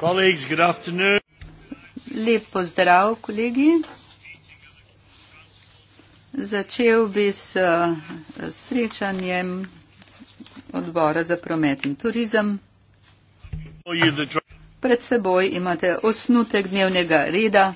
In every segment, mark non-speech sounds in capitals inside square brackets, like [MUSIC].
Colleagues, good afternoon. Lep pozdrav, kolegi. Začel bi s srečanjem odbora za promet in turizem. Pred seboj imate osnutek dnevnega reda.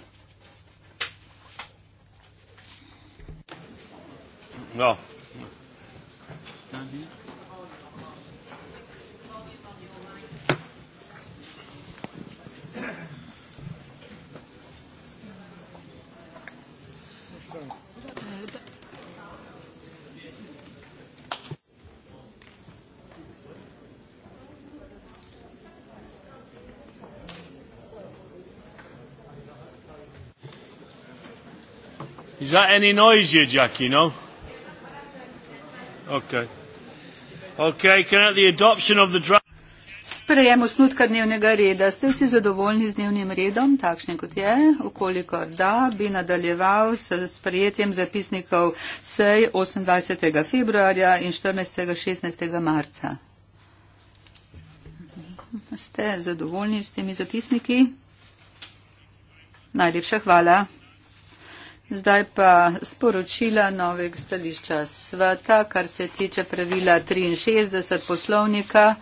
Is that any noisier, Jackie? No? Okay. Okay, can I the adoption of the draft? Sprejem osnutka dnevnega reda. Ste vsi zadovoljni z dnevnim redom, takšne kot je? Okolikor da, bi nadaljeval s sprejetjem zapisnikov sej 28. februarja in 14. 16. marca. Ste zadovoljni s temi zapisniki? Najlepša hvala. Zdaj pa sporočila novega stališča sveta, kar se tiče pravila 63 poslovnika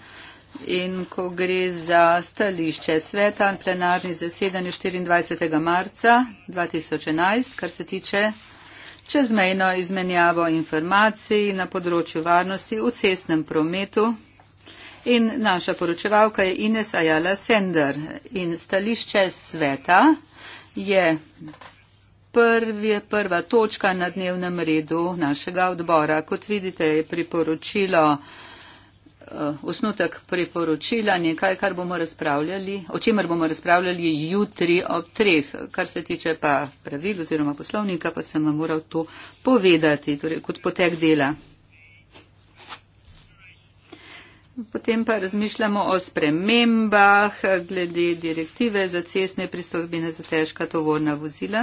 in ko gre za stališče sveta in plenarni zasedanje 24. marca 2011, kar se tiče čezmejno izmenjavo informacij na področju varnosti v cestnem prometu. In naša poročevalka je Ines Ajala Sender in stališče sveta je prvi, prva točka na dnevnem redu našega odbora. Kot vidite, je priporočilo, eh, osnutek priporočila nekaj, kar bomo razpravljali, o čemer bomo razpravljali jutri ob treh. Kar se tiče pa pravil oziroma poslovnika, pa sem vam moral to povedati, torej kot potek dela. Potem pa razmišljamo o spremembah glede direktive za cestne pristojbine za težka tovorna vozila.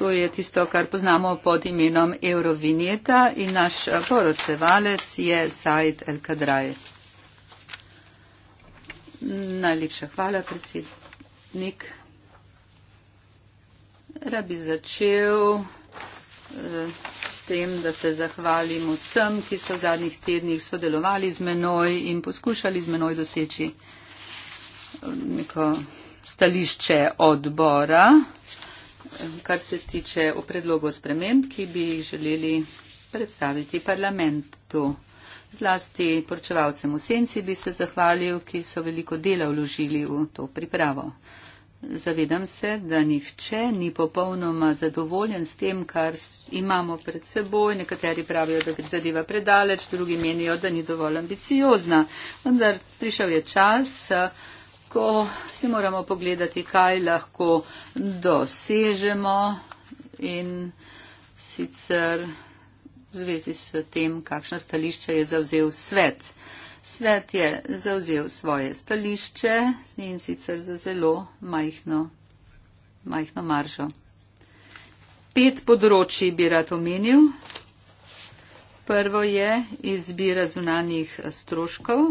To je tisto, kar poznamo pod imenom Eurovinjeta in naš poročevalec je Said El Kadraj. Najlepša hvala, predsednik. Rad bi začel eh, s tem, da se zahvalim vsem, ki so v zadnjih tednih sodelovali z menoj in poskušali z menoj doseči neko stališče odbora kar se tiče o predlogu sprememb, ki bi jih želeli predstaviti parlamentu. Zlasti poročevalcem v senci bi se zahvalil, ki so veliko dela vložili v to pripravo. Zavedam se, da nihče ni popolnoma zadovoljen s tem, kar imamo pred seboj. Nekateri pravijo, da gre zadeva predaleč, drugi menijo, da ni dovolj ambiciozna. Vendar prišel je čas, ko si moramo pogledati, kaj lahko dosežemo in sicer v zvezi s tem, kakšno stališče je zavzel svet. Svet je zavzel svoje stališče in sicer za zelo majhno, majhno maržo. Pet področji bi rad omenil. Prvo je izbira zunanjih stroškov,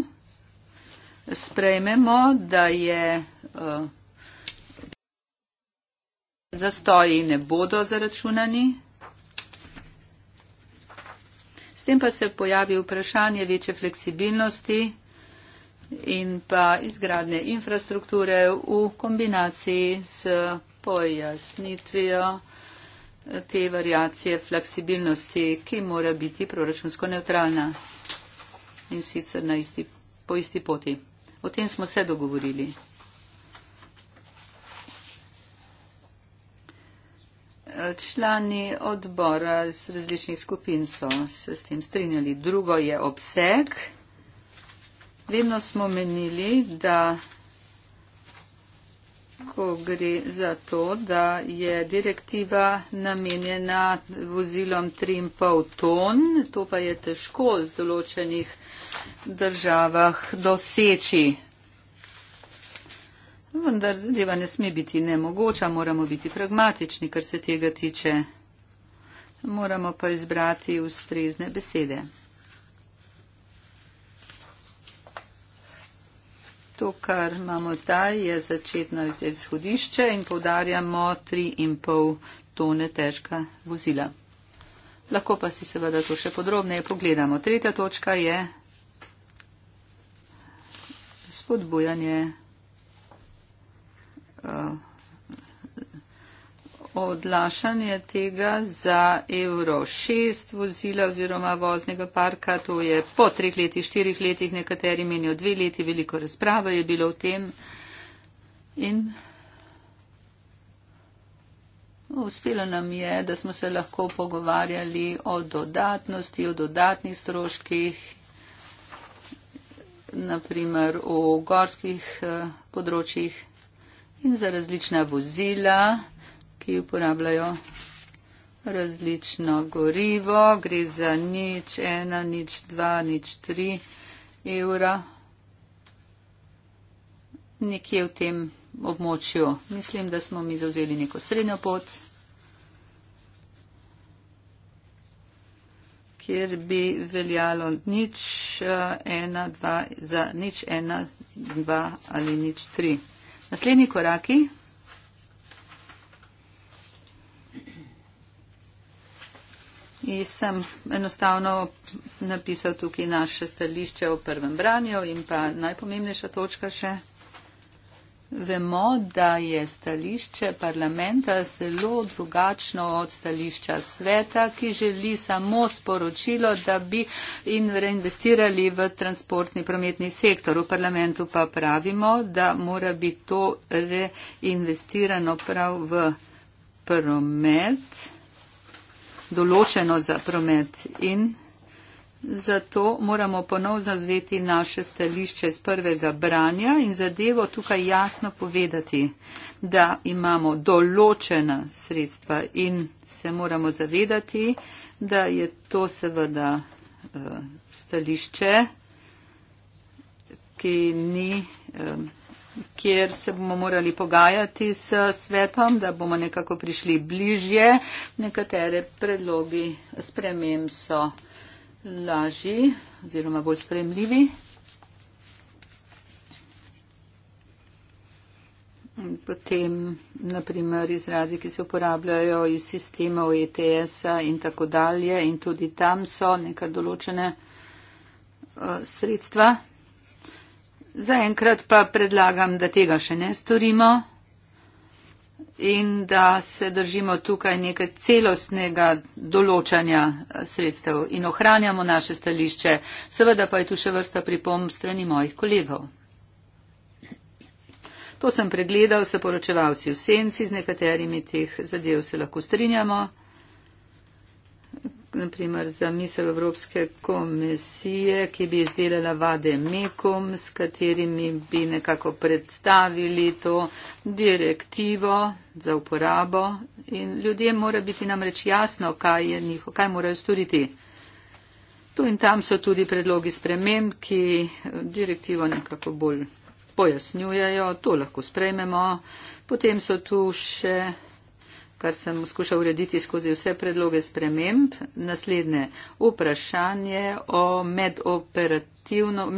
sprejmemo, da je eh, zastoji ne bodo zaračunani. S tem pa se pojavi vprašanje večje fleksibilnosti in pa izgradne infrastrukture v kombinaciji s pojasnitvijo te variacije fleksibilnosti, ki mora biti proračunsko neutralna in sicer na isti, po isti poti. O tem smo se dogovorili. Člani odbora iz različnih skupin so se s tem strinjali. Drugo je obseg. Vedno smo menili, da ko gre za to, da je direktiva namenjena vozilom 3,5 ton, to pa je težko v določenih državah doseči. Vendar zadeva ne sme biti nemogoča, moramo biti pragmatični, kar se tega tiče. Moramo pa izbrati ustrezne besede. To, kar imamo zdaj, je začetno izhodišče in podarjamo 3,5 tone težka vozila. Lahko pa si seveda to še podrobneje pogledamo. Tretja točka je spodbujanje. Uh, odlašanje tega za Euro 6 vozila oziroma voznega parka. To je po treh letih, štirih letih, nekateri menijo dve leti, veliko razprave je bilo v tem. In uspelo nam je, da smo se lahko pogovarjali o dodatnosti, o dodatnih stroških, naprimer o gorskih eh, področjih. In za različna vozila, ki uporabljajo različno gorivo, gre za nič, ena, nič, dva, nič, tri evra, nekje v tem območju. Mislim, da smo mi zauzeli neko srednjo pot, kjer bi veljalo nič, eh, ena, dva, za nič, ena, dva ali nič, tri. Naslednji koraki. in sem enostavno napisal tukaj naše stališče o prvem branju in pa najpomembnejša točka še. Vemo, da je stališče parlamenta zelo drugačno od stališča sveta, ki želi samo sporočilo, da bi in reinvestirali v transportni prometni sektor. V parlamentu pa pravimo, da mora biti to reinvestirano prav v promet določeno za promet in zato moramo ponovno zavzeti naše stališče z prvega branja in zadevo tukaj jasno povedati, da imamo določena sredstva in se moramo zavedati, da je to seveda eh, stališče, ki ni. Um, kjer se bomo morali pogajati s svetom, da bomo nekako prišli bližje. Nekatere predlogi sprememb so lažji oziroma bolj spremljivi. Potem, naprimer, izrazi, ki se uporabljajo iz sistemov ETS-a in tako dalje, in tudi tam so neka določene uh, sredstva Zaenkrat pa predlagam, da tega še ne storimo in da se držimo tukaj nekaj celostnega določanja eh, sredstev in ohranjamo naše stališče. Seveda pa je tu še vrsta pripomb strani mojih kolegov. To sem pregledal s poročevalci v senci, z nekaterimi teh zadev se lahko strinjamo naprimer za misel Evropske komisije, ki bi izdelala vade mekom, s katerimi bi nekako predstavili to direktivo za uporabo in ljudje mora biti namreč jasno, kaj, njiho, kaj morajo storiti. Tu in tam so tudi predlogi sprememb, ki eh, direktivo nekako bolj pojasnjujejo, to lahko sprejmemo. Potem so tu še kar sem skušal urediti skozi vse predloge sprememb. Naslednje vprašanje o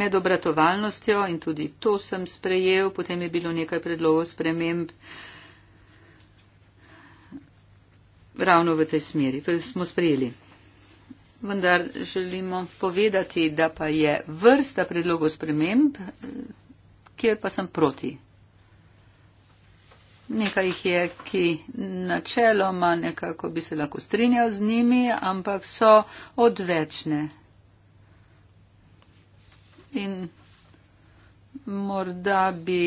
medobratovalnostjo in tudi to sem sprejel, potem je bilo nekaj predlogov sprememb ravno v tej smeri, smo sprejeli. Vendar želimo povedati, da pa je vrsta predlogov sprememb, kjer pa sem proti. Nekaj jih je, ki načeloma nekako bi se lahko strinjal z njimi, ampak so odvečne. In morda bi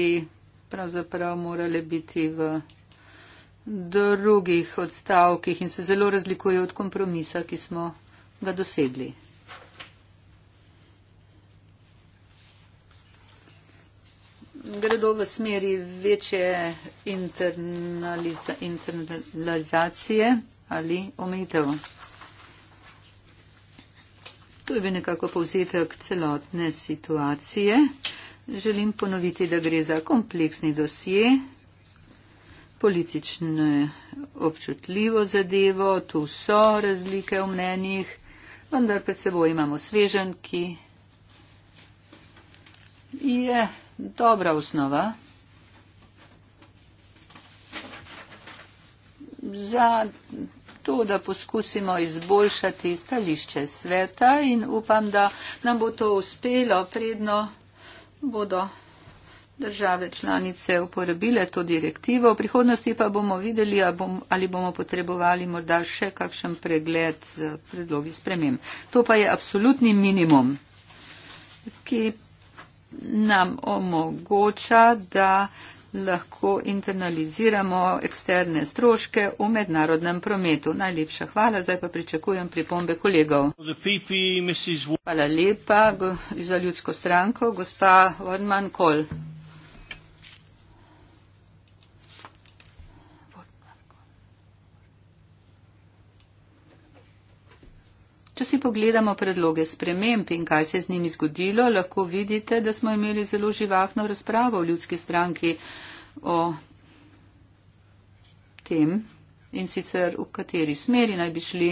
pravzaprav morali biti v drugih odstavkih in se zelo razlikujejo od kompromisa, ki smo ga dosegli. gredo v smeri večje internalizacije ali omejitev. To je bil nekako povzetek celotne situacije. Želim ponoviti, da gre za kompleksni dosje, politično občutljivo zadevo, tu so razlike v mnenjih, vendar pred seboj imamo svežen, ki je. Yeah dobra osnova za to, da poskusimo izboljšati stališče sveta in upam, da nam bo to uspelo, predno bodo države članice uporabile to direktivo. V prihodnosti pa bomo videli, ali bomo potrebovali morda še kakšen pregled z predlogi spremem. To pa je absolutni minimum, ki nam omogoča, da lahko internaliziramo eksterne stroške v mednarodnem prometu. Najlepša hvala, zdaj pa pričakujem pripombe kolegov. PP, Mrs... Hvala lepa za ljudsko stranko, gospa Vodman Kol. Če si pogledamo predloge sprememb in kaj se je z njimi zgodilo, lahko vidite, da smo imeli zelo živahno razpravo v ljudski stranki o tem in sicer v kateri smeri naj bi šli,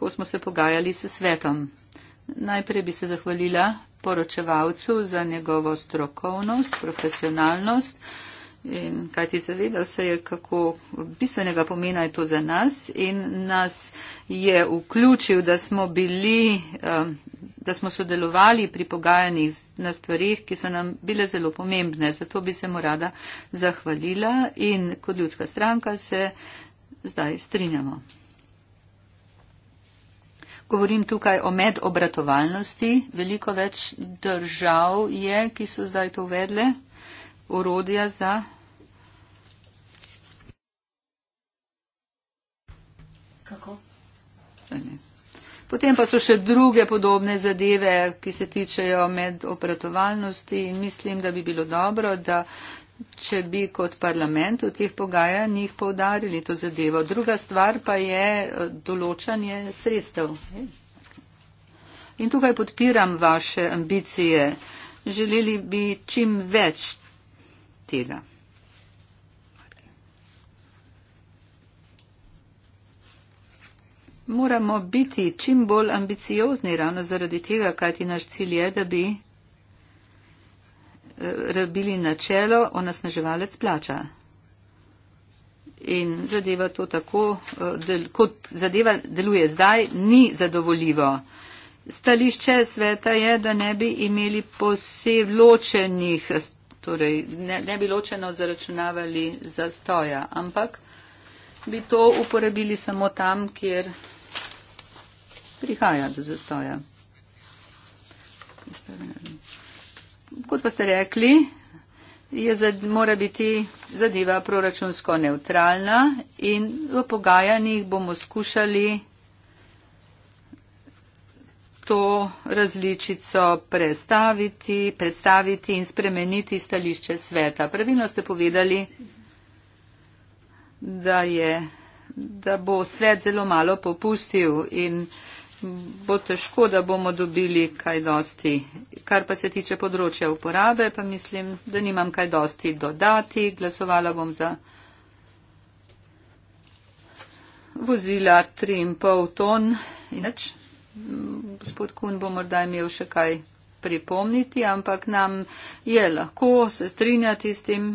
ko smo se pogajali s svetom. Najprej bi se zahvalila poročevalcu za njegovo strokovnost, profesionalnost. In kaj ti zavedal se je, kako bistvenega pomena je to za nas in nas je vključil, da smo bili, um, da smo sodelovali pri pogajanjih na stvarih, ki so nam bile zelo pomembne. Zato bi se mu rada zahvalila in kot ljudska stranka se zdaj strinjamo. Govorim tukaj o medobratovalnosti. Veliko več držav je, ki so zdaj to uvedle. Urodja za Kako? Potem pa so še druge podobne zadeve, ki se tičejo med operativnosti in mislim, da bi bilo dobro, da če bi kot parlament v teh pogajanjih povdarili to zadevo. Druga stvar pa je eh, določanje sredstev. In tukaj podpiram vaše ambicije. Želeli bi čim več tega. moramo biti čim bolj ambiciozni ravno zaradi tega, kaj ti naš cilj je, da bi eh, rabili načelo onasnaževalec plača. In zadeva to tako, eh, del, kot zadeva deluje zdaj, ni zadovoljivo. Stališče sveta je, da ne bi imeli posebej ločenih, torej ne, ne bi ločeno zaračunavali zastoja, ampak bi to uporabili samo tam, kjer prihaja do zastoja. Kot pa ste rekli, zad, mora biti zadeva proračunsko neutralna in v pogajanjih bomo skušali to različico predstaviti, predstaviti in spremeniti stališče sveta. Pravilno ste povedali, da, je, da bo svet zelo malo popustil in bo težko, da bomo dobili kaj dosti. Kar pa se tiče področja uporabe, pa mislim, da nimam kaj dosti dodati. Glasovala bom za vozila 3,5 ton. Inač, gospod Kun bo morda imel še kaj pripomniti, ampak nam je lahko se strinjati s tem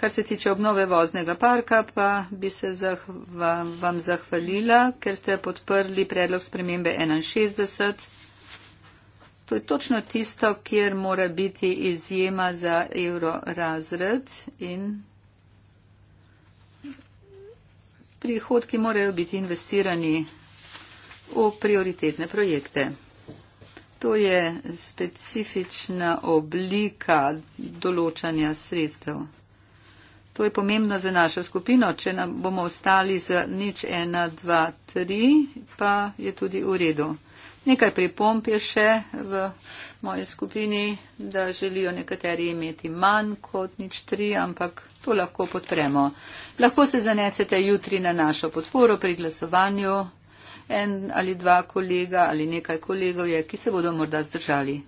Kar se tiče obnove voznega parka, pa bi se zahva, vam zahvalila, ker ste podprli predlog spremembe 61. To je točno tisto, kjer mora biti izjema za evro razred in prihodki morajo biti investirani v prioritetne projekte. To je specifična oblika določanja sredstev. To je pomembno za našo skupino. Če nam bomo ostali z nič 1, 2, 3, pa je tudi v redu. Nekaj pripomp je še v moji skupini, da želijo nekateri imeti manj kot nič 3, ampak to lahko podpremo. Lahko se zanesete jutri na našo podporo pri glasovanju. En ali dva kolega ali nekaj kolegov je, ki se bodo morda zdržali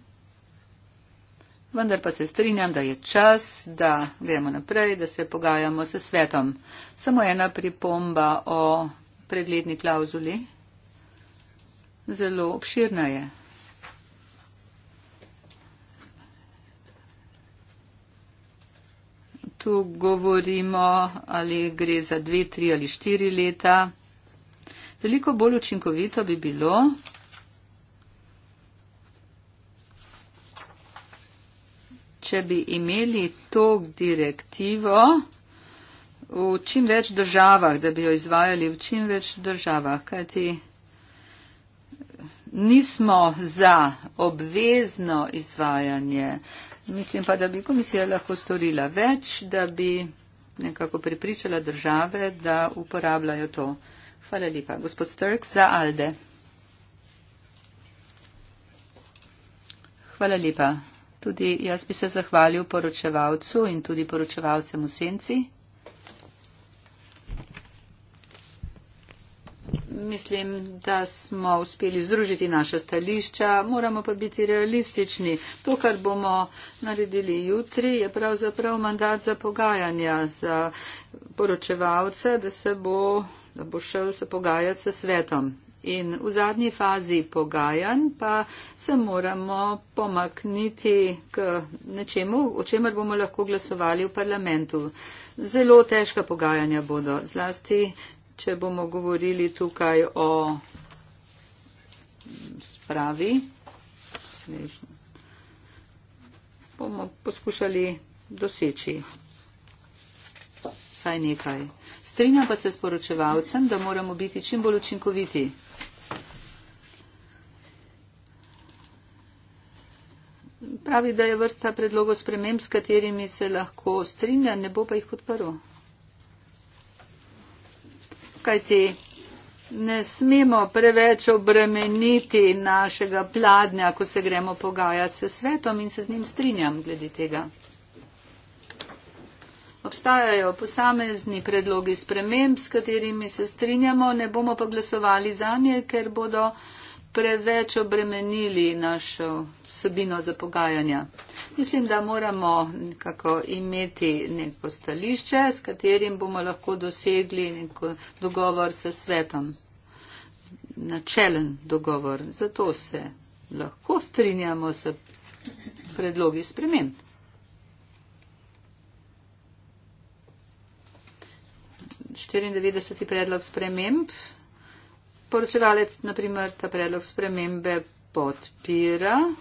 vendar pa se strinjam, da je čas, da gremo naprej, da se pogajamo s svetom. Samo ena pripomba o predletni klauzuli. Zelo obširna je. Tu govorimo, ali gre za dve, tri ali štiri leta. Veliko bolj učinkovito bi bilo, če bi imeli to direktivo v čim več državah, da bi jo izvajali v čim več državah, kajti nismo za obvezno izvajanje. Mislim pa, da bi komisija lahko storila več, da bi nekako pripričala države, da uporabljajo to. Hvala lepa. Gospod Sturk za Alde. Hvala lepa. Tudi jaz bi se zahvalil poročevalcu in tudi poročevalcem v senci. Mislim, da smo uspeli združiti naša stališča, moramo pa biti realistični. To, kar bomo naredili jutri, je pravzaprav mandat za pogajanja za poročevalce, da se bo, da bo šel se pogajati s svetom. In v zadnji fazi pogajanj pa se moramo pomakniti k nečemu, o čemer bomo lahko glasovali v parlamentu. Zelo težka pogajanja bodo, zlasti, če bomo govorili tukaj o spravi. Bomo poskušali doseči vsaj nekaj. Strinjam pa se s poročevalcem, da moramo biti čim bolj učinkoviti. pravi, da je vrsta predlogov sprememb, s katerimi se lahko strinja, ne bo pa jih podprl. Kaj ti? Ne smemo preveč obremeniti našega pladnja, ko se gremo pogajati se svetom in se z njim strinjam glede tega. Obstajajo posamezni predlogi sprememb, s katerimi se strinjamo, ne bomo pa glasovali za nje, ker bodo preveč obremenili našo vsebino za pogajanja. Mislim, da moramo nekako imeti neko stališče, s katerim bomo lahko dosegli neko dogovor s svetom. Načelen dogovor. Zato se lahko strinjamo s predlogi spremen. predlog sprememb. Poročevalec, naprimer, ta predlog spremembe podpira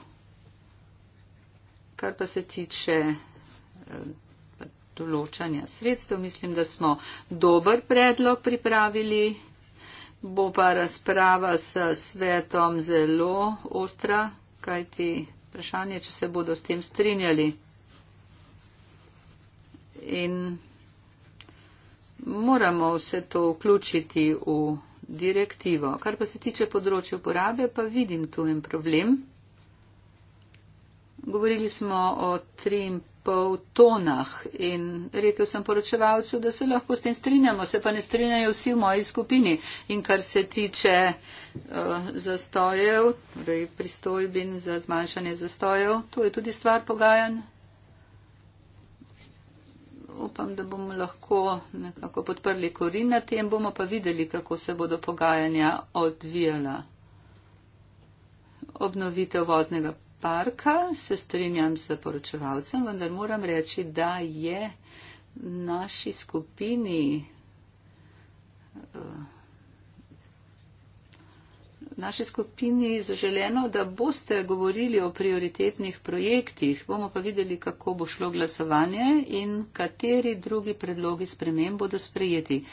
kar pa se tiče eh, določanja sredstev, mislim, da smo dober predlog pripravili. Bo pa razprava s svetom zelo ostra, kajti vprašanje, če se bodo s tem strinjali. In moramo vse to vključiti v direktivo. Kar pa se tiče področja uporabe, pa vidim tu en problem. Govorili smo o tri in pol tonah in rekel sem poročevalcu, da se lahko s tem strinjamo, se pa ne strinjajo vsi v moji skupini. In kar se tiče uh, zastojev, torej pristojbin za zmanjšanje zastojev, to je tudi stvar pogajan. Upam, da bomo lahko nekako podprli korin na tem, bomo pa videli, kako se bodo pogajanja odvijala. Obnovitev voznega parka, se strinjam s poročevalcem, vendar moram reči, da je naši skupini eh, naši skupini zaželeno, da boste govorili o prioritetnih projektih. Bomo pa videli, kako bo šlo glasovanje in kateri drugi predlogi sprememb bodo sprejeti.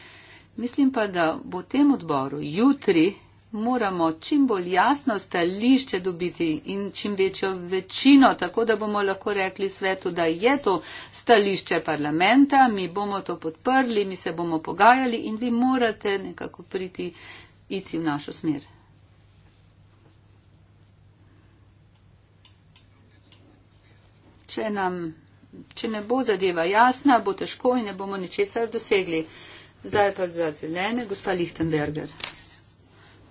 Mislim pa, da bo tem odboru jutri moramo čim bolj jasno stališče dobiti in čim večjo večino, tako da bomo lahko rekli svetu, da je to stališče parlamenta, mi bomo to podprli, mi se bomo pogajali in vi morate nekako priti, iti v našo smer. Če, nam, če ne bo zadeva jasna, bo težko in ne bomo ničesar dosegli. Zdaj pa za zelene, gospa Lichtenberger.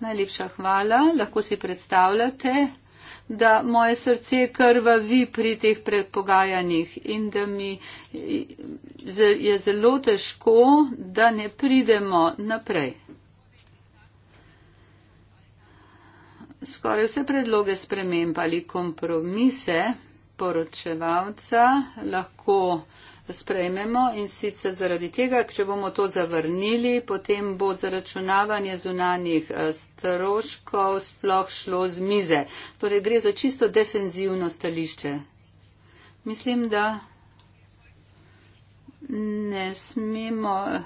Najlepša hvala. Lahko si predstavljate, da moje srce krvavi pri teh predpogajanjih in da mi je zelo težko, da ne pridemo naprej. Skoraj vse predloge sprememb ali kompromise poročevalca lahko sprejmemo in sicer zaradi tega, če bomo to zavrnili, potem bo zaračunavanje zunanjih eh, stroškov sploh šlo z mize. Torej gre za čisto defenzivno stališče. Mislim, da ne smemo eh,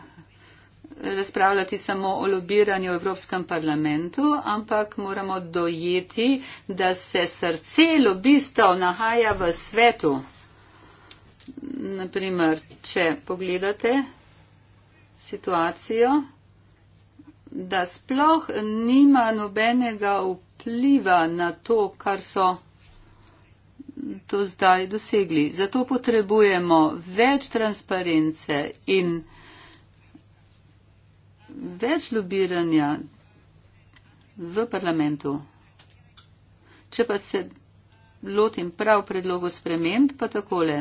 razpravljati samo o lobiranju v Evropskem parlamentu, ampak moramo dojeti, da se srce lobistov nahaja v svetu naprimer, če pogledate situacijo, da sploh nima nobenega vpliva na to, kar so to zdaj dosegli. Zato potrebujemo več transparence in več lobiranja v parlamentu. Če pa se lotim prav predlogu sprememb, pa takole.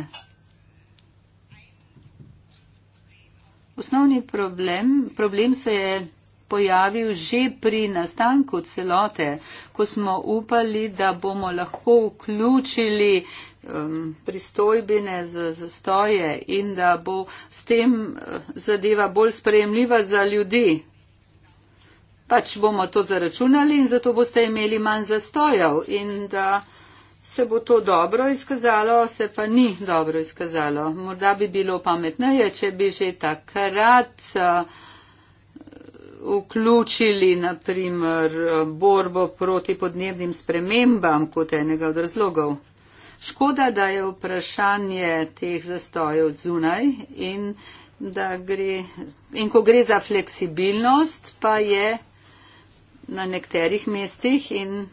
Osnovni problem, problem se je pojavil že pri nastanku celote, ko smo upali, da bomo lahko vključili um, pristojbine za zastoje in da bo s tem eh, zadeva bolj sprejemljiva za ljudi. Pač bomo to zaračunali in zato boste imeli manj zastojev in da. Uh, se bo to dobro izkazalo, se pa ni dobro izkazalo. Morda bi bilo pametneje, če bi že takrat vključili naprimer borbo proti podnebnim spremembam kot enega od razlogov. Škoda, da je vprašanje teh zastojev zunaj in, gre, in ko gre za fleksibilnost, pa je na nekterih mestih in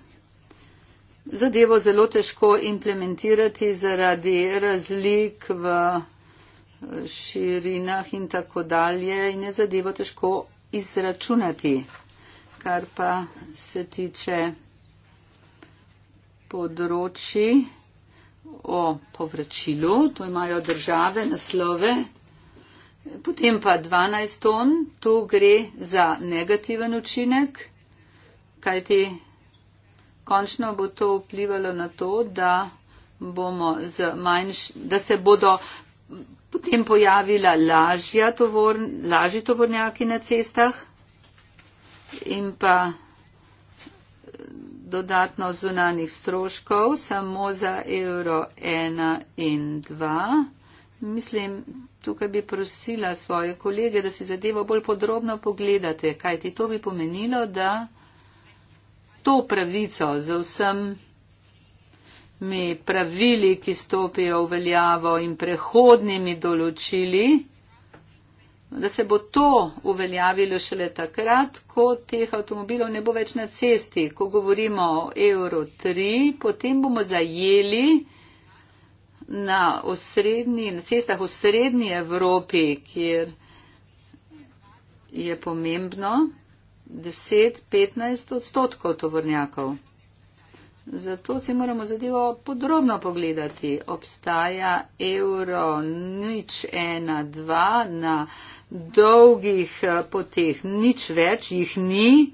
zadevo zelo težko implementirati zaradi razlik v eh, širinah in tako dalje in je zadevo težko izračunati. Kar pa se tiče področji o povračilu, to imajo države naslove, potem pa 12 ton, tu gre za negativen učinek, kajti končno bo to vplivalo na to, da, manjš, da se bodo potem pojavila tovor, lažji tovornjaki na cestah in pa dodatno zunanih stroškov samo za evro 1 in 2. Mislim, tukaj bi prosila svoje kolege, da si zadevo bolj podrobno pogledate, kaj ti to bi pomenilo, da to pravico, z vsem mi pravili, ki stopijo v veljavo in prehodnimi določili, da se bo to uveljavilo šele takrat, ko teh avtomobilov ne bo več na cesti. Ko govorimo o Euro 3, potem bomo zajeli na, osrednji, na cestah v srednji Evropi, kjer je pomembno, 10-15 odstotkov tovornjakov. Zato si moramo zadevo podrobno pogledati. Obstaja evro nič ena, dva na dolgih eh, poteh, nič več jih ni.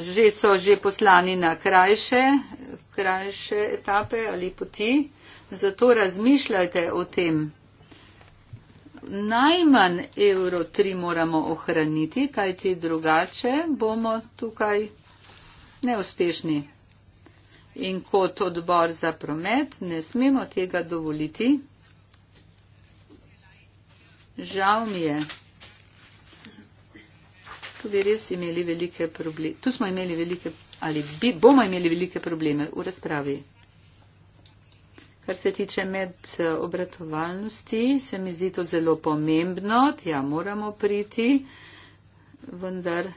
Že so že poslani na krajše, krajše etape ali poti. Zato razmišljajte o tem najmanj evro tri moramo ohraniti, kajti drugače bomo tukaj neuspešni. In kot odbor za promet ne smemo tega dovoliti. Žal mi je. Tu bi res imeli velike probleme. Tu smo imeli velike, ali bi, bomo imeli velike probleme v razpravi. Kar se tiče med obratovalnosti, se mi zdi to zelo pomembno, tja moramo priti, vendar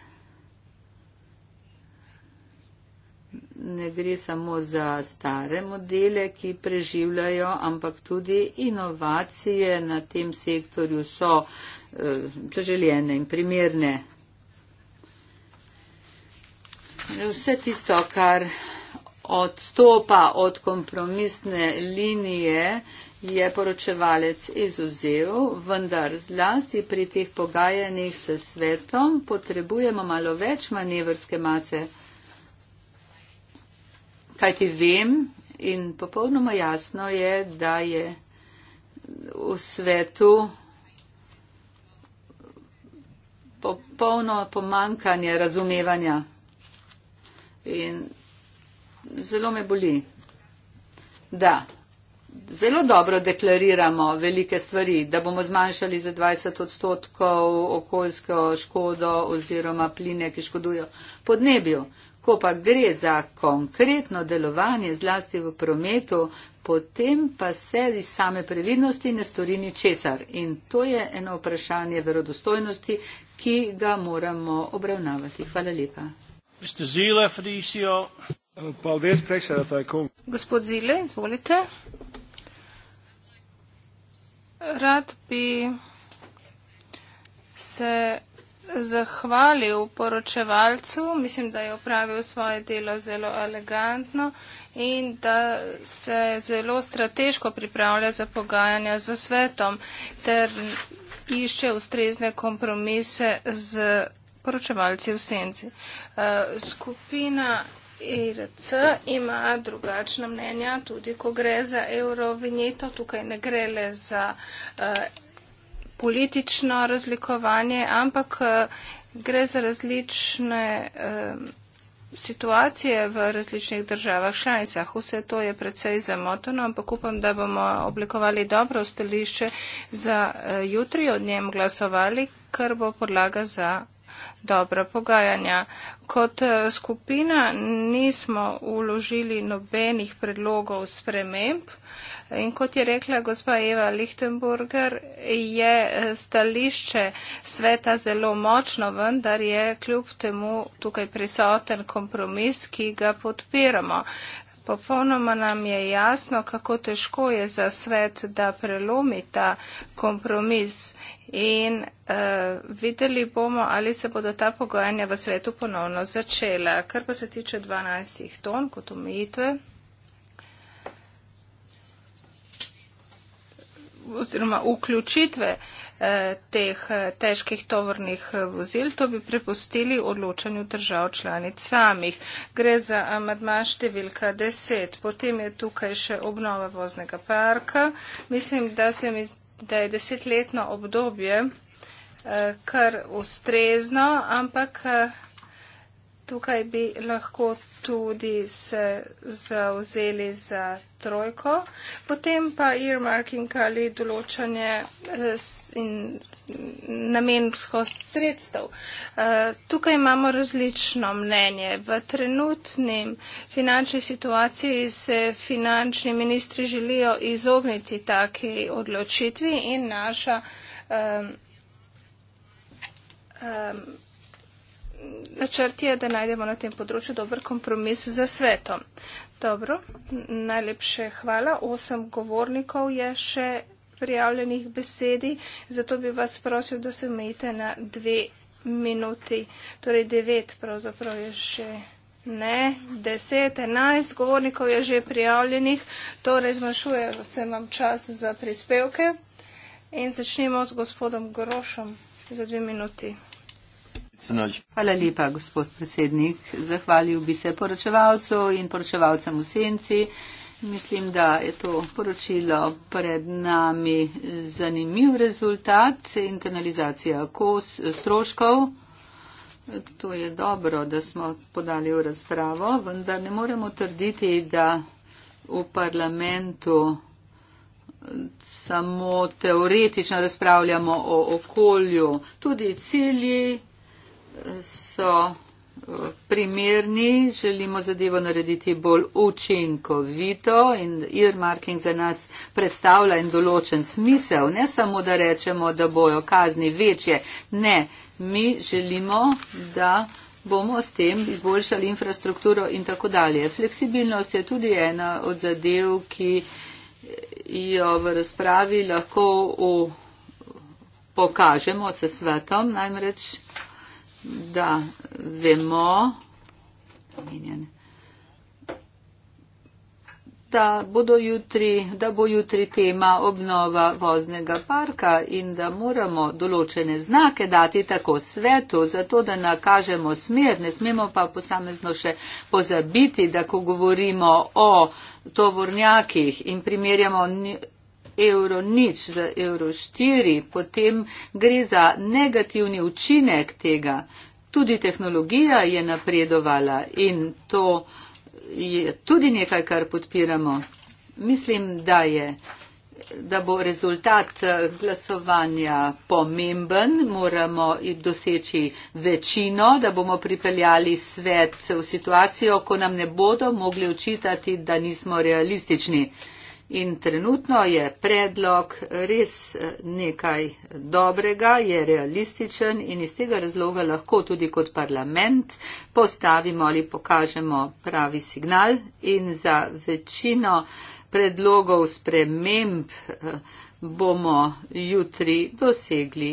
ne gre samo za stare modele, ki preživljajo, ampak tudi inovacije na tem sektorju so eh, zaželjene in primerne. Vse tisto, kar odstopa od kompromisne linije, je poročevalec izuzel, vendar zlasti pri teh pogajanjih s svetom potrebujemo malo več manevrske mase. Kajti vem in popolnoma jasno je, da je v svetu popolno pomankanje razumevanja. In zelo me boli. Da, zelo dobro deklariramo velike stvari, da bomo zmanjšali za 20 odstotkov okoljsko škodo oziroma pline, ki škodujo podnebju. Ko pa gre za konkretno delovanje zlasti v prometu, potem pa se iz same previdnosti ne stori ničesar. In to je eno vprašanje verodostojnosti, ki ga moramo obravnavati. Hvala lepa. Paldies, priekšsēdētāji kungi. Gospod Zīle, izvolite. Rad bi se zahvalil poročevalcu, mislim, da je opravil svoje delo zelo elegantno in da se zelo strateško pripravlja za pogajanja za svetom ter išče ustrezne kompromise z poročevalci v senci. Uh, skupina IRC ima drugačna mnenja, tudi ko gre za eurovinjeto. Tukaj ne gre le za uh, politično razlikovanje, ampak uh, gre za različne. Uh, situacije v različnih državah članicah. Vse to je predvsej zamotano, ampak upam, da bomo oblikovali dobro stališče za jutri, od njem glasovali, kar bo podlaga za dobra pogajanja. Kot eh, skupina nismo uložili nobenih predlogov sprememb in kot je rekla gospa Eva Lichtenburger, je eh, stališče sveta zelo močno, vendar je kljub temu tukaj prisoten kompromis, ki ga podpiramo. Popolnoma nam je jasno, kako težko je za svet, da prelomi ta kompromis in uh, videli bomo, ali se bodo ta pogajanja v svetu ponovno začela. Kar pa se tiče 12 ton kot omejitve, oziroma vključitve eh, teh eh, težkih tovornih vozil, to bi prepustili odločanju držav članic samih. Gre za amadma številka 10. Potem je tukaj še obnova voznega parka. Mislim, da se mi da je desetletno obdobje eh, kar ustrezno, ampak eh, tukaj bi lahko tudi se zauzeli za trojko. Potem pa earmarking ali določanje eh, in namenskost sredstev. Eh, tukaj imamo različno mnenje. V trenutni finančni situaciji se finančni ministri želijo izogniti taki odločitvi in naša načrt je, da najdemo na tem področju dober kompromis za svetom. Dobro, najlepše hvala. Osem govornikov je še prijavljenih besedi, zato bi vas prosil, da se omejite na dve minuti. Torej devet pravzaprav je še. Ne, deset, enajst govornikov je že prijavljenih, torej zmanjšuje se vam čas za prispevke. In začnemo s gospodom Grošom za dve minuti. Hvala lepa, gospod predsednik. Zahvalil bi se poročevalcu in poročevalcem v senci. Mislim, da je to poročilo pred nami zanimiv rezultat, internalizacija kos, stroškov. To je dobro, da smo podali v razpravo, vendar ne moremo trditi, da v parlamentu samo teoretično razpravljamo o okolju. Tudi cilji so primerni, želimo zadevo narediti bolj učinkovito in earmarking za nas predstavlja en določen smisel. Ne samo, da rečemo, da bojo kazni večje. Ne, mi želimo, da bomo s tem izboljšali infrastrukturo in tako dalje. Fleksibilnost je tudi ena od zadev, ki jo v razpravi lahko v. Pokažemo se svetom, najmreč da vemo, da, jutri, da bo jutri tema obnova voznega parka in da moramo določene znake dati tako svetu, zato da nakažemo smer. Ne smemo pa posamezno še pozabiti, da ko govorimo o tovornjakih in primerjamo. Nj- evro nič za evro štiri, potem gre za negativni učinek tega. Tudi tehnologija je napredovala in to je tudi nekaj, kar podpiramo. Mislim, da je da bo rezultat eh, glasovanja pomemben, moramo doseči večino, da bomo pripeljali svet v situacijo, ko nam ne bodo mogli očitati, da nismo realistični. In trenutno je predlog res eh, nekaj dobrega, je realističen in iz tega razloga lahko tudi kot parlament postavimo ali pokažemo pravi signal in za večino predlogov sprememb eh, bomo jutri dosegli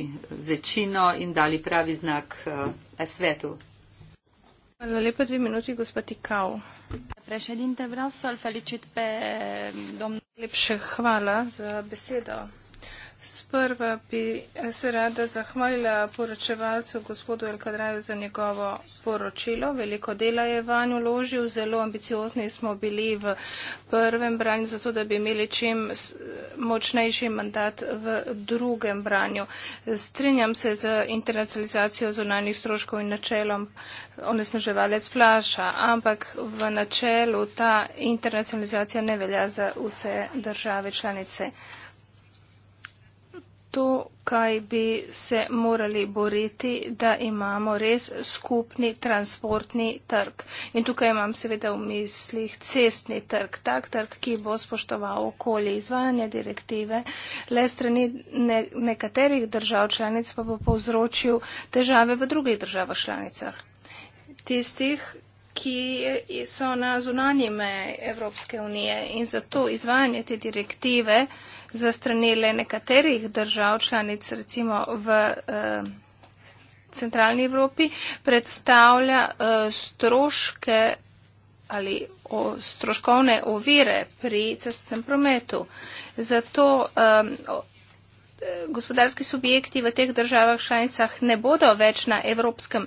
večino in dali pravi znak eh, svetu. Hvala lepa, dve minuti, gospod Tikau. Președinte, vreau să-l felicit pe domnul Filip și hvala za besedo. Sprva bi se rada zahvalila poročevalcu gospodu Elkadraju za njegovo poročilo. Veliko dela je vanj uložil, zelo ambiciozni smo bili v prvem branju, zato da bi imeli čim močnejši mandat v drugem branju. Strinjam se z internacionalizacijo zunanjih stroškov in načelom onesnaževalec plaša, ampak v načelu ta internacionalizacija ne velja za vse države članice to, kaj bi se morali boriti, da imamo res skupni transportni trg. In tukaj imam seveda v mislih cestni trg, tak trg, ki bo spoštoval okolje izvajanja direktive, le strani ne, nekaterih držav članic pa bo povzročil težave v drugih državah članicah. Tistih, ki so na zunanje meje Evropske unije in zato izvajanje te direktive za stranile nekaterih držav članic, recimo v eh, centralni Evropi, predstavlja eh, stroške ali o, stroškovne ovire pri cestnem prometu. Zato eh, eh gospodarski subjekti v teh državah članicah ne bodo več na evropskem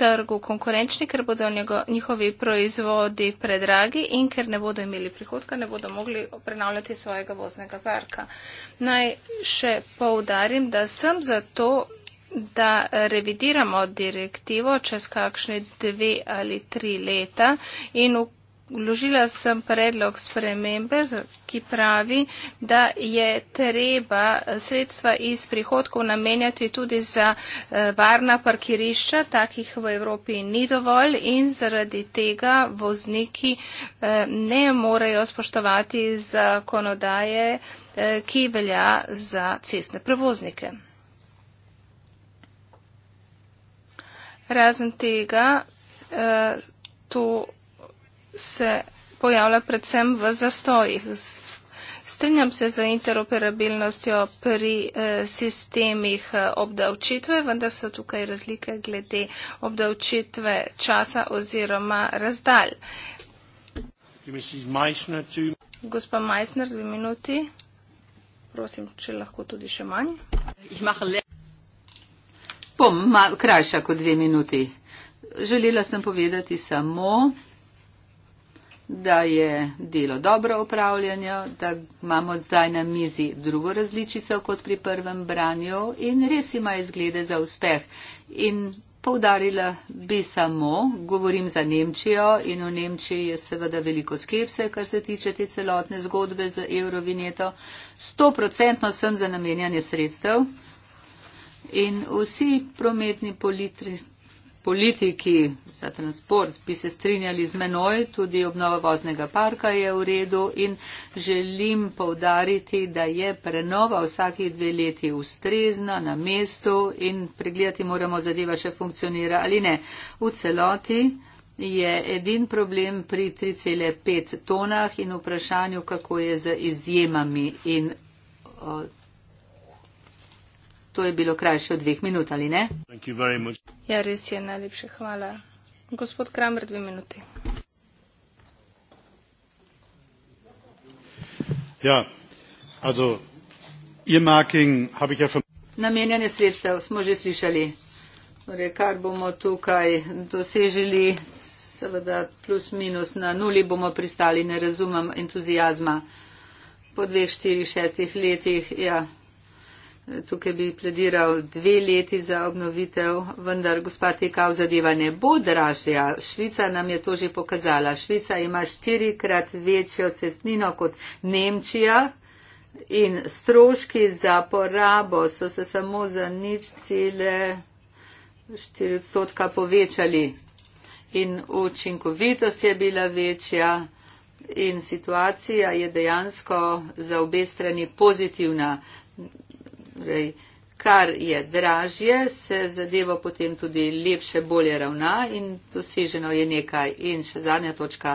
trgu konkurenčni, ker bodo njego, njihovi proizvodi predragi in ker ne bodo imeli prihodka, ne bodo mogli prenavljati svojega voznega parka. Naj še poudarim, da sem zato, da revidiramo direktivo čez kakšne dve ali tri leta in v Vložila sem predlog spremembe, ki pravi, da je treba sredstva iz prihodkov namenjati tudi za eh, varna parkirišča, takih v Evropi ni dovolj in zaradi tega vozniki eh, ne morejo spoštovati zakonodaje, eh, ki velja za cestne prevoznike. Razen tega, to se pojavlja predvsem v zastojih. Strenjam se za interoperabilnostjo pri eh, sistemih eh, obdavčitve, vendar so tukaj razlike glede obdavčitve časa oziroma razdalj. Meissner, Gospa Majsner, dve minuti. Prosim, če lahko tudi še manj. Bom krajša kot dve minuti. Želela sem povedati samo, da je delo dobro upravljanje, da imamo zdaj na mizi drugo različico kot pri prvem branju in res ima izglede za uspeh. In Povdarila bi samo, govorim za Nemčijo in v Nemčiji je seveda veliko skepse, kar se tiče te celotne zgodbe z eurovinjeto. 100-odstotno sem za namenjanje sredstev in vsi prometni politi, politiki za transport bi se strinjali z menoj, tudi obnova voznega parka je v redu in želim povdariti, da je prenova vsakih dve leti ustrezna na mestu in pregledati moramo zadeva še funkcionira ali ne. V celoti je edin problem pri 3,5 tonah in vprašanju, kako je z izjemami in. O, To je bilo krajše od dveh minut, ali ne? Ja, res je, najlepše hvala. Gospod Kramer, dve minuti. Ja, also, ja von... Namenjanje sredstev smo že slišali. Torej, kar bomo tukaj dosežili, seveda plus minus na nuli bomo pristali, ne razumem entuzijazma. Po dveh, štirih, šestih letih, ja, Tukaj bi plediral dve leti za obnovitev, vendar gospa Tekav zadeva ne bo dražja. Švica nam je to že pokazala. Švica ima štirikrat večjo cestnino kot Nemčija in stroški za porabo so se samo za nič cele 4 odstotka povečali in učinkovitost je bila večja. In situacija je dejansko za obe strani pozitivna. Zdaj, torej, kar je dražje, se zadeva potem tudi lepše, bolje ravna in doseženo je nekaj. In še zadnja točka.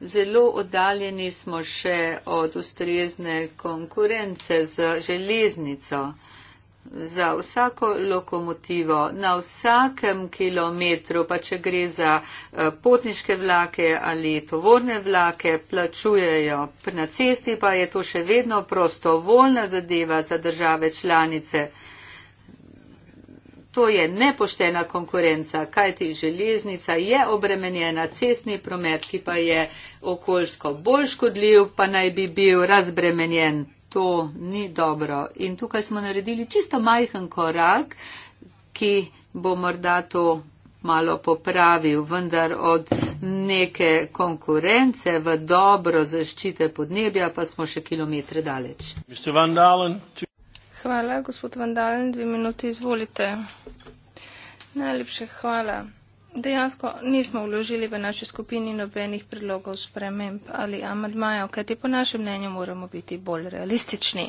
Zelo oddaljeni smo še od ustrezne konkurence z železnico za vsako lokomotivo, na vsakem kilometru, pa če gre za eh, potniške vlake ali tovorne vlake, plačujejo. Na cesti pa je to še vedno prostovoljna zadeva za države članice. To je nepoštena konkurenca, kajti železnica je obremenjena, cestni promet, ki pa je okoljsko bolj škodljiv, pa naj bi bil razbremenjen to ni dobro. In tukaj smo naredili čisto majhen korak, ki bo morda to malo popravil, vendar od neke konkurence v dobro zaščite podnebja pa smo še kilometre daleč. Dalen, hvala, gospod Vandalen, dve minuti izvolite. Najlepše hvala dejansko nismo vložili v naši skupini nobenih predlogov sprememb ali amadmajev, kajti po našem mnenju moramo biti bolj realistični.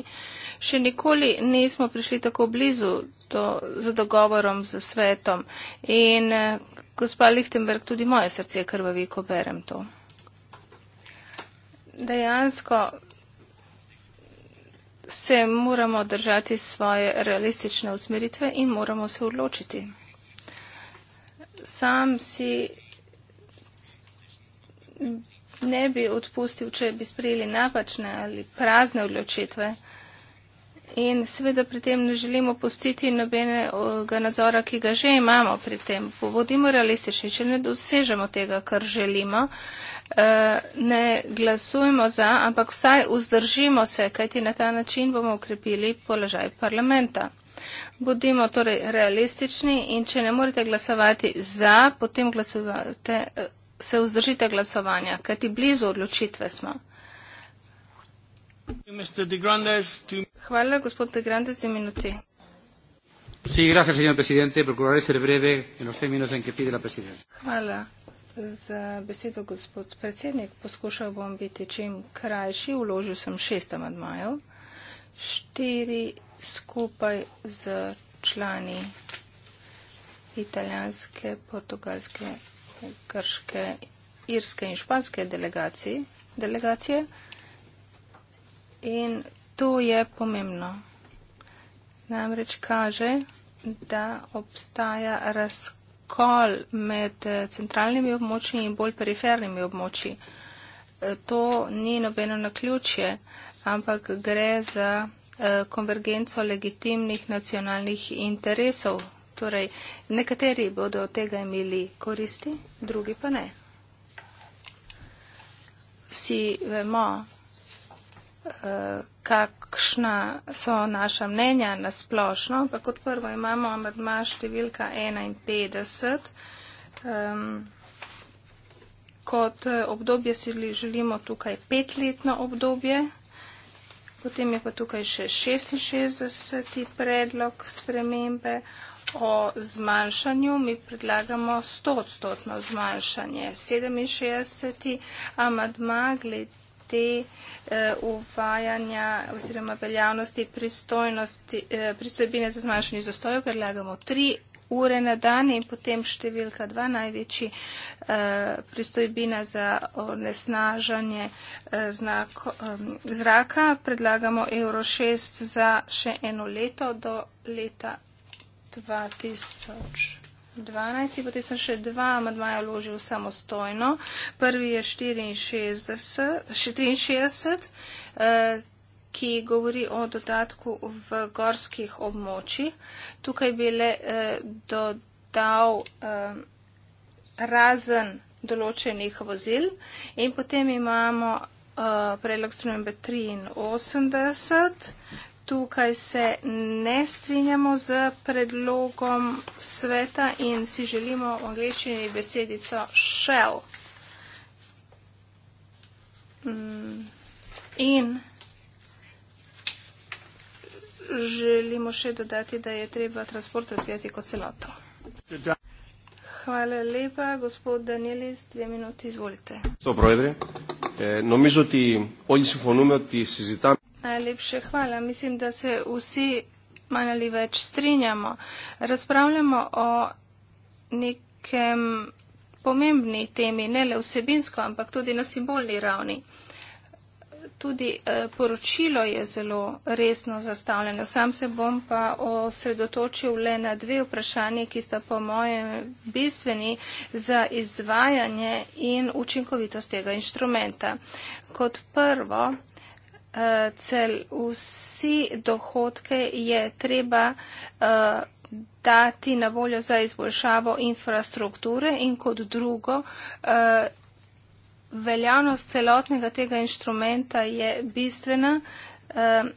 Še nikoli nismo prišli tako blizu to, z dogovorom z svetom in eh, gospa Lichtenberg, tudi moje srce krvavi, ko berem to. Dejansko se moramo držati svoje realistične usmeritve in moramo se odločiti sam si ne bi odpustil, če bi sprejeli napačne ali prazne odločitve. In seveda pri tem ne želimo pustiti nobenega nadzora, ki ga že imamo pri tem. Povodimo realistični, če ne dosežemo tega, kar želimo, eh, ne glasujmo za, ampak vsaj vzdržimo se, kajti na ta način bomo ukrepili položaj parlamenta. Budimo torej realistični in če ne morete glasovati za, potem glasujte, eh, se vzdržite glasovanja, kajti blizu odločitve smo. Hvala, gospod De Grandes, dve minuti. Sí, gracias, señor presidente. Procuraré ser breve en los términos en que pide la presidenta. Hvala za besedo, gospod predsednik. Poskušal bom biti čim krajši. Uložil sem šest amadmajev. Štiri 4 skupaj z člani italijanske, portugalske, grške, irske in španske delegacije. In to je pomembno. Namreč kaže, da obstaja razkol med eh, centralnimi območji in bolj perifernimi območji. Eh, to ni nobeno naključje, ampak gre za Eh, konvergenco legitimnih nacionalnih interesov. Torej, nekateri bodo od tega imeli koristi, drugi pa ne. Vsi vemo, eh, kakšna so naša mnenja na splošno, pa kot prvo imamo amadma številka 51. Um, kot eh, obdobje si želimo tukaj petletno obdobje. Potem je pa tukaj še 66. predlog spremembe o zmanjšanju. Mi predlagamo 100 odstotno zmanjšanje. 67. amadma glede eh, uvajanja oziroma veljavnosti eh, pristojbine za zmanjšanje zastojev predlagamo 3 ure na dan in potem številka dva največji eh, pristojbina za onesnažanje eh, znako, eh, zraka. Predlagamo Euro 6 za še eno leto do leta 2000. 12. Potem sem še dva amadmaja vložil samostojno. Prvi je 64, 63, ki govori o dodatku v gorskih območjih. Tukaj bi le eh, dodal eh, razen določenih vozil in potem imamo eh, predlog strunembe 83. Tukaj se ne strinjamo z predlogom sveta in si želimo v angliščini besedico shell. Mm. In želimo še dodati, da je treba transport razvijati kot celoto. Hvala lepa, gospod Danielis, dve minuti, izvolite. Eh, no, Najlepše hvala. Mislim, da se vsi manj ali več strinjamo. Razpravljamo o nekem pomembni temi, ne le vsebinsko, ampak tudi na simbolni ravni tudi eh, poročilo je zelo resno zastavljeno. Sam se bom pa osredotočil le na dve vprašanje, ki sta po mojem bistveni za izvajanje in učinkovitost tega inštrumenta. Kot prvo, eh, cel vsi dohodke je treba. Eh, dati na voljo za izboljšavo infrastrukture in kot drugo eh, veljavnost celotnega tega inštrumenta je bistvena. Ehm,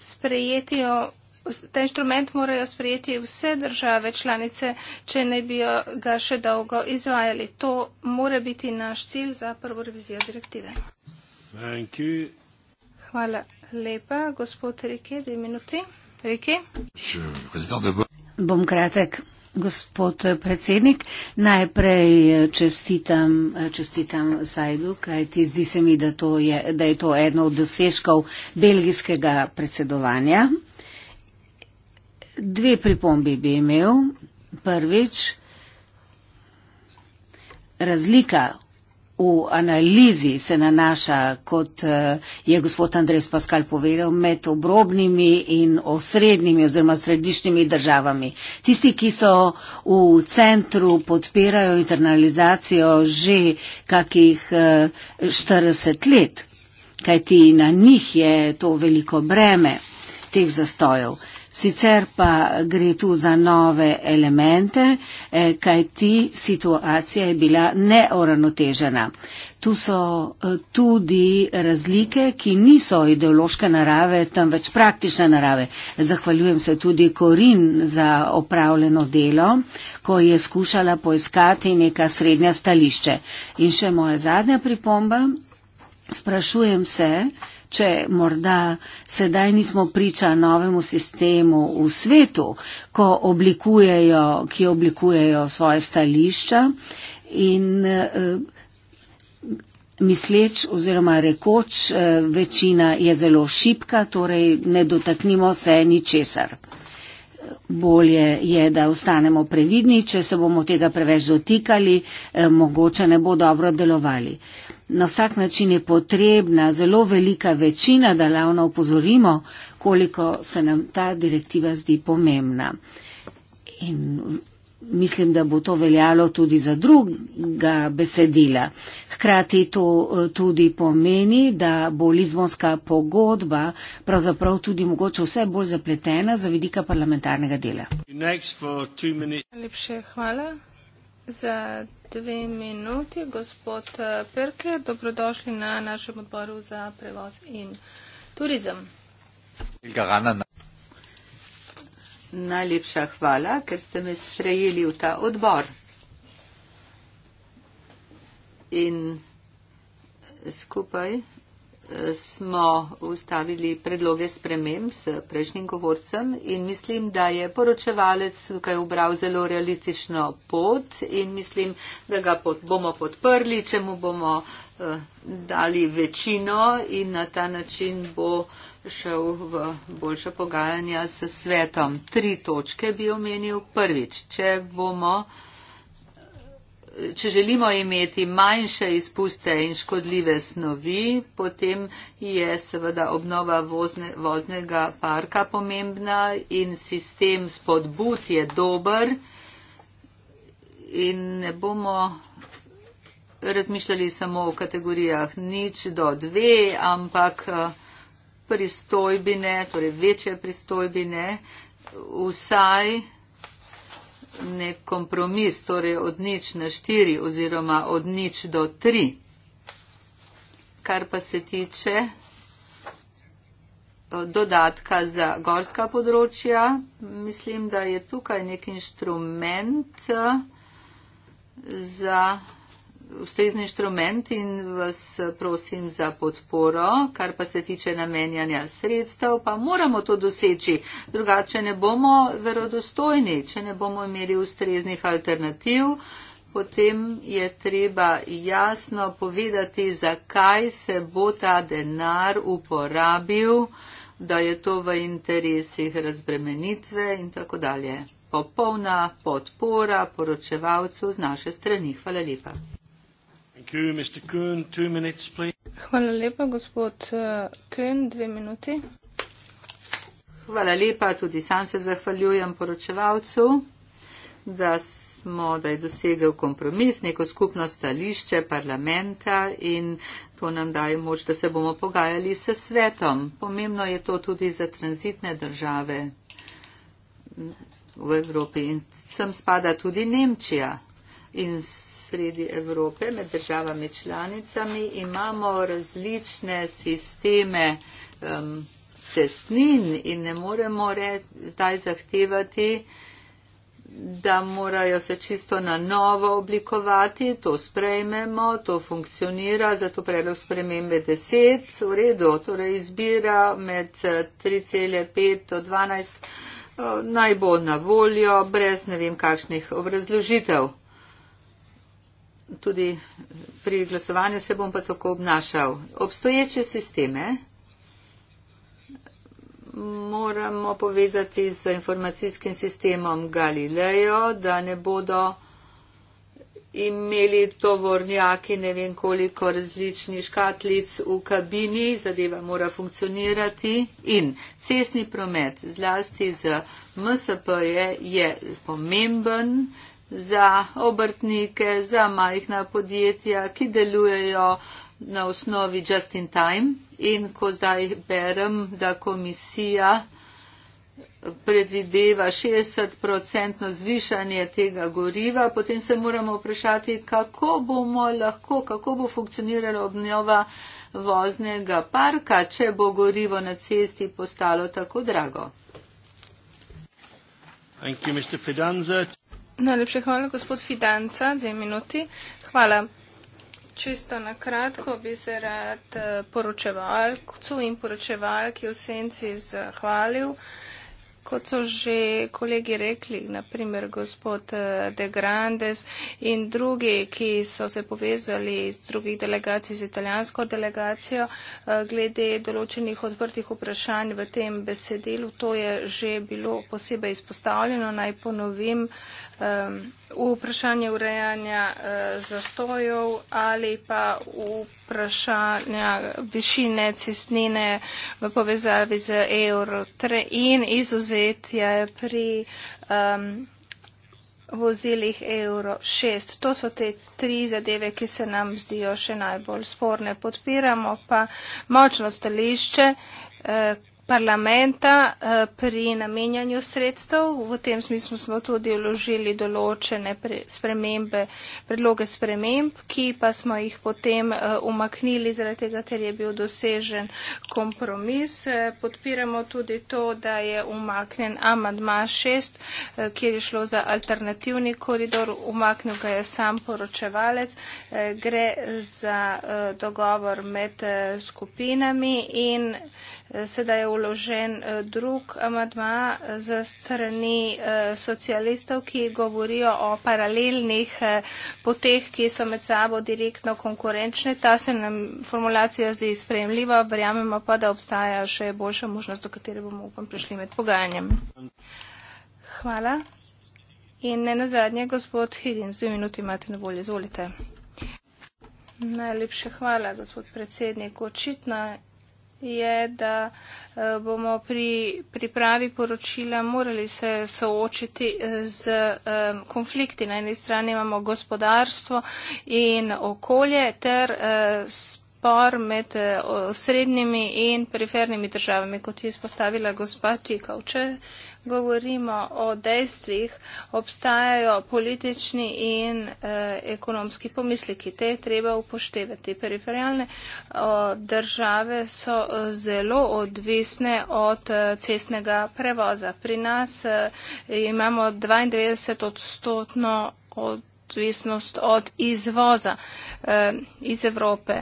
Sprejetijo, ta inštrument morajo sprejeti vse države članice, če ne bi ga še dolgo izvajali. To mora biti naš cilj za prvo revizijo direktive. Thank you. Hvala lepa, gospod Rike, dve minuti. Rike? Bom kratek. Gospod predsednik, najprej eh, čestitam, eh, čestitam Sajdu, kajti zdi se mi, da, to je, da je to eno od dosežkov belgijskega predsedovanja. Dve pripombi bi imel. Prvič, razlika v analizi se nanaša, kot eh, je gospod Andres Paskal povedal, med obrobnimi in osrednjimi oziroma središnjimi državami. Tisti, ki so v centru, podpirajo internalizacijo že kakih 40 eh, let, kajti na njih je to veliko breme teh zastojev. Sicer pa gre tu za nove elemente, eh, kaj ti situacija je bila neoranotežena. Tu so eh, tudi razlike, ki niso ideološke narave, temveč praktične narave. Zahvaljujem se tudi Korin za opravljeno delo, ko je skušala poiskati neka srednja stališče. In še moja zadnja pripomba. Sprašujem se, če morda sedaj nismo priča novemu sistemu v svetu, ko oblikujejo, ki oblikujejo svoje stališča in eh, misleč oziroma rekoč, eh, večina je zelo šipka, torej ne dotaknimo se ni česar. Bolje je, da ostanemo previdni, če se bomo tega preveč dotikali, eh, mogoče ne bo dobro delovali. Na vsak način je potrebna zelo velika večina, da ravno upozorimo, koliko se nam ta direktiva zdi pomembna. In mislim, da bo to veljalo tudi za druga besedila. Hkrati to eh, tudi pomeni, da bo Lizbonska pogodba pravzaprav tudi mogoče vse bolj zapletena za vidika parlamentarnega dela. Najlepše hvala za dve minuti. Gospod eh, Perke, dobrodošli na našem odboru za prevoz in turizem. Najlepša hvala, ker ste me sprejeli v ta odbor. In skupaj smo ustavili predloge sprememb s prejšnjim govorcem in mislim, da je poročevalec tukaj ubral zelo realistično pot in mislim, da ga pot, bomo podprli, če mu bomo eh, dali večino in na ta način bo šel v boljša pogajanja s svetom. Tri točke bi omenil. Prvič, če bomo če želimo imeti manjše izpuste in škodljive snovi, potem je seveda obnova vozne, voznega parka pomembna in sistem spodbud je dober in ne bomo razmišljali samo o kategorijah nič do dve, ampak eh, pristojbine, torej večje pristojbine, vsaj nek kompromis, torej od nič na štiri oziroma od nič do tri. Kar pa se tiče eh, dodatka za gorska področja, mislim, da je tukaj nek inštrument eh, za ustrezni inštrument in vas prosim za podporo. Kar pa se tiče namenjanja sredstev, pa moramo to doseči. Drugače ne bomo verodostojni, če ne bomo imeli ustreznih alternativ, potem je treba jasno povedati, zakaj se bo ta denar uporabil, da je to v interesih razbremenitve in tako dalje. Popolna podpora poročevalcu z naše strani. Hvala lepa. Thank you, Mr. Kuhn. Two minutes, please. Hvala lepa, gospod eh, Kuhn, dve minuti. Hvala lepa, tudi sam se zahvaljujem poročevalcu, da, smo, da je dosegel kompromis, neko skupno stališče parlamenta in to nam daje moč, da se bomo pogajali s svetom. Pomembno je to tudi za tranzitne države v Evropi in sem spada tudi Nemčija. In sredi Evrope, med državami članicami, imamo različne sisteme um, cestnin in ne moremo re, zdaj zahtevati, da morajo se čisto na novo oblikovati, to sprejmemo, to funkcionira, zato predlog spremembe 10, v redu, torej izbira med 3,5 eh, do 12 eh, naj bo na voljo, brez ne vem kakšnih obrazložitev tudi pri glasovanju se bom pa tako obnašal. Obstoječe sisteme moramo povezati z informacijskim sistemom Galileo, da ne bodo imeli tovornjaki, ne vem koliko različnih škatlic v kabini, zadeva mora funkcionirati in cestni promet zlasti z MSP je, je pomemben, za obrtnike, za majhna podjetja, ki delujejo na osnovi just in time. In ko zdaj berem, da komisija predvideva 60% zvišanje tega goriva, potem se moramo vprašati, kako bomo lahko, kako bo funkcionirala obnova voznega parka, če bo gorivo na cesti postalo tako drago. Thank you, Mr. Fidanza. Najlepša hvala, gospod Fidanca, dve minuti. Hvala. Čisto na kratko bi se rad eh, poročevalcu in poročevalki v senci zahvalil. Kot so že kolegi rekli, naprimer gospod eh, De Grandes in drugi, ki so se povezali z drugih delegacij, z italijansko delegacijo, eh, glede določenih odprtih vprašanj v tem besedilu, to je že bilo posebej izpostavljeno. Naj ponovim. Uh, vprašanje urejanja eh, zastojov ali pa vprašanja višine cestnine v povezavi z evro in izuzetje pri um, vozilih evro 6. To so te tri zadeve, ki se nam zdijo še najbolj sporne. Podpiramo pa močno stališče, eh, parlamenta eh, pri namenjanju sredstev. V tem smislu smo tudi vložili določene spremembe, predloge sprememb, ki pa smo jih potem eh, umaknili, zaradi tega, ker je bil dosežen kompromis. Eh, podpiramo tudi to, da je umaknen amadma 6, kjer je šlo za alternativni koridor, umaknil ga je sam poročevalec. Gre za dogovor med skupinami in sedaj je uložen eh, drug amadma za strani eh, socialistov, ki govorijo o paralelnih eh, poteh, ki so med sabo direktno konkurenčne. Ta se nam formulacija zdi sprejemljiva, verjamemo pa, da obstaja še boljša možnost, do katere bomo upam prišli med pogajanjem. Hvala. In ne nazadnje, gospod Higgins, dve minuti imate na voljo, izvolite. Najlepše hvala, gospod predsednik. Očitno je, da eh, bomo pri pripravi poročila morali se soočiti eh, z eh, konflikti. Na eni strani imamo gospodarstvo in okolje ter spor med srednjimi in perifernimi državami, kot je izpostavila gospa Tikovče govorimo o dejstvih, obstajajo politični in eh, ekonomski pomisliki. Te treba upoštevati. Periferijalne eh, države so eh, zelo odvisne od eh, cestnega prevoza. Pri nas eh, imamo 92 odstotno odvisnost od izvoza. Eh, Eh, iz Evrope.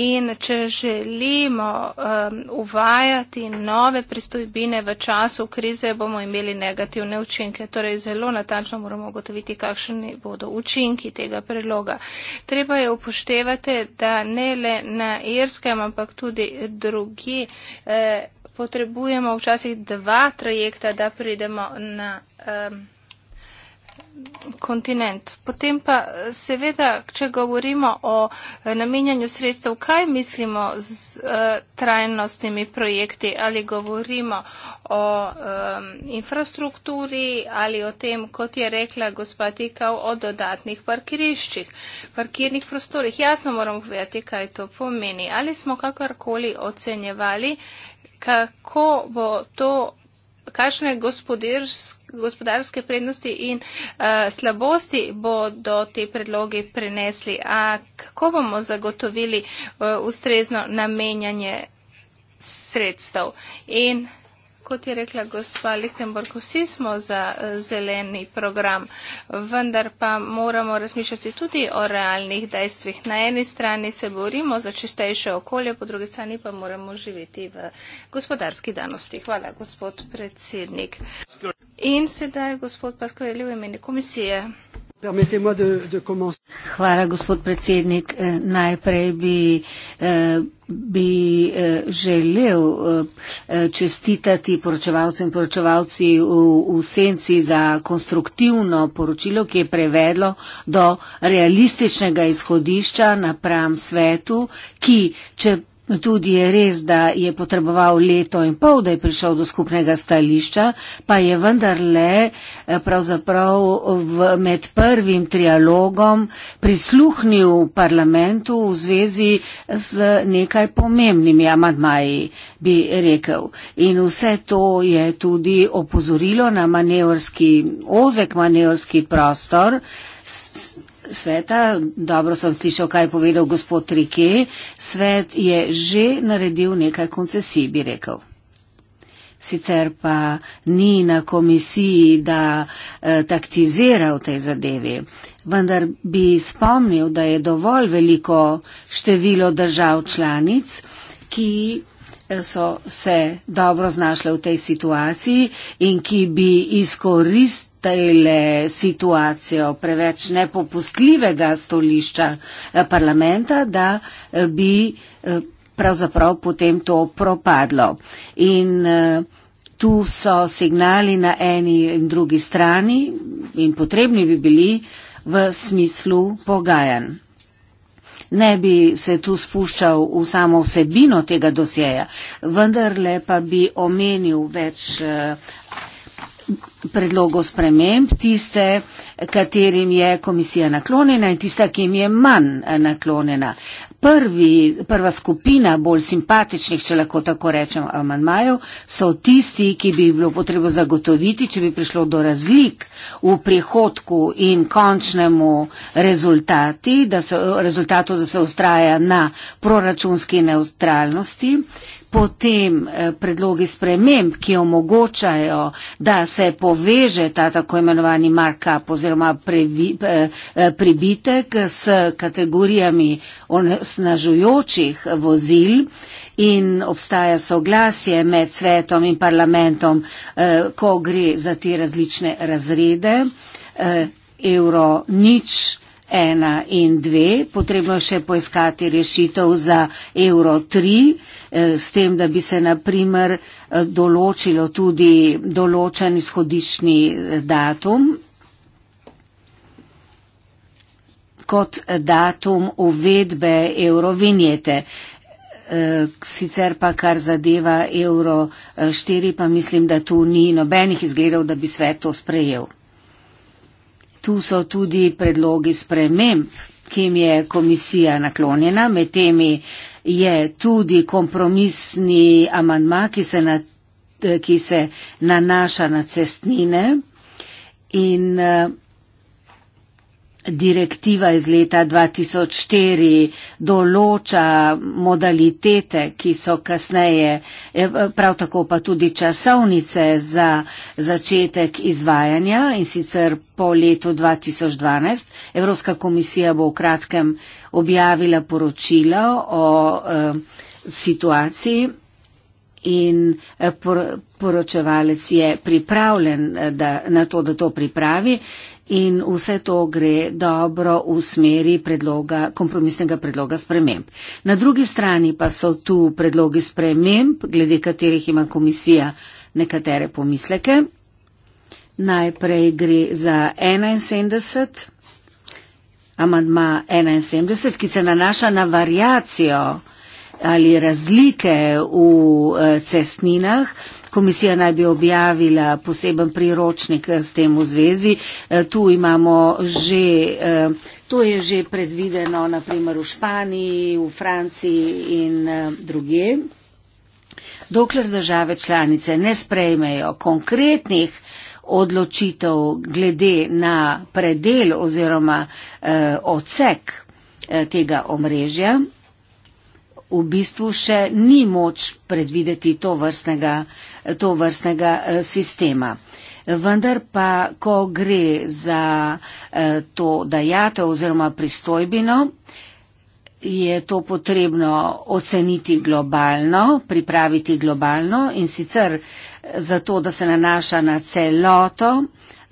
In če želimo eh, uvajati nove pristojbine v času krize, bomo imeli negativne učinke. Torej, zelo natančno moramo ugotoviti, kakšni bodo učinki tega predloga. Treba je upoštevati, da ne le na Irskem, ampak tudi drugi eh, potrebujemo včasih dva trajekta, da pridemo na kontinent. Potem pa seveda, če govorimo o eh, namenjanju sredstev, kaj mislimo z uh, trajnostnimi projekti, ali govorimo o um, infrastrukturi ali o tem, kot je rekla gospa Tikav, o dodatnih parkiriščih, parkirnih prostorih. Jasno moramo povedati, kaj to pomeni. Ali smo kakorkoli ocenjevali, kako bo to kakšne gospodarske prednosti in uh, slabosti bodo ti predlogi prenesli, a kako bomo zagotovili uh, ustrezno namenjanje sredstev. In kot je rekla gospa Lichtenborg, vsi smo za eh, zeleni program, vendar pa moramo razmišljati tudi o realnih dejstvih. Na eni strani se borimo za čistejše okolje, po drugi strani pa moramo živeti v gospodarski danosti. Hvala, gospod predsednik. In sedaj gospod Paskojeli v imeni komisije. Hvala, gospod predsednik. Eh, najprej bi, eh, bi eh, želel čestitati poročevalcem in poročevalci v, v senci za konstruktivno poročilo, ki je prevedlo do realističnega izhodišča napram svetu, ki, če No, tudi je res, da je potreboval leto in pol, da je prišel do skupnega stališča, pa je vendarle eh, pravzaprav med prvim trialogom prisluhnil parlamentu v zvezi z nekaj pomembnimi amadmaji, bi rekel. In vse to je tudi opozorilo na manevrski ozek, manevrski prostor. S, sveta. Dobro sem slišal, kaj je povedal gospod Rike. Svet je že naredil nekaj koncesij, bi rekel. Sicer pa ni na komisiji, da eh, taktizira v tej zadevi, vendar bi spomnil, da je dovolj veliko število držav članic, ki eh, so se dobro znašle v tej situaciji in ki bi izkorist, tejle situacijo preveč nepopustljivega stolišča eh, parlamenta, da eh, bi eh, pravzaprav potem to propadlo. In tu so signali na eni in drugi strani in potrebni bi bili v smislu pogajanj. Ne bi se tu spuščal v samo vsebino tega dosjeja, vendar le pa bi omenil več predlogov sprememb, tiste, katerim je komisija naklonjena in tista, ki jim je manj eh, naklonjena. Prvi, prva skupina bolj simpatičnih, če lahko tako rečem, amanmajev so tisti, ki bi bilo potrebo zagotoviti, če bi prišlo do razlik v prihodku in končnemu rezultatu, da se ustraja na proračunski neutralnosti potem eh, predlogi sprememb, ki omogočajo, da se poveže ta tako imenovani marka oziroma previ, eh, eh, pribitek s kategorijami onesnažujočih vozil in obstaja soglasje med svetom in parlamentom, ko gre za te različne razrede, evro nič ena in dve, potrebno še poiskati rešitev za evro tri, eh, s tem, da bi se naprimer eh, določilo tudi določen izhodišni eh, datum kot datum uvedbe eurovinjete. Sicer pa, kar zadeva evro 4, pa mislim, da tu ni nobenih izgledov, da bi svet to sprejel. Tu so tudi predlogi sprememb, ki jim je komisija naklonjena. Med temi je tudi kompromisni amantma, ki, ki se nanaša na cestnine. In, uh, direktiva iz leta 2004 določa modalitete, ki so kasneje, e, prav tako pa tudi časovnice za začetek izvajanja in sicer po letu 2012. Evropska komisija bo v kratkem objavila poročilo o e, situaciji in eh, poročevalec je pripravljen eh, da, na to, da to pripravi in vse to gre dobro v smeri predloga, kompromisnega predloga sprememb. Na drugi strani pa so tu predlogi sprememb, glede katerih ima komisija nekatere pomisleke. Najprej gre za 71, amadma 71, ki se nanaša na variacijo ali razlike v eh, cestninah. Komisija naj bi objavila poseben priročnik eh, s tem v zvezi. Eh, tu imamo že, to je že predvideno naprimer v Španiji, v Franciji in druge. Dokler države članice ne sprejmejo konkretnih odločitev glede na predel oziroma eh, odsek eh, tega omrežja, v bistvu še ni moč predvideti to vrstnega, to vrstnega eh, sistema. Vendar pa, ko gre za eh, to dajate oziroma pristojbino, je to potrebno oceniti globalno, pripraviti globalno in sicer eh, zato, da se nanaša na celoto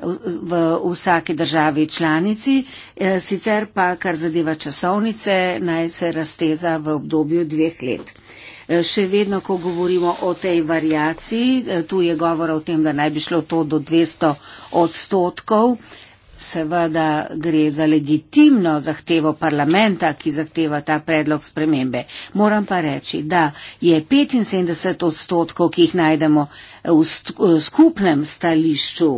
v vsaki državi članici, eh, sicer pa, kar zadeva časovnice, naj se razteza v obdobju dveh let. Eh, še vedno, ko govorimo o tej variaciji, eh, tu je govora o tem, da naj bi šlo to do 200 odstotkov, seveda gre za legitimno zahtevo parlamenta, ki zahteva ta predlog spremembe. Moram pa reči, da je 75 odstotkov, ki jih najdemo v skupnem stališču,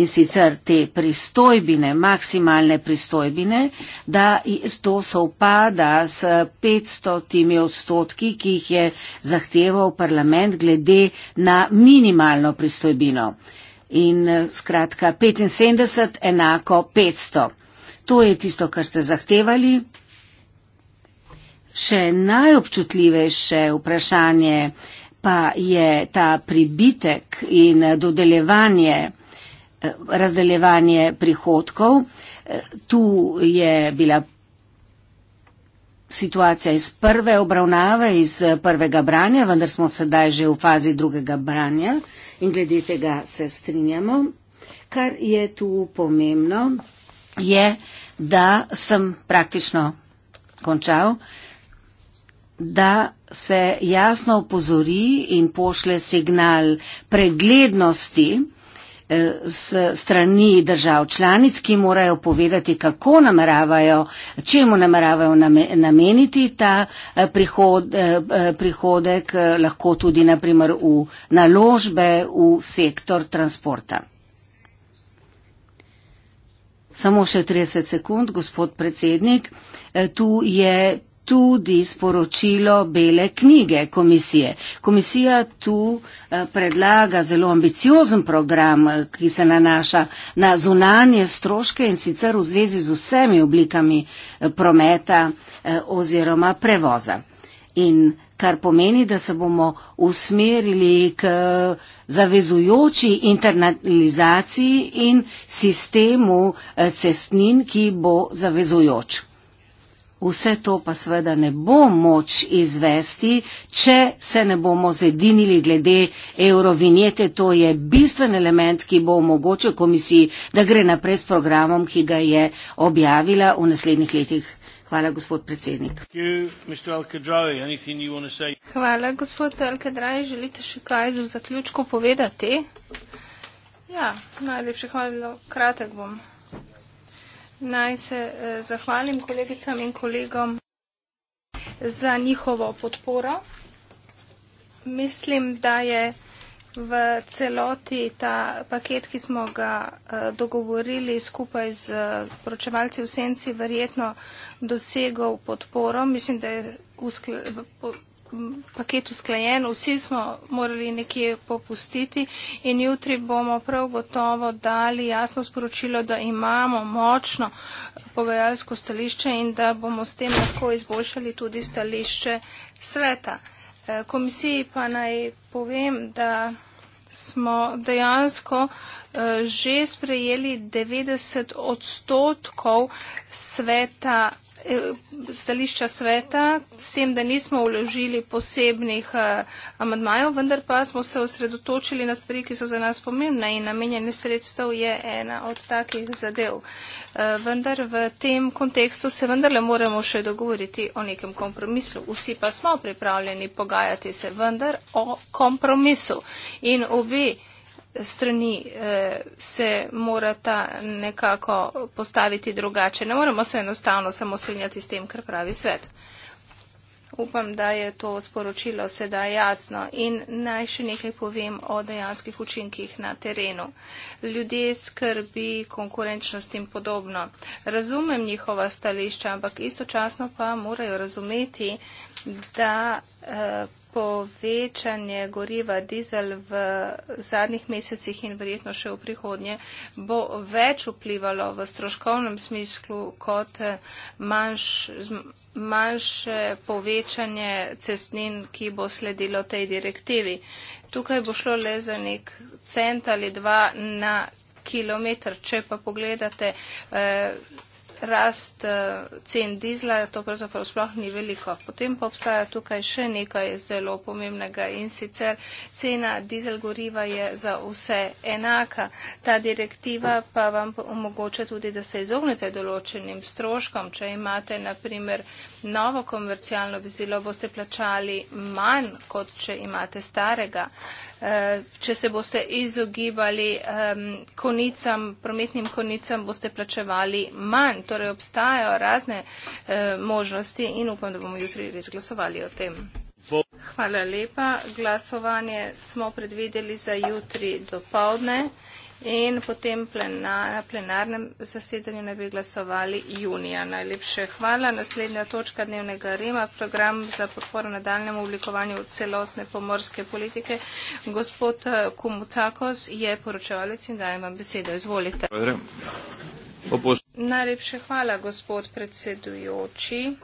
in sicer te pristojbine, maksimalne pristojbine, da to sovpada s 500 timi odstotki, ki jih je zahteval parlament glede na minimalno pristojbino. In eh, skratka, 75 enako 500. To je tisto, kar ste zahtevali. Še najobčutljivejše vprašanje pa je ta pribitek in dodeljevanje razdeljevanje prihodkov. Tu je bila situacija iz prve obravnave, iz prvega branja, vendar smo sedaj že v fazi drugega branja in glede tega se strinjamo. Kar je tu pomembno, je, da sem praktično končal, da se jasno opozori in pošle signal preglednosti, Eh, s strani držav članic, ki morajo povedati, kako nameravajo, čemu nameravajo name, nameniti ta eh, prihod, eh, prihodek, lahko tudi naprimer v naložbe, v sektor transporta. Samo še 30 sekund, gospod predsednik. Tu je tudi sporočilo Bele knjige komisije. Komisija tu eh, predlaga zelo ambiciozen program, eh, ki se nanaša na zunanje stroške in sicer v zvezi z vsemi oblikami eh, prometa oziroma prevoza. In kar pomeni, da se bomo usmerili k zavezujoči internalizaciji in sistemu cestnin, ki bo zavezujoč. Vse to pa seveda ne bo moč izvesti, če se ne bomo zedinili glede eurovinjete. To je bistven element, ki bo omogočil komisiji, da gre naprej s programom, ki ga je objavila v naslednjih letih. Hvala, gospod predsednik. Hvala, gospod Alkedraj. Želite še kaj v zaključku povedati? Ja, najlepše hvala, kratek bom. Naj se eh, zahvalim kolegicam in kolegom za njihovo podporo. Mislim, da je v celoti ta paket, ki smo ga eh, dogovorili skupaj z eh, pročevalci v senci, verjetno dosegal podporo. Mislim, da je v skladu paket usklajen, vsi smo morali nekje popustiti in jutri bomo prav gotovo dali jasno sporočilo, da imamo močno pogajalsko stališče in da bomo s tem lahko izboljšali tudi stališče sveta. Eh, komisiji pa naj povem, da smo dejansko eh, že sprejeli 90 odstotkov sveta Eh, stališča sveta, s tem, da nismo uložili posebnih eh, amadmajev, vendar pa smo se osredotočili na stvari, ki so za nas pomembne in namenjene sredstev je ena od takih zadev. Eh, vendar v tem kontekstu se vendarle moramo še dogovoriti o nekem kompromisu. Vsi pa smo pripravljeni pogajati se vendar o kompromisu. In obi strani eh, se morata nekako postaviti drugače. Ne moremo se enostavno samo strinjati s tem, kar pravi svet. Upam, da je to sporočilo sedaj jasno in naj še nekaj povem o dejanskih učinkih na terenu. Ljudje skrbi konkurenčnost in podobno. Razumem njihova stališča, ampak istočasno pa morajo razumeti, da eh, povečanje goriva dizel v zadnjih mesecih in verjetno še v prihodnje bo več vplivalo v stroškovnem smislu kot eh, manjš, manjše povečanje cestnin, ki bo sledilo tej direktivi. Tukaj bo šlo le za nek cent ali dva na kilometr. Če pa pogledate. Eh, rast eh, cen dizla, to pravzaprav sploh ni veliko. Potem pa obstaja tukaj še nekaj zelo pomembnega in sicer cena dizel goriva je za vse enaka. Ta direktiva pa vam omogoča tudi, da se izognete določenim stroškom. Če imate, na primer, novo komercialno vizilo, boste plačali manj, kot če imate starega. Eh, če se boste izogibali um, konicam, prometnim konicam, boste plačevali manj. Torej obstajajo razne um, možnosti in upam, da bomo jutri res glasovali o tem. Hvala lepa. Glasovanje smo predvideli za jutri do povdne in potem plena, na plenarnem zasedanju ne bi glasovali junija. Najlepše hvala. Naslednja točka dnevnega rema, program za podporo nadaljnemu oblikovanju celostne pomorske politike. Gospod eh, Kumucakos je poročevalec in dajem vam besedo. Izvolite. Najlepše hvala, gospod predsedujoči.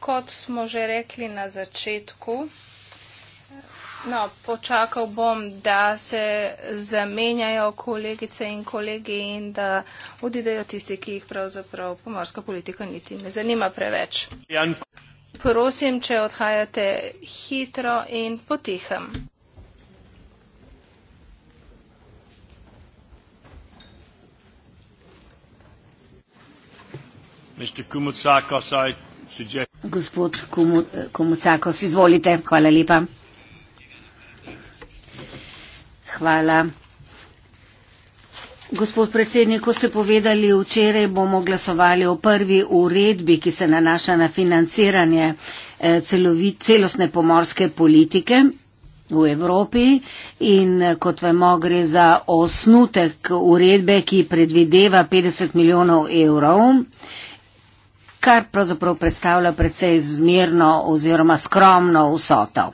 Kot smo že rekli na začetku, No, počakal bom, da se zamenjajo kolegice in kolegi in da odidejo tisti, ki jih pravzaprav pomorska politika niti ne zanima preveč. Jan. Prosim, če odhajate hitro in potihem. Gospod Kumucakos, izvolite. Hvala lepa. Hvala. Gospod predsednik, ko ste povedali včeraj, bomo glasovali o prvi uredbi, ki se nanaša na financiranje eh, celovit, celostne pomorske politike v Evropi in eh, kot vemo, gre za osnutek uredbe, ki predvideva 50 milijonov evrov, kar pravzaprav predstavlja predvsej zmerno oziroma skromno vsoto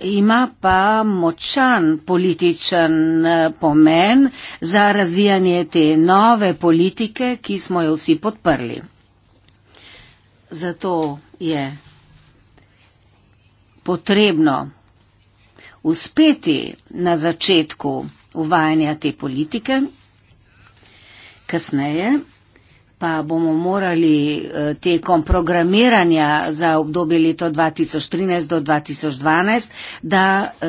ima pa močan političen eh, pomen za razvijanje te nove politike, ki smo jo vsi podprli. Zato je potrebno uspeti na začetku uvajanja te politike, kasneje pa bomo morali eh, tekom programiranja za obdobje leto 2013 do 2012, da eh,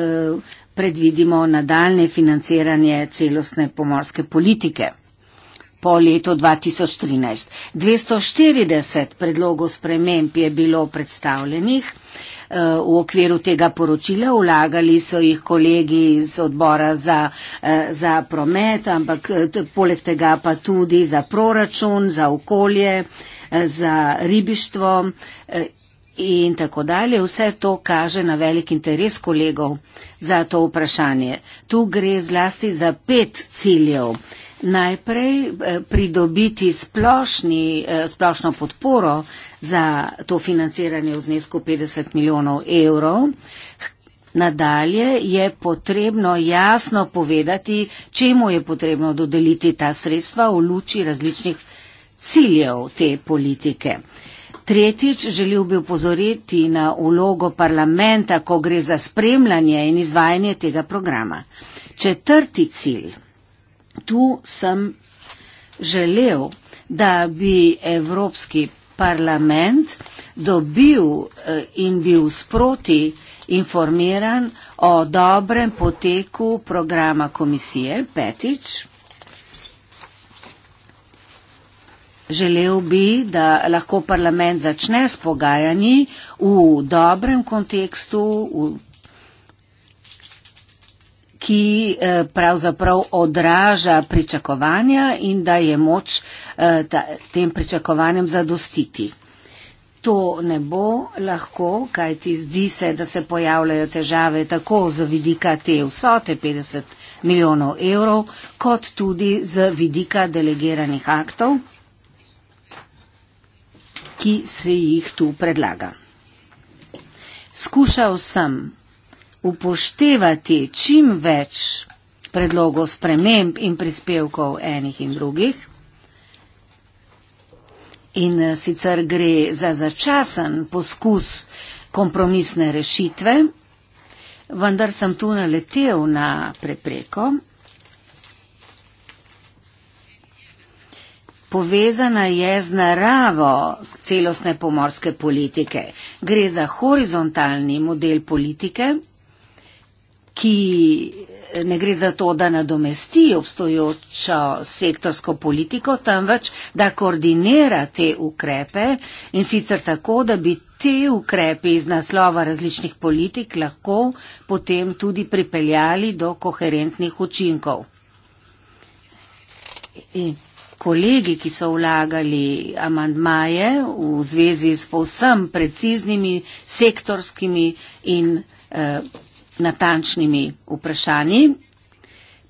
predvidimo nadaljne financiranje celostne pomorske politike po letu 2013. 240 predlogov sprememb je bilo predstavljenih. Eh, v okviru tega poročila, vlagali so jih kolegi iz odbora za, eh, za promet, ampak eh, poleg tega pa tudi za proračun, za okolje, za ribištvo in tako dalje. Vse to kaže na velik interes kolegov za to vprašanje. Tu gre zlasti za pet ciljev. Najprej eh, pridobiti splošni, eh, splošno podporo za to financiranje v znesku 50 milijonov evrov. Nadalje je potrebno jasno povedati, čemu je potrebno dodeliti ta sredstva v luči različnih ciljev te politike. Tretjič, želel bi upozoriti na ulogo parlamenta, ko gre za spremljanje in izvajanje tega programa. Četrti cilj. Tu sem želel, da bi Evropski parlament dobil eh, in bil sproti informiran o dobrem poteku programa komisije. Petič. Želel bi, da lahko parlament začne s pogajanji v dobrem kontekstu, v, ki eh, pravzaprav odraža pričakovanja in da je moč eh, ta, tem pričakovanjem zadostiti. To ne bo lahko, kaj ti zdi se, da se pojavljajo težave tako z vidika te vsote 50 milijonov evrov, kot tudi z vidika delegiranih aktov ki se jih tu predlaga. Skušal sem upoštevati čim več predlogov sprememb in prispevkov enih in drugih. In eh, sicer gre za začasen poskus kompromisne rešitve, vendar sem tu naletel na prepreko povezana je z naravo celostne pomorske politike. Gre za horizontalni model politike, ki eh, ne gre za to, da nadomesti obstojočo sektorsko politiko, temveč da koordinira te ukrepe in sicer tako, da bi te ukrepe iz naslova različnih politik lahko potem tudi pripeljali do koherentnih učinkov. In kolegi, ki so vlagali amandmaje v zvezi s povsem preciznimi, sektorskimi in eh, natančnimi vprašanji.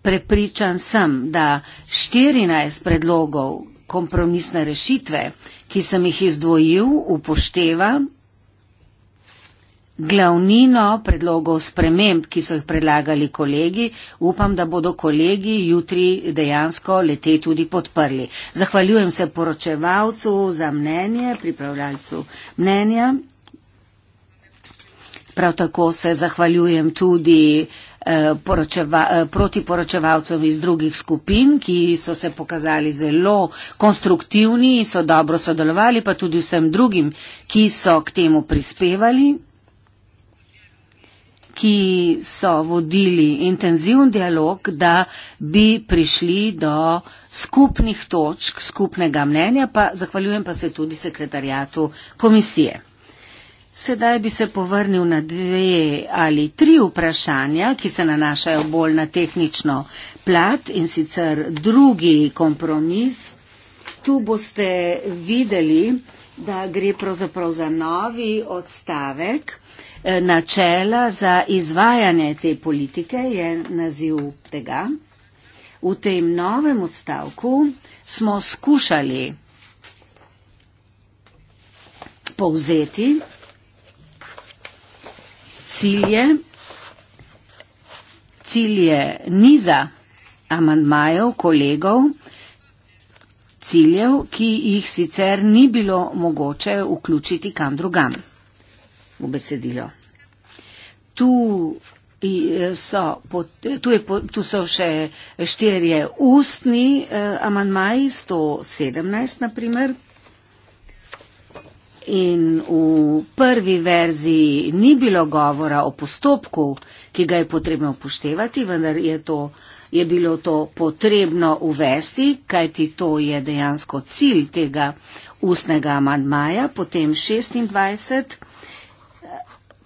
Prepričan sem, da 14 predlogov kompromisne rešitve, ki sem jih izdvojil, upošteva glavnino predlogov sprememb, ki so jih predlagali kolegi. Upam, da bodo kolegi jutri dejansko lete tudi podprli. Zahvaljujem se poročevalcu za mnenje, pripravljalcu mnenja. Prav tako se zahvaljujem tudi eh, poročeva, eh, proti poročevalcem iz drugih skupin, ki so se pokazali zelo konstruktivni in so dobro sodelovali, pa tudi vsem drugim, ki so k temu prispevali ki so vodili intenzivn dialog, da bi prišli do skupnih točk, skupnega mnenja, pa zahvaljujem pa se tudi sekretarjatu komisije. Sedaj bi se povrnil na dve ali tri vprašanja, ki se nanašajo bolj na tehnično plat in sicer drugi kompromis. Tu boste videli, da gre pravzaprav za novi odstavek načela za izvajanje te politike je naziv tega. V tem novem odstavku smo skušali povzeti cilje, cilje niza amandmajev kolegov, ciljev, ki jih sicer ni bilo mogoče vključiti kam drugam v besedilo. Tu e, so, e, tu, je, tu so še štirje ustni eh, amanmaji, 117 naprimer. In v prvi verziji ni bilo govora o postopku, ki ga je potrebno upoštevati, vendar je, to, je bilo to potrebno uvesti, kajti to je dejansko cilj tega ustnega amandmaja. Potem 26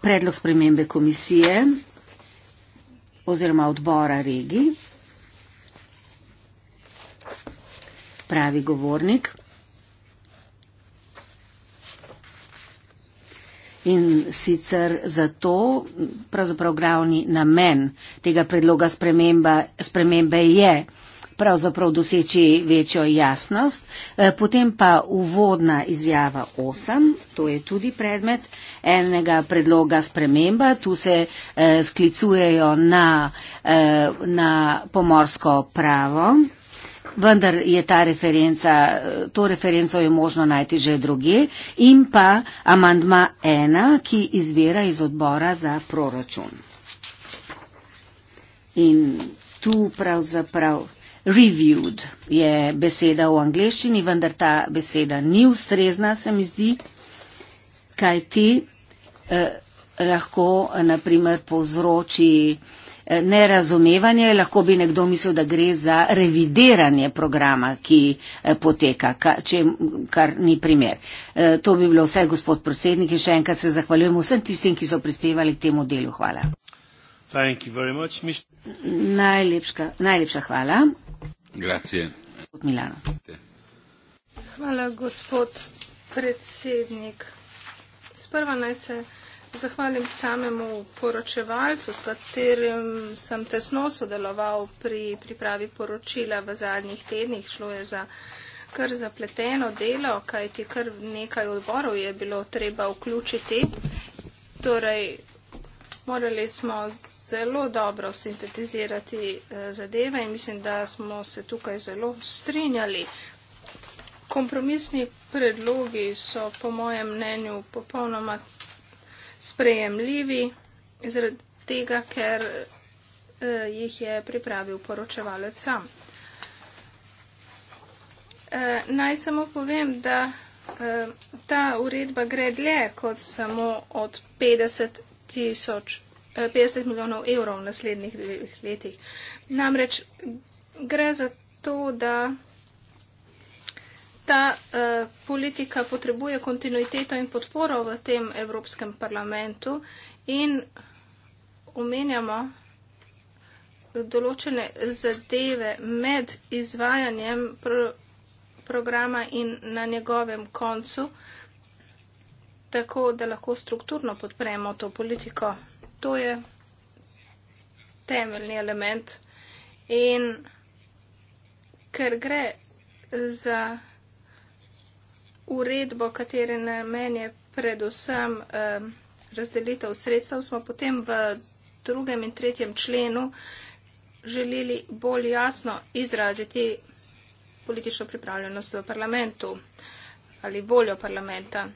predlog spremembe komisije oziroma odbora regij. Pravi govornik. In sicer zato pravzaprav glavni namen tega predloga spremembe je, pravzaprav doseči večjo jasnost. Eh, potem pa uvodna izjava 8, to je tudi predmet enega predloga sprememba. Tu se eh, sklicujejo na, eh, na pomorsko pravo. Vendar je ta referenca, to referenco je možno najti že druge in pa amandma ena, ki izvira iz odbora za proračun. In tu pravzaprav reviewed je beseda v angleščini, vendar ta beseda ni ustrezna, se mi zdi, kaj ti eh, lahko eh, naprimer povzroči eh, nerazumevanje, lahko bi nekdo mislil, da gre za revideranje programa, ki eh, poteka, kar ni primer. To bi bilo vse, gospod predsednik, in še enkrat se zahvaljujem vsem tistim, ki so prispevali k temu delu. Hvala. Much, Mr... Najlepša hvala. Hvala, gospod predsednik. Sprva naj se zahvalim samemu poročevalcu, s katerim sem tesno sodeloval pri pripravi poročila v zadnjih tednih. Šlo je za kar zapleteno delo, kajti kar nekaj odborov je bilo treba vključiti. Torej, morali smo zelo dobro sintetizirati eh, zadeve in mislim, da smo se tukaj zelo strinjali. Kompromisni predlogi so po mojem mnenju popolnoma sprejemljivi, zaradi tega, ker eh, jih je pripravil poročevalec sam. Eh, naj samo povem, da ta uredba gre dlje kot samo od 50 tisoč, 50 eh, milijonov evrov v naslednjih dveh letih. Namreč gre za to, da ta eh, politika potrebuje kontinuiteto in podporo v tem Evropskem parlamentu in omenjamo določene zadeve med izvajanjem pro programa in na njegovem koncu. Eh, tako da lahko strukturno podpremo to politiko. To je temeljni element. In ker gre za uredbo, katere namen je predvsem eh, razdelitev sredstev, smo potem v drugem in tretjem členu želeli bolj jasno izraziti politično pripravljenost v parlamentu ali voljo parlamenta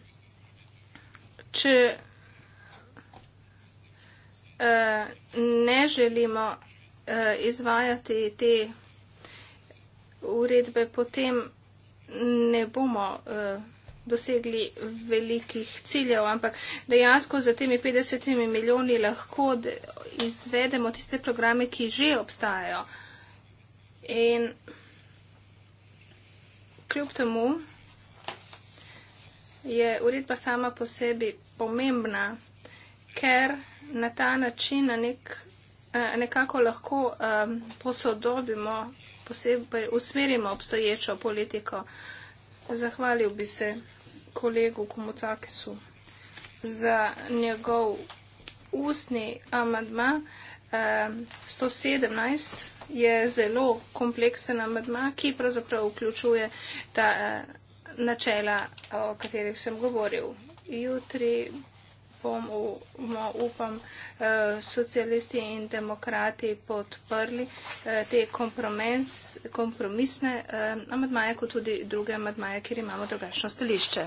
če uh, ne želimo uh, izvajati te uredbe, potem ne bomo uh, dosegli velikih ciljev, ampak dejansko za temi 50 milijoni lahko izvedemo tiste programe, ki že obstajajo. In kljub temu, je uredba sama po sebi pomembna, ker na ta način na nek, eh, nekako lahko um, posodobimo, posebej usmerimo obstoječo politiko. Zahvalil bi se kolegu Komucakisu za njegov ustni amadma. Um, 117 je zelo kompleksen amadma, ki pravzaprav vključuje ta. Uh, načela, o katerih sem govoril. Jutri bom, bomo, no, upam, eh, socialisti in demokrati podprli eh, te kompromisne eh, amadmaje, kot tudi druge amadmaje, kjer imamo drugačno stališče.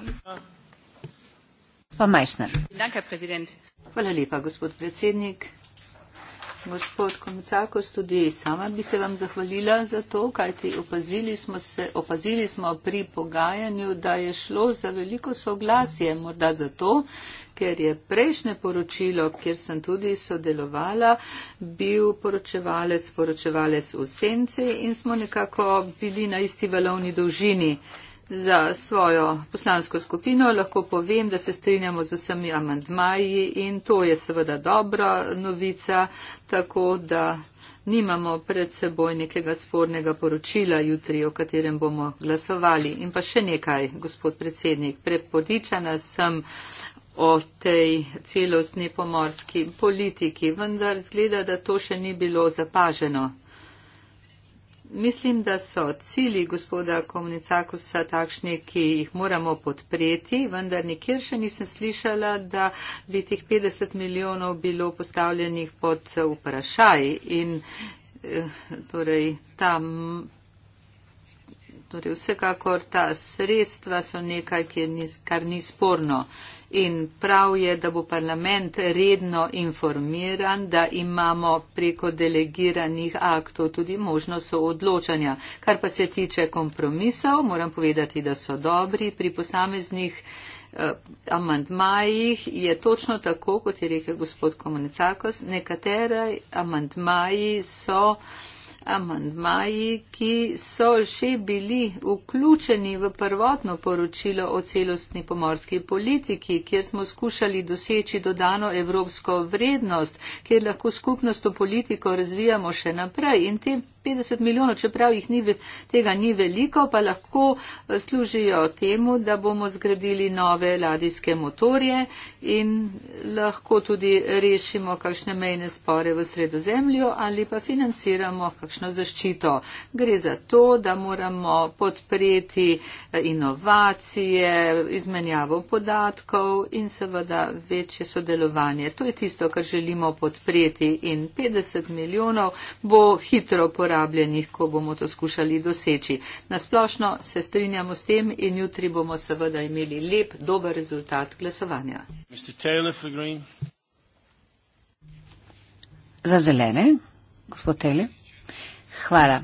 Hvala lepa, gospod predsednik. Gospod Komcakos, tudi sama bi se vam zahvalila za to, kajti opazili smo, se, opazili smo pri pogajanju, da je šlo za veliko soglasje, morda zato, ker je prejšnje poročilo, kjer sem tudi sodelovala, bil poročevalec, poročevalec v senci in smo nekako bili na isti valovni dolžini za svojo poslansko skupino, lahko povem, da se strinjamo z vsemi amandmaji in to je seveda dobra novica, tako da nimamo pred seboj nekega spornega poročila jutri, o katerem bomo glasovali. In pa še nekaj, gospod predsednik, prepodičana sem o tej celostni pomorski politiki, vendar zgleda, da to še ni bilo zapaženo mislim, da so cili gospoda Komunicakusa takšni, ki jih moramo podpreti, vendar nikjer še nisem slišala, da bi tih 50 milijonov bilo postavljenih pod vprašaj. In, eh, torej, ta, torej, vsekakor ta sredstva so nekaj, kar ni sporno in prav je, da bo parlament redno informiran, da imamo preko delegiranih aktov tudi možnost odločanja. Kar pa se tiče kompromisov, moram povedati, da so dobri pri posameznih eh, amantmajih je točno tako, kot je rekel gospod Komunicakos, nekatere amantmaji so uh, amandmaji, ki so že bili vključeni v prvotno poročilo o celostni pomorski politiki, kjer smo skušali doseči dodano evropsko vrednost, kjer lahko skupnostno politiko razvijamo še naprej in te 50 milijonov, čeprav jih ni, tega ni veliko, pa lahko eh, služijo temu, da bomo zgradili nove ladijske motorje in lahko tudi rešimo kakšne mejne spore v sredozemlju ali pa financiramo kakšno zaščito. Gre za to, da moramo podpreti eh, inovacije, izmenjavo podatkov in seveda večje sodelovanje. To je tisto, kar želimo podpreti in 50 milijonov bo hitro porabljeno uporabljenih, ko bomo to skušali doseči. Nasplošno se strinjamo s tem in jutri bomo seveda imeli lep, dober rezultat glasovanja. Za zelene, gospod Tele. Hvala,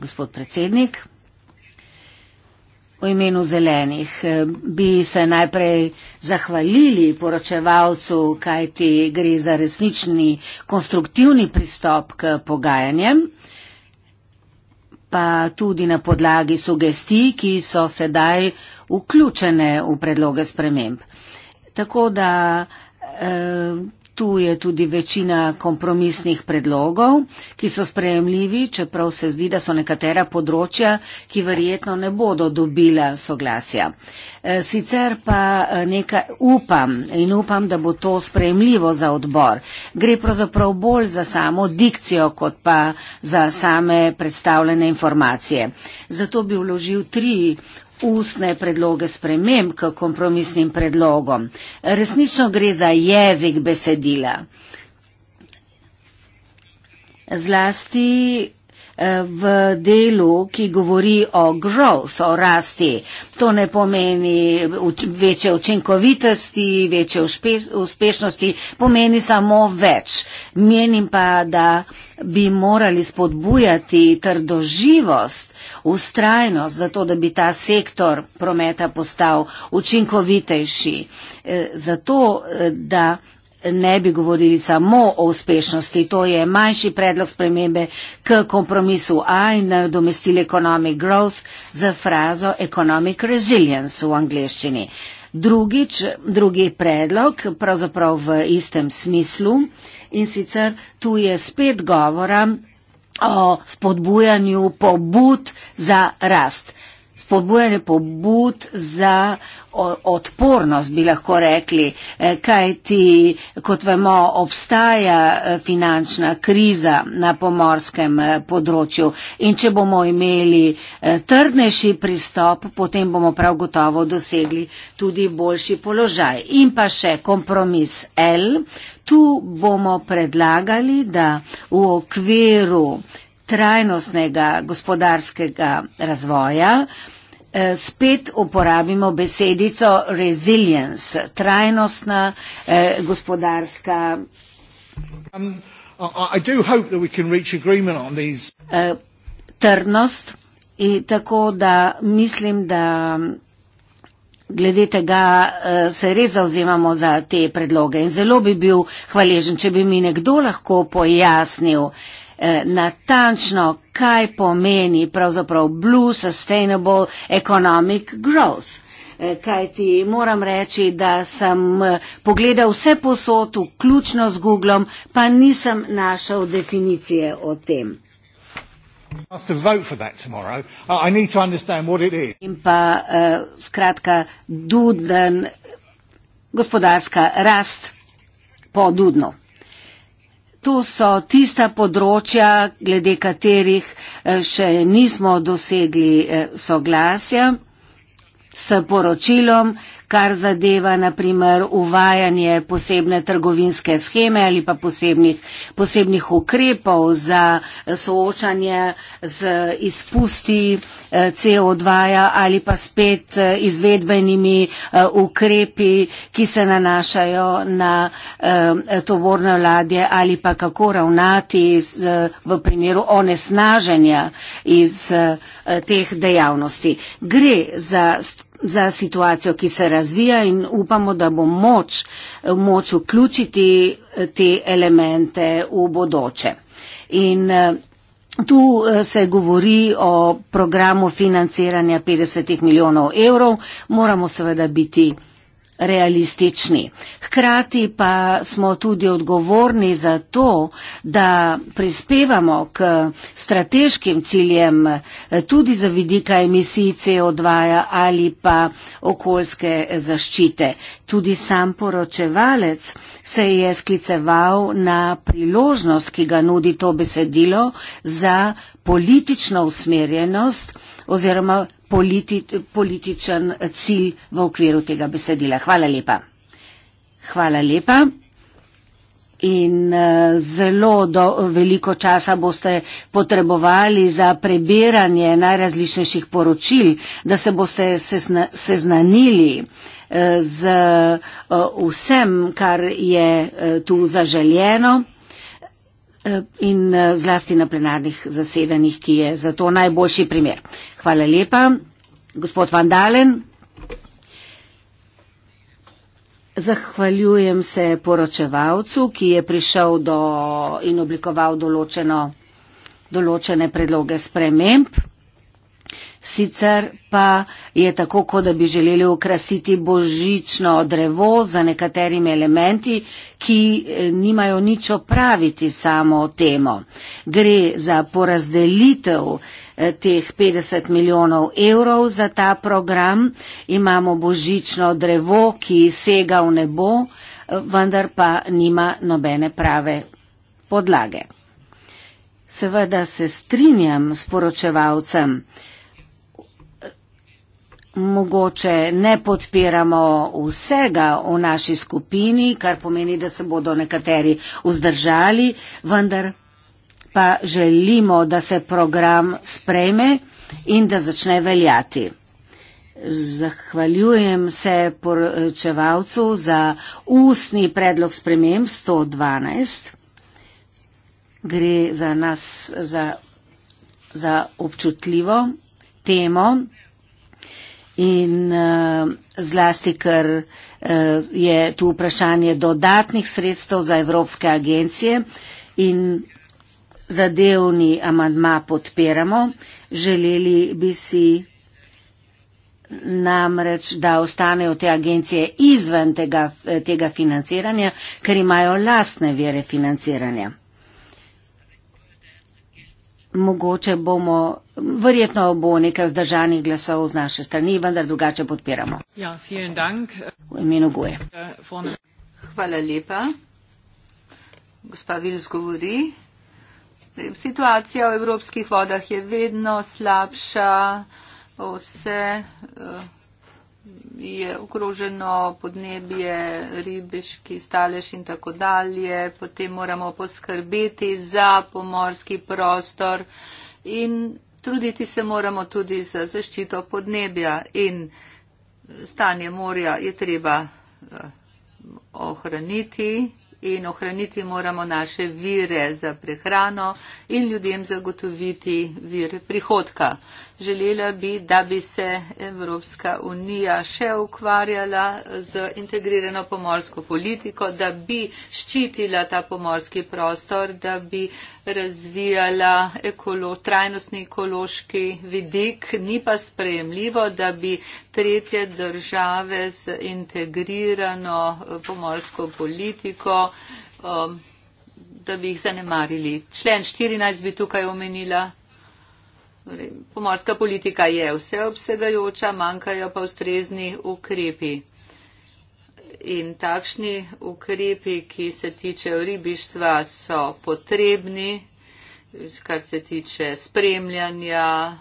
gospod predsednik v imenu zelenih. Eh, bi se najprej zahvalili poročevalcu, kaj ti gre za resnični konstruktivni pristop k pogajanjem, pa tudi na podlagi sugestij, ki so sedaj vključene v predloge sprememb. Tako da eh, tu je tudi večina kompromisnih predlogov, ki so sprejemljivi, čeprav se zdi, da so nekatera področja, ki verjetno ne bodo dobila soglasja. E, sicer pa e, nekaj upam in upam, da bo to sprejemljivo za odbor. Gre pravzaprav bolj za samo dikcijo, kot pa za same predstavljene informacije. Zato bi vložil tri ustne predloge sprememb k kompromisnim predlogom. Resnično gre za jezik besedila. Zlasti Eh, v delu, ki govori o growth, o rasti. To ne pomeni večje učinkovitosti, večje uspešnosti, pomeni samo več. Menim pa, da bi morali spodbujati trdoživost, ustrajnost, zato da bi ta sektor prometa postal učinkovitejši. Eh, zato, eh, da ne bi govorili samo o uspešnosti, to je manjši predlog spremembe k kompromisu A in nadomestili economic growth z frazo economic resilience v angleščini. Drugič, drugi predlog, pravzaprav v istem smislu, in sicer tu je spet govora o spodbujanju pobud za rast spodbujanje pobud za odpornost, bi lahko rekli, e, kaj ti, kot vemo, obstaja e, finančna kriza na pomorskem e, področju in če bomo imeli trdnejši pristop, potem bomo prav gotovo dosegli tudi boljši položaj. In pa še kompromis L, tu bomo predlagali, da v okviru trajnostnega gospodarskega razvoja, Eh, spet uporabimo besedico resilience, trajnostna eh, gospodarska. Um, these... eh, trdnost in tako da mislim, da mm, glede tega eh, se res zauzemamo za te predloge in zelo bi bil hvaležen, če bi mi nekdo lahko pojasnil, eh, Eh, natančno, kaj pomeni pravzaprav Blue Sustainable Economic Growth. Eh, kaj ti moram reči, da sem eh, pogledal vse posod, vključno z Googlom, pa nisem našel definicije o tem. In pa uh, skratka, duden, gospodarska rast po dudnu to so tista področja, glede katerih eh, še nismo dosegli eh, soglasja s poročilom, kar zadeva naprimer uvajanje posebne trgovinske scheme ali pa posebnih, posebnih ukrepov za soočanje z izpusti eh, CO2 -ja ali pa spet eh, izvedbenimi eh, ukrepi, ki se nanašajo na tovorne vladje ali pa kako ravnati z, v primeru onesnaženja iz teh dejavnosti. Gre za za situacijo, ki se razvija in upamo, da bo moč, moč vključiti eh, te elemente v bodoče. In eh, tu eh, se govori o programu financiranja 50 milijonov evrov. Moramo seveda biti realistični. Hkrati pa smo tudi odgovorni za to, da prispevamo k strateškim ciljem eh, tudi za vidika emisij CO2 ali pa okoljske zaščite. Tudi sam poročevalec se je skliceval na priložnost, ki ga nudi to besedilo za politično usmerjenost oziroma politi političen eh, cilj v okviru tega besedila. Hvala lepa. Hvala lepa. In eh, zelo do, veliko časa boste potrebovali za prebiranje najrazličnejših poročil, da se boste sesna, seznanili eh, z vsem, kar je tu zaželjeno. Eh, in eh, zlasti na plenarnih zasedanjih, ki je za to najboljši primer. Hvala lepa. Gospod Van Dalen, zahvaljujem se poročevalcu, ki je prišel do in oblikoval določeno, določene predloge sprememb sicer pa je tako, kot da bi želeli okrasiti božično drevo za nekaterimi elementi, ki eh, nimajo nič opraviti samo temo. Gre za porazdelitev eh, teh 50 milijonov evrov za ta program. Imamo božično drevo, ki sega v nebo, eh, vendar pa nima nobene prave podlage. Seveda se strinjam s poročevalcem, mogoče ne podpiramo vsega v naši skupini, kar pomeni, da se bodo nekateri vzdržali, vendar pa želimo, da se program sprejme in da začne veljati. Zahvaljujem se poročevalcu za ustni predlog sprememb 112. Gre za nas za, za občutljivo temo in uh, zlasti, ker uh, je tu vprašanje dodatnih sredstev za evropske agencije in zadevni amandma podpiramo. Želeli bi si namreč, da ostanejo te agencije izven tega, eh, tega financiranja, ker imajo lastne vere financiranja mogoče bomo, verjetno bo nekaj vzdržanih glasov z naše strani, vendar drugače podpiramo. Ja, dank. V imenu Goje. Ja, Hvala lepa. Gospa Vils govori. Situacija v evropskih vodah je vedno slabša. Vse. Uh, je ogroženo podnebje, ribiški stalež in tako dalje, potem moramo poskrbeti za pomorski prostor in truditi se moramo tudi za zaščito podnebja in stanje morja je treba eh, ohraniti in ohraniti moramo naše vire za prehrano in ljudem zagotoviti vir prihodka. Želela bi, da bi se Evropska unija še ukvarjala z integrirano pomorsko politiko, da bi ščitila ta pomorski prostor, da bi razvijala ekolo, trajnostni ekološki vidik. Ni pa sprejemljivo, da bi tretje države z integrirano eh, pomorsko politiko. Um, da bi jih zanemarili. Člen 14 bi tukaj omenila. Torej, pomorska politika je vseobsegajoča, manjkajo pa ustrezni ukrepi. In takšni ukrepi, ki se tiče ribištva, so potrebni, kar se tiče spremljanja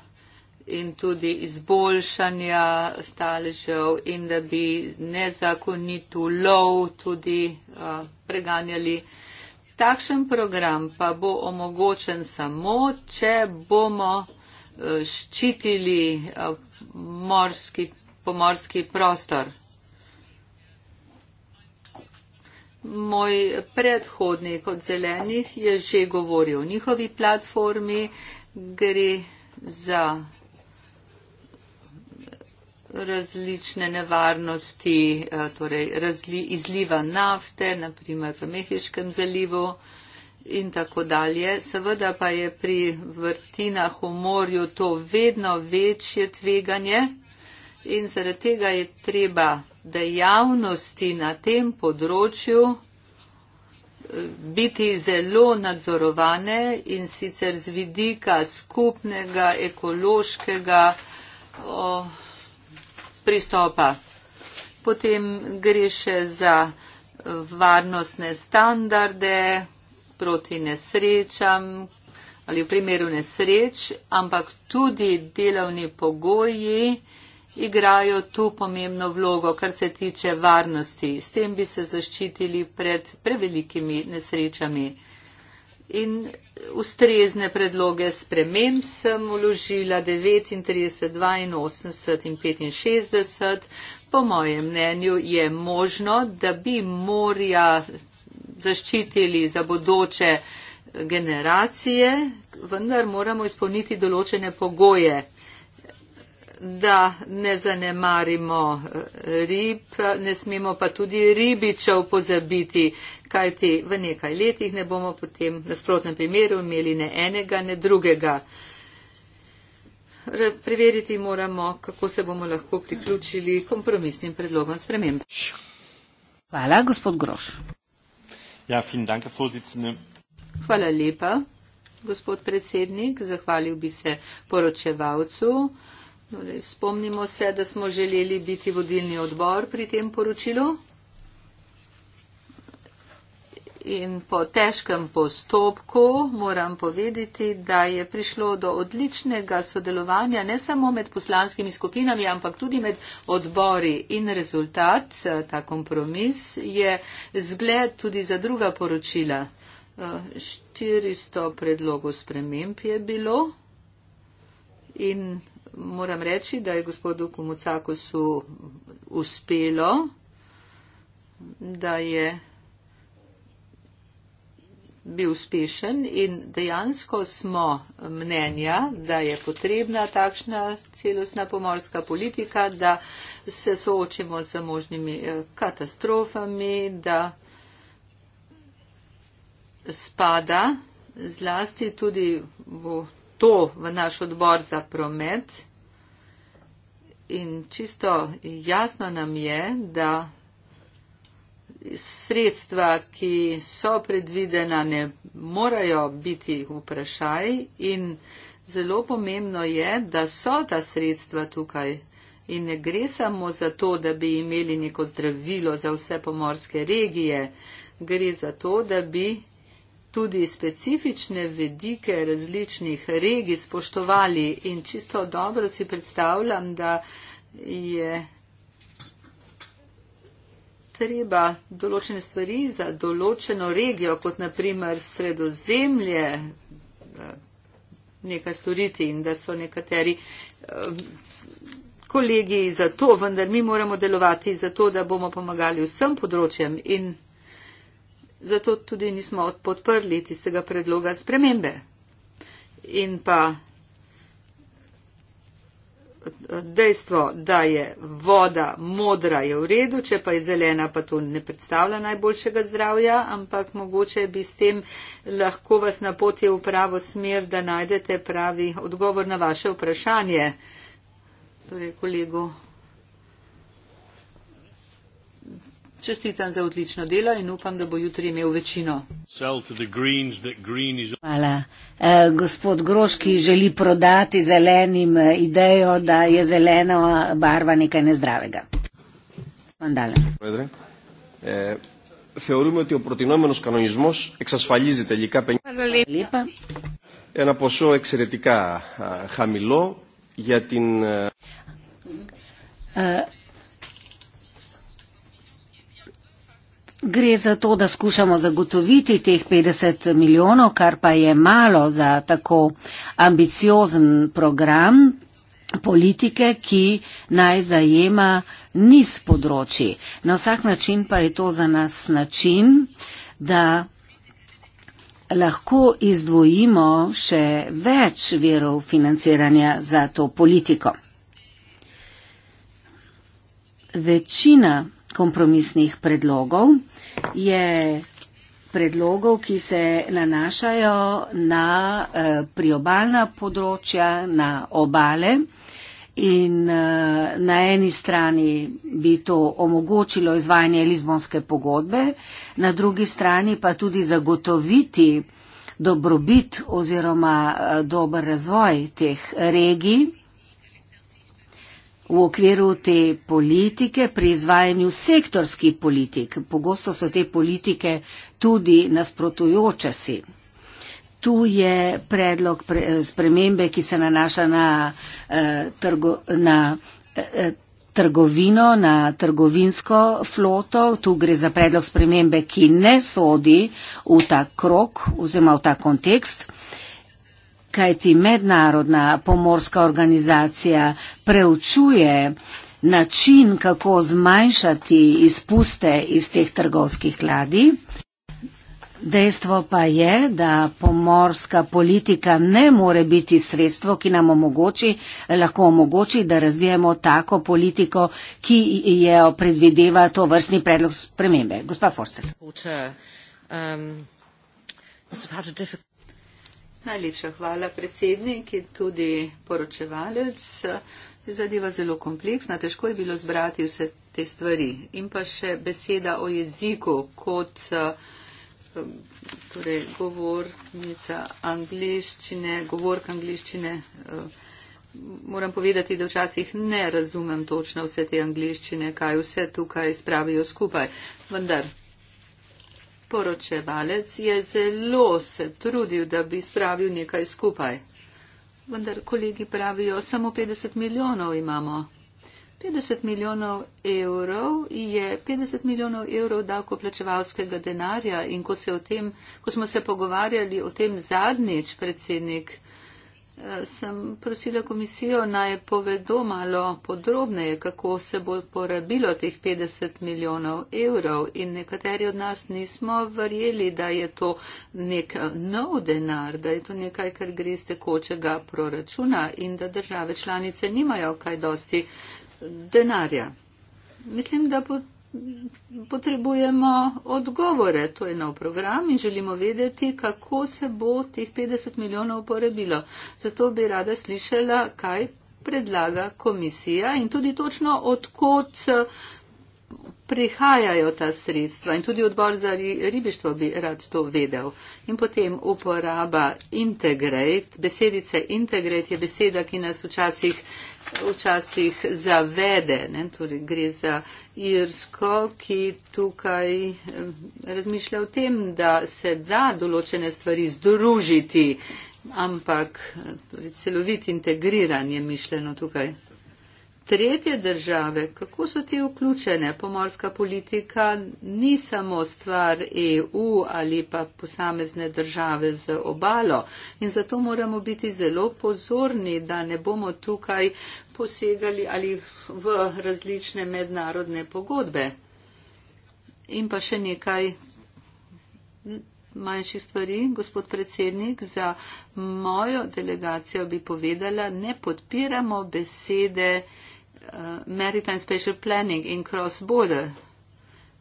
in tudi izboljšanja staležev in da bi nezakonito lov tudi uh, preganjali. Takšen program pa bo omogočen samo, če bomo ščitili eh, morski, pomorski prostor. Moj predhodnik od zelenih je že govoril o njihovi platformi, gre za različne nevarnosti, eh, torej razli, izliva nafte, naprimer v Mehiškem zalivu in tako dalje. Seveda pa je pri vrtinah v morju to vedno večje tveganje in zaradi tega je treba dejavnosti na tem področju eh, biti zelo nadzorovane in sicer z vidika skupnega ekološkega o, pristopa. Potem gre še za varnostne standarde, proti nesrečam ali v primeru nesreč, ampak tudi delovni pogoji igrajo tu pomembno vlogo, kar se tiče varnosti. S tem bi se zaščitili pred prevelikimi nesrečami. In ustrezne predloge sprememb sem uložila 39, 82 in 65. Po mojem mnenju je možno, da bi morja zaščitili za bodoče generacije, vendar moramo izpolniti določene pogoje, da ne zanemarimo eh, rib, ne smemo pa tudi ribičev pozabiti, kajti v nekaj letih ne bomo potem na sprotnem primeru imeli ne enega, ne drugega. Preveriti moramo, kako se bomo lahko priključili kompromisnim predlogom sprememb. Hvala, gospod Groš. Ja, danke, Hvala lepa, gospod predsednik. Zahvalil bi se poročevalcu. Torej, spomnimo se, da smo želeli biti vodilni odbor pri tem poročilu in po težkem postopku moram povedati, da je prišlo do odličnega sodelovanja ne samo med poslanskimi skupinami, ampak tudi med odbori in rezultat, ta kompromis je zgled tudi za druga poročila. 400 eh, predlogov sprememb je bilo in moram reči, da je gospodu Komucakosu uspelo, da je bil uspešen in dejansko smo mnenja, da je potrebna takšna celostna pomorska politika, da se soočimo z možnimi eh, katastrofami, da spada zlasti tudi v to v naš odbor za promet. In čisto jasno nam je, da sredstva, ki so predvidena, ne morajo biti vprašaj in zelo pomembno je, da so ta sredstva tukaj in ne gre samo za to, da bi imeli neko zdravilo za vse pomorske regije, gre za to, da bi tudi specifične vedike različnih regij spoštovali in čisto dobro si predstavljam, da je treba določene stvari za določeno regijo, kot naprimer sredozemlje, eh, nekaj storiti in da so nekateri eh, kolegi za to, vendar mi moramo delovati za to, da bomo pomagali vsem področjem in zato tudi nismo podprli tistega predloga spremembe. In pa dejstvo, da je voda modra, je v redu, če pa je zelena, pa to ne predstavlja najboljšega zdravja, ampak mogoče bi s tem lahko vas napoti v pravo smer, da najdete pravi odgovor na vaše vprašanje. Torej, kolego Čestitam za odlično delo in upam, da bo jutri imel večino. Hvala. Eh, gospod Groški želi prodati zelenim eh, idejo, da je zelena barva nekaj nezdravega. Eh, θεωρούμε ότι ο προτινόμενος κανονισμός εξασφαλίζει τελικά 50 ένα ποσό εξαιρετικά χαμηλό για την... Uh... Gre za to, da skušamo zagotoviti teh 50 milijonov, kar pa je malo za tako ambiciozen program politike, ki naj zajema niz področji. Na vsak način pa je to za nas način, da lahko izdvojimo še več verov financiranja za to politiko. Večina kompromisnih predlogov je predlogov, ki se nanašajo na eh, priobalna področja, na obale in eh, na eni strani bi to omogočilo izvajanje Lizbonske pogodbe, na drugi strani pa tudi zagotoviti dobrobit oziroma eh, dober razvoj teh regij. V okviru te politike pri izvajanju sektorskih politik, pogosto so te politike tudi nasprotujoče si. Tu je predlog pre, eh, spremembe, ki se nanaša na, eh, trgo, na eh, trgovino, na trgovinsko floto. Tu gre za predlog spremembe, ki ne sodi v ta krok oziroma v ta kontekst. Eh, kajti mednarodna pomorska organizacija preučuje način, kako zmanjšati izpuste iz teh trgovskih ladij. Dejstvo pa je, da pomorska politika ne more biti sredstvo, ki nam omogoči, lahko omogoči, da razvijemo tako politiko, ki je predvideva to vrstni predlog spremembe. Gospa Forster. Um, Najlepša hvala, predsednik, ki tudi poročevalec. Zadeva zelo kompleksna, težko je bilo zbrati vse te stvari. In pa še beseda o jeziku kot eh, torej, govornica angliščine, govork angliščine. Eh, moram povedati, da včasih ne razumem točno vse te angliščine, kaj vse tukaj spravijo skupaj. Vendar poročevalec je zelo se trudil, da bi spravil nekaj skupaj. Vendar kolegi pravijo, samo 50 milijonov imamo. 50 milijonov evrov je 50 milijonov evrov davkoplačevalskega denarja in ko, se tem, ko smo se pogovarjali o tem zadnjič, predsednik, sem prosila komisijo naj povedo malo podrobneje, kako se bo porabilo teh 50 milijonov evrov in nekateri od nas nismo verjeli, da je to nek nov denar, da je to nekaj, kar gre z tekočega proračuna in da države članice nimajo kaj dosti denarja. Mislim, da bo potrebujemo odgovore, to je nov program in želimo vedeti, kako se bo teh 50 milijonov porebilo. Zato bi rada slišala, kaj predlaga komisija in tudi točno odkot prihajajo ta sredstva in tudi odbor za ribištvo bi rad to vedel. In potem uporaba integrate, besedice integrate je beseda, ki nas včasih, včasih zavede. Ne? Torej gre za Irsko, ki tukaj eh, razmišlja o tem, da se da določene stvari združiti, ampak eh, torej celovit integriran je mišljeno tukaj tretje države, kako so ti vključene? Pomorska politika ni samo stvar EU ali pa posamezne države z obalo in zato moramo biti zelo pozorni, da ne bomo tukaj posegali ali v različne mednarodne pogodbe. In pa še nekaj manjših stvari, gospod predsednik, za mojo delegacijo bi povedala, ne podpiramo besede, uh, maritime special planning in cross border.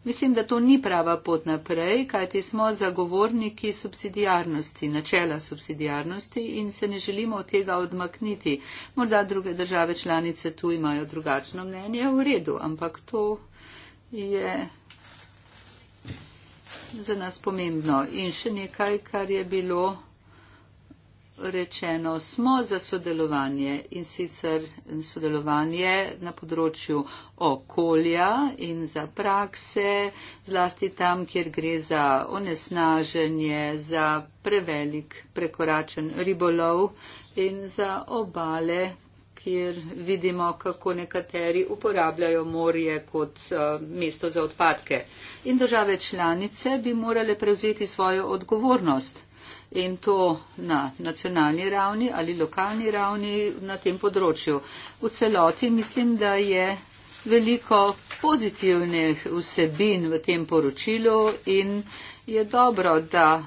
Mislim, da to ni prava pot naprej, kajti smo zagovorniki subsidijarnosti, načela subsidijarnosti in se ne želimo od tega odmakniti. Morda druge države članice tu imajo drugačno mnenje, v redu, ampak to je za nas pomembno. In še nekaj, kar je bilo rečeno, smo za sodelovanje in sicer sodelovanje na področju okolja in za prakse, zlasti tam, kjer gre za onesnaženje, za prevelik prekoračen ribolov in za obale, kjer vidimo, kako nekateri uporabljajo morje kot uh, mesto za odpadke. In države članice bi morale prevzeti svojo odgovornost in to na nacionalni ravni ali lokalni ravni na tem področju. V celoti mislim, da je veliko pozitivnih vsebin v tem poročilu in je dobro, da.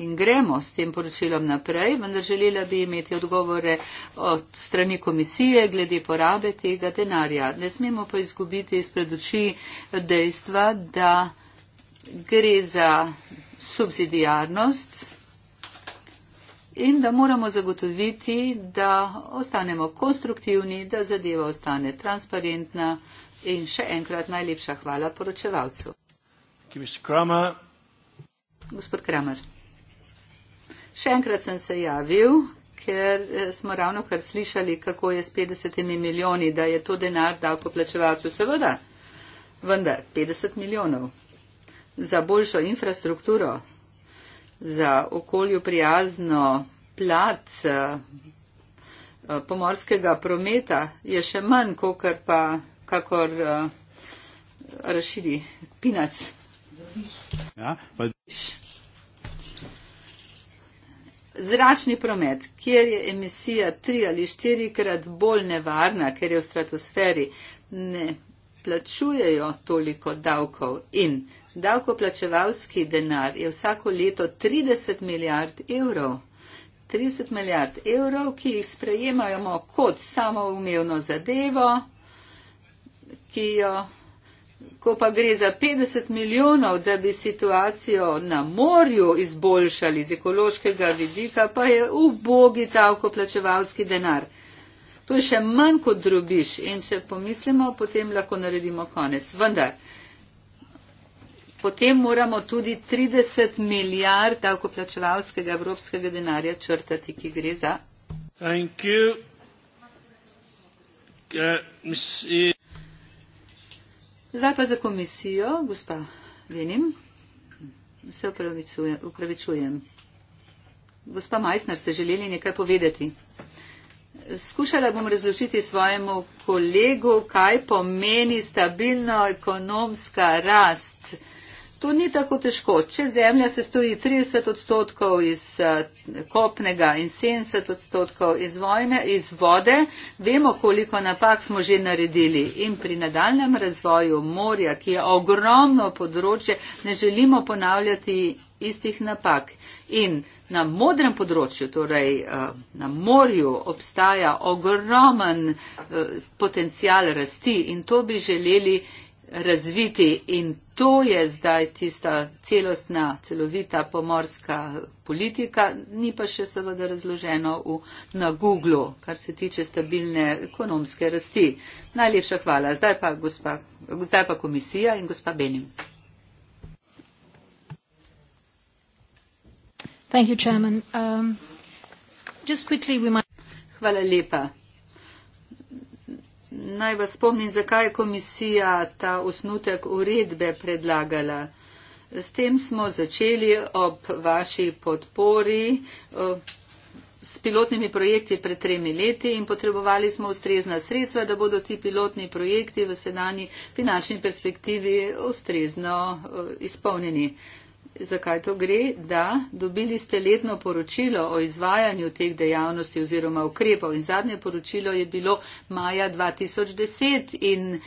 In gremo s tem poročilom naprej, vendar želela bi imeti odgovore od strani komisije glede porabe tega denarja. Ne smemo pa izgubiti izpred oči dejstva, da gre za subsidijarnost in da moramo zagotoviti, da ostanemo konstruktivni, da zadeva ostane transparentna. In še enkrat najlepša hvala poročevalcu. Kramer. Gospod Kramer. Še enkrat sem se javil, ker eh, smo ravno kar slišali, kako je s 50 milijoni, da je to denar davkoplačevalcu. Seveda, vendar 50 milijonov za boljšo infrastrukturo, za okolju prijazno plat uh, eh, eh, pomorskega prometa je še manj, kot pa kakor uh, rašidi pinac. Ja, pa... Zračni promet, kjer je emisija tri ali štirikrat bolj nevarna, ker je v stratosferi, ne plačujejo toliko davkov in davkoplačevalski denar je vsako leto 30 milijard evrov. 30 milijard evrov, ki jih sprejemajo kot samoumevno zadevo, ki jo, ko pa gre za 50 milijonov, da bi situacijo na morju izboljšali z ekološkega vidika, pa je ubogi davkoplačevalski denar. To je še manj kot drubiš in če pomislimo, potem lahko naredimo konec. Vendar potem moramo tudi 30 milijard davkoplačevalskega evropskega denarja črtati, ki gre za. Uh, e. Zdaj pa za komisijo, gospa Venim. Se upravičujem. Gospa Majsner, ste želeli nekaj povedati? Skušala bom razložiti svojemu kolegu, kaj pomeni stabilna ekonomska rast. To ni tako težko. Če zemlja se stoji 30 odstotkov iz eh, kopnega in 70 odstotkov iz, vojne, iz vode, vemo, koliko napak smo že naredili. In pri nadaljem razvoju morja, ki je ogromno področje, ne želimo ponavljati istih napak. In na modrem področju, torej eh, na morju, obstaja ogromen eh, potencial rasti in to bi želeli razviti in to je zdaj tista celostna, celovita pomorska politika, ni pa še seveda razloženo v, na Google, kar se tiče stabilne ekonomske rasti. Najlepša hvala. Zdaj pa, gospa, zdaj pa komisija in gospa Benin. Um, hvala lepa. Naj vas spomnim, zakaj je komisija ta osnutek uredbe predlagala. S tem smo začeli ob vaši podpori eh, s pilotnimi projekti pred tremi leti in potrebovali smo ustrezna sredstva, da bodo ti pilotni projekti v sedanji finančni perspektivi ustrezno eh, izpolnjeni zakaj to gre, da dobili ste letno poročilo o izvajanju teh dejavnosti oziroma ukrepov in zadnje poročilo je bilo maja 2010 in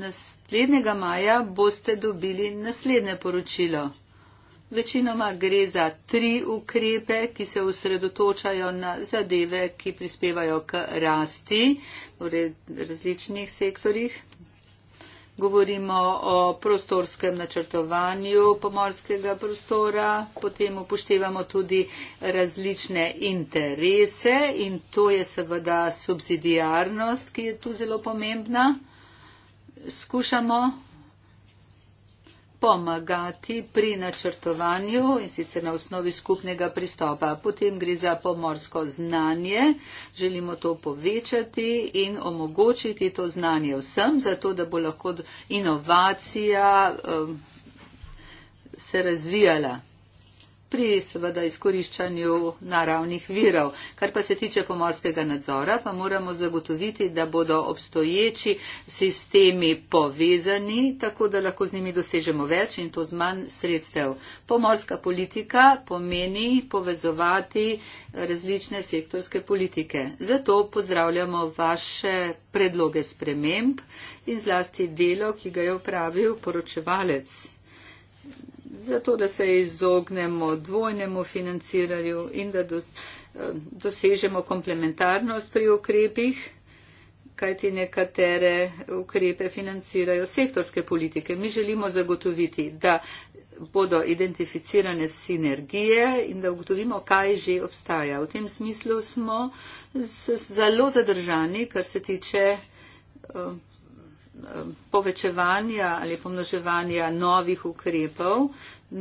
naslednjega maja boste dobili naslednje poročilo. Večinoma gre za tri ukrepe, ki se usredotočajo na zadeve, ki prispevajo k rasti v različnih sektorjih. Govorimo o prostorskem načrtovanju pomorskega prostora, potem upoštevamo tudi različne interese in to je seveda subsidijarnost, ki je tu zelo pomembna. Skušamo pomagati pri načrtovanju in sicer na osnovi skupnega pristopa. Potem gre za pomorsko znanje. Želimo to povečati in omogočiti to znanje vsem, zato da bo lahko inovacija eh, se razvijala pri seveda izkoriščanju naravnih virov. Kar pa se tiče pomorskega nadzora, pa moramo zagotoviti, da bodo obstoječi sistemi povezani, tako da lahko z njimi dosežemo več in to z manj sredstev. Pomorska politika pomeni povezovati različne sektorske politike. Zato pozdravljamo vaše predloge sprememb in zlasti delo, ki ga je upravil poročevalec zato da se izognemo dvojnemu financiranju in da eh, dosežemo komplementarnost pri ukrepih, kajti nekatere ukrepe financirajo sektorske politike. Mi želimo zagotoviti, da bodo identificirane sinergije in da ugotovimo, kaj že obstaja. V tem smislu smo zelo zadržani, kar se tiče. Uh, povečevanja ali pomnoževanja novih ukrepov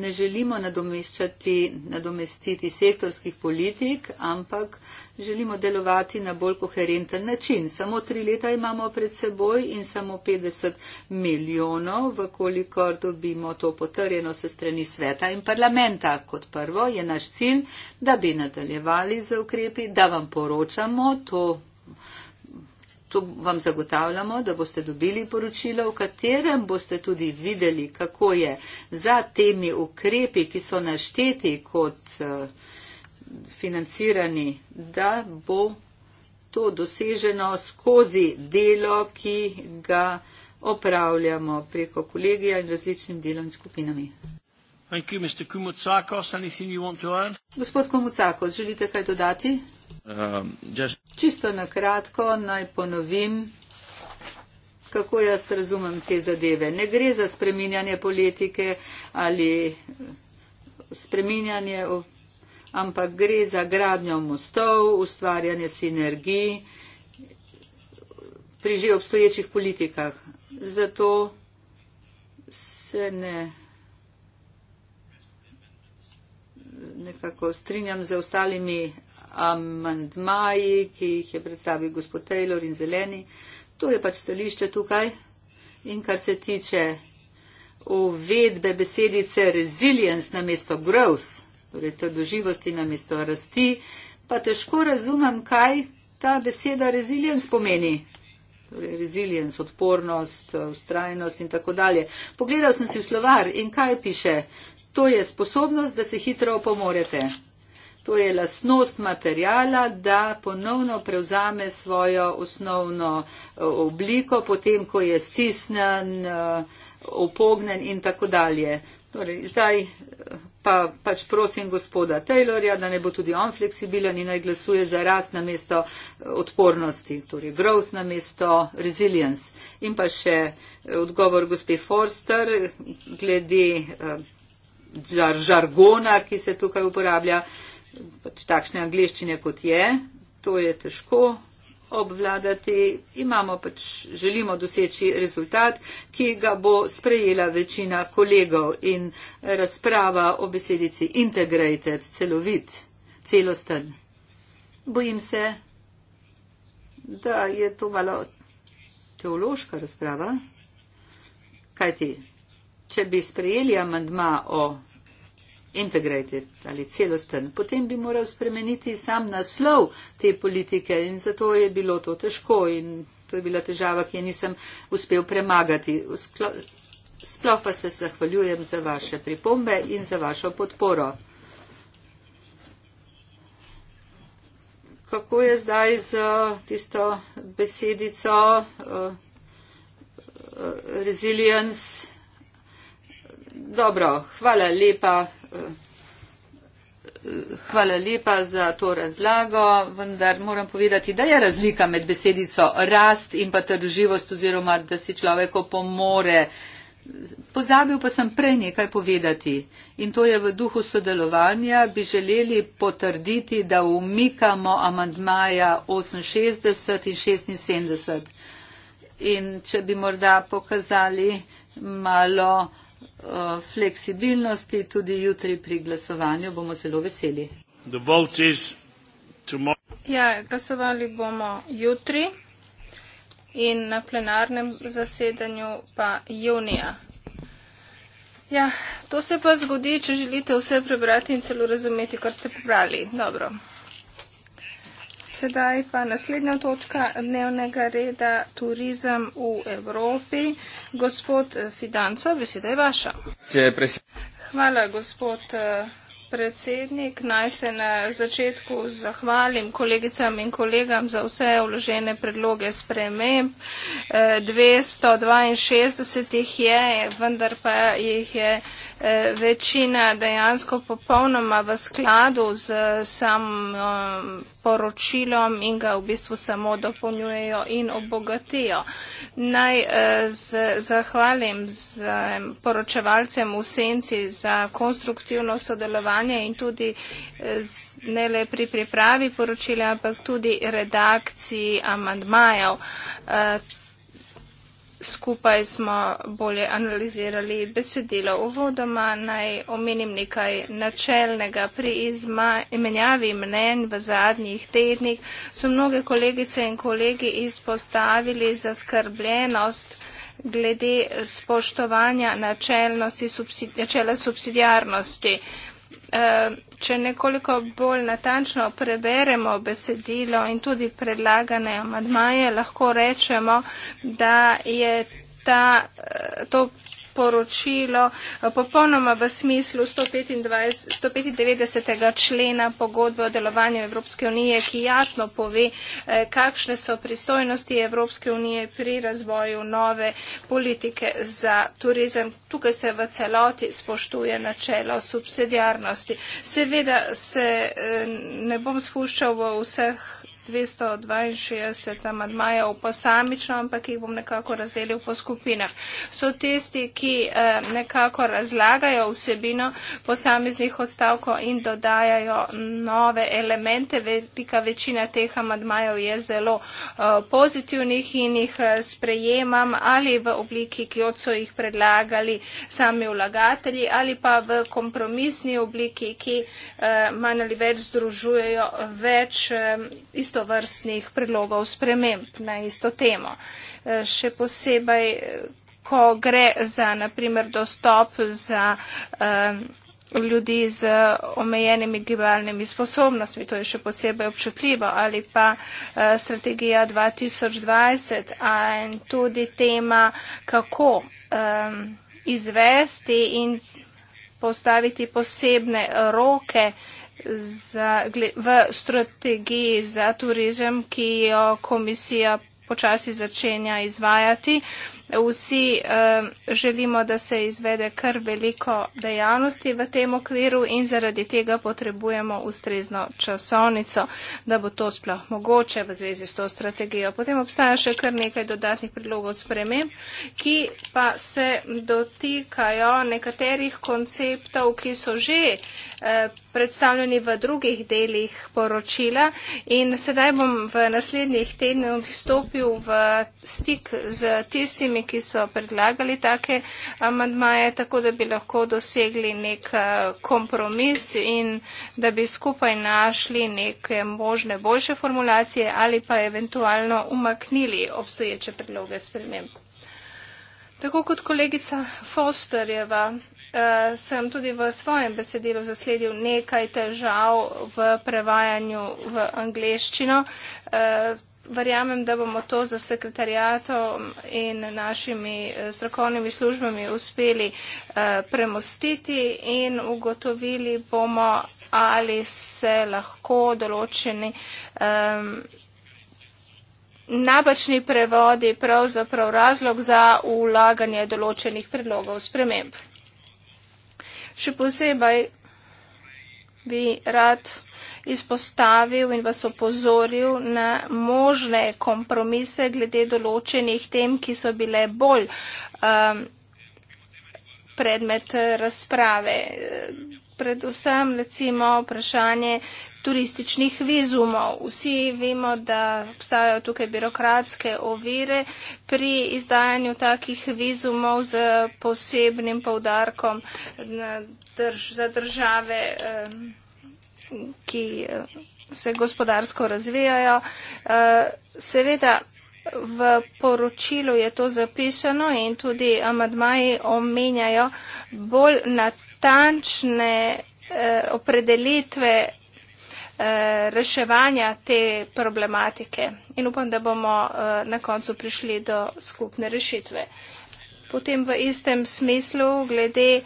ne želimo nadomeščati, nadomestiti sektorskih politik, ampak želimo delovati na bolj koherenten način. Samo tri leta imamo pred seboj in samo 50 milijonov, vkolikor dobimo to potrjeno se strani sveta in parlamenta. Kot prvo je naš cilj, da bi nadaljevali z ukrepi, da vam poročamo to. To vam zagotavljamo, da boste dobili poročilo, v katerem boste tudi videli, kako je za temi ukrepi, ki so našteti kot eh, financirani, da bo to doseženo skozi delo, ki ga opravljamo preko kolegija in različnim delovnim skupinami. You, Gospod Komucakos, želite kaj dodati? Um, Čisto na kratko naj ponovim, kako jaz razumem te zadeve. Ne gre za spreminjanje politike ali eh, spreminjanje, ampak gre za gradnjo mostov, ustvarjanje sinergij pri že obstoječih politikah. Zato se ne. Nekako strinjam z ostalimi amandmaji, ki jih je predstavil gospod Taylor in zeleni. To je pač stališče tukaj. In kar se tiče uvedbe besedice resilience na mesto growth, torej to doživosti na mesto rasti, pa težko razumem, kaj ta beseda resilience pomeni. Torej resilience, odpornost, ustrajnost in tako dalje. Pogledal sem si v slovar in kaj piše. To je sposobnost, da se hitro opomorete. To je lastnost materijala, da ponovno prevzame svojo osnovno eh, obliko, potem, ko je stisnen, eh, opognen in tako dalje. Torej, zdaj eh, pa pač prosim gospoda Taylorja, da ne bo tudi on fleksibilen in naj glasuje za rast na mesto odpornosti, torej growth na mesto resilience. In pa še odgovor gospe Forster glede žar žargona, ki se tukaj uporablja. Uh, pač takšne angliščine, kot je, to je težko obvladati. Imamo pač, želimo doseči rezultat, ki ga bo sprejela večina kolegov in razprava o besedici integrated, celovit, celosten. Bojim se, da je to malo teološka razprava. Kajti, če bi sprejeli amandma o integrated ali celosten. Potem bi moral spremeniti sam naslov te politike in zato je bilo to težko in to je bila težava, ki je nisem uspel premagati. Sploh pa se zahvaljujem za vaše pripombe in za vašo podporo. Kako je zdaj z uh, tisto besedico uh, uh, resilience? Dobro, hvala lepa. Hvala lepa za to razlago, vendar moram povedati, da je razlika med besedico rast in pa trživost oziroma, da si človek opomore. Pozabil pa sem prej nekaj povedati in to je v duhu sodelovanja, bi želeli potrditi, da umikamo amandmaja 68 in 76. In če bi morda pokazali malo. Eh, fleksibilnosti tudi jutri pri glasovanju bomo zelo veseli. Ja, glasovali bomo jutri in na plenarnem zasedanju pa junija. Ja, to se pa zgodi, če želite vse prebrati in celo razumeti, kar ste prebrali. Dobro. Sedaj pa naslednja točka dnevnega reda, turizem v Evropi. Gospod eh, Fidanco, beseda je vaša. Hvala, gospod eh, predsednik. Naj se na začetku zahvalim kolegicam in kolegam za vse vložene predloge sprememb. 262 eh, jih je, vendar pa jih je. Eh, večina dejansko popolnoma v skladu z samim eh, poročilom in ga v bistvu samo dopolnjujejo in obogatijo. Naj eh, z, zahvalim z poročevalcem v senci za konstruktivno sodelovanje in tudi z, ne le pri pripravi poročila, ampak tudi redakciji amandmajev. Uh, skupaj smo bolje analizirali besedilo. Uvodoma naj omenim nekaj načelnega. Pri izmenjavi mnen v zadnjih tednih so mnoge kolegice in kolegi izpostavili zaskrbljenost glede spoštovanja subsidi načela subsidijarnosti. Eh, če nekoliko bolj natančno preberemo besedilo in tudi predlagane amadmaje, lahko rečemo, da je ta, eh, to poročilo eh, popolnoma v smislu 125, 195. člena pogodbe o delovanju Evropske unije, ki jasno pove, eh, kakšne so pristojnosti Evropske unije pri razvoju nove politike za turizem. Tukaj se v celoti spoštuje načelo subsidiarnosti. Seveda se eh, ne bom spuščal v vseh 262 amadmajev posamično, ampak jih bom nekako razdelil po skupinah. So tisti, ki eh, nekako razlagajo vsebino posameznih odstavkov in dodajajo nove elemente. Velika večina teh amadmajev je zelo eh, pozitivnih in jih eh, sprejemam ali v obliki, ki od so jih predlagali sami vlagatelji ali pa v kompromisni obliki, ki manj ali več združujejo več istotnih isto vrstnih predlogov sprememb na isto temo. E, še posebej, e, ko gre za, naprimer, dostop za e, ljudi z omejenimi gibalnimi sposobnostmi, to je še posebej občutljivo, ali pa strategija 2020 in tudi tema, kako izvesti in postaviti posebne roke uh, za, v strategiji za turizem, ki jo komisija počasi začenja izvajati. Vsi eh, želimo, da se izvede kar veliko dejavnosti v tem okviru in zaradi tega potrebujemo ustrezno časovnico, da bo to sploh mogoče v zvezi s to strategijo. Potem obstaja še kar nekaj dodatnih predlogov sprememb, ki pa se dotikajo nekaterih konceptov, ki so že eh, predstavljeni v drugih delih poročila in sedaj bom v naslednjih tednih stopil v stik z tistimi, ki so predlagali take amandmaje, tako da bi lahko dosegli nek eh, kompromis in da bi skupaj našli neke možne boljše formulacije ali pa eventualno umaknili obstoječe predloge sprememb. Tako kot kolegica Fosterjeva Eh, sem tudi v svojem besedilu zasledil nekaj težav v prevajanju v angleščino. Eh, verjamem, da bomo to za sekretarijatom in našimi eh, strokovnimi službami uspeli premostiti in ugotovili bomo, ali se lahko določeni um, ehm, nabačni prevodi pravzaprav razlog za ulaganje določenih predlogov sprememb. Še posebej bi rad izpostavil in vas opozoril na možne kompromise glede določenih tem, ki so bile bolj um, predmet eh, razprave. Predvsem, recimo, vprašanje turističnih vizumov. Vsi vemo, da obstajajo tukaj birokratske ovire pri izdajanju takih vizumov z posebnim povdarkom eh, drž za države, eh, ki se gospodarsko razvijajo. Seveda, V poročilu je to zapisano in tudi amadmaji omenjajo bolj natančne eh, opredelitve eh, reševanja te problematike in upam, da bomo eh, na koncu prišli do skupne rešitve. Potem v istem smislu glede uh,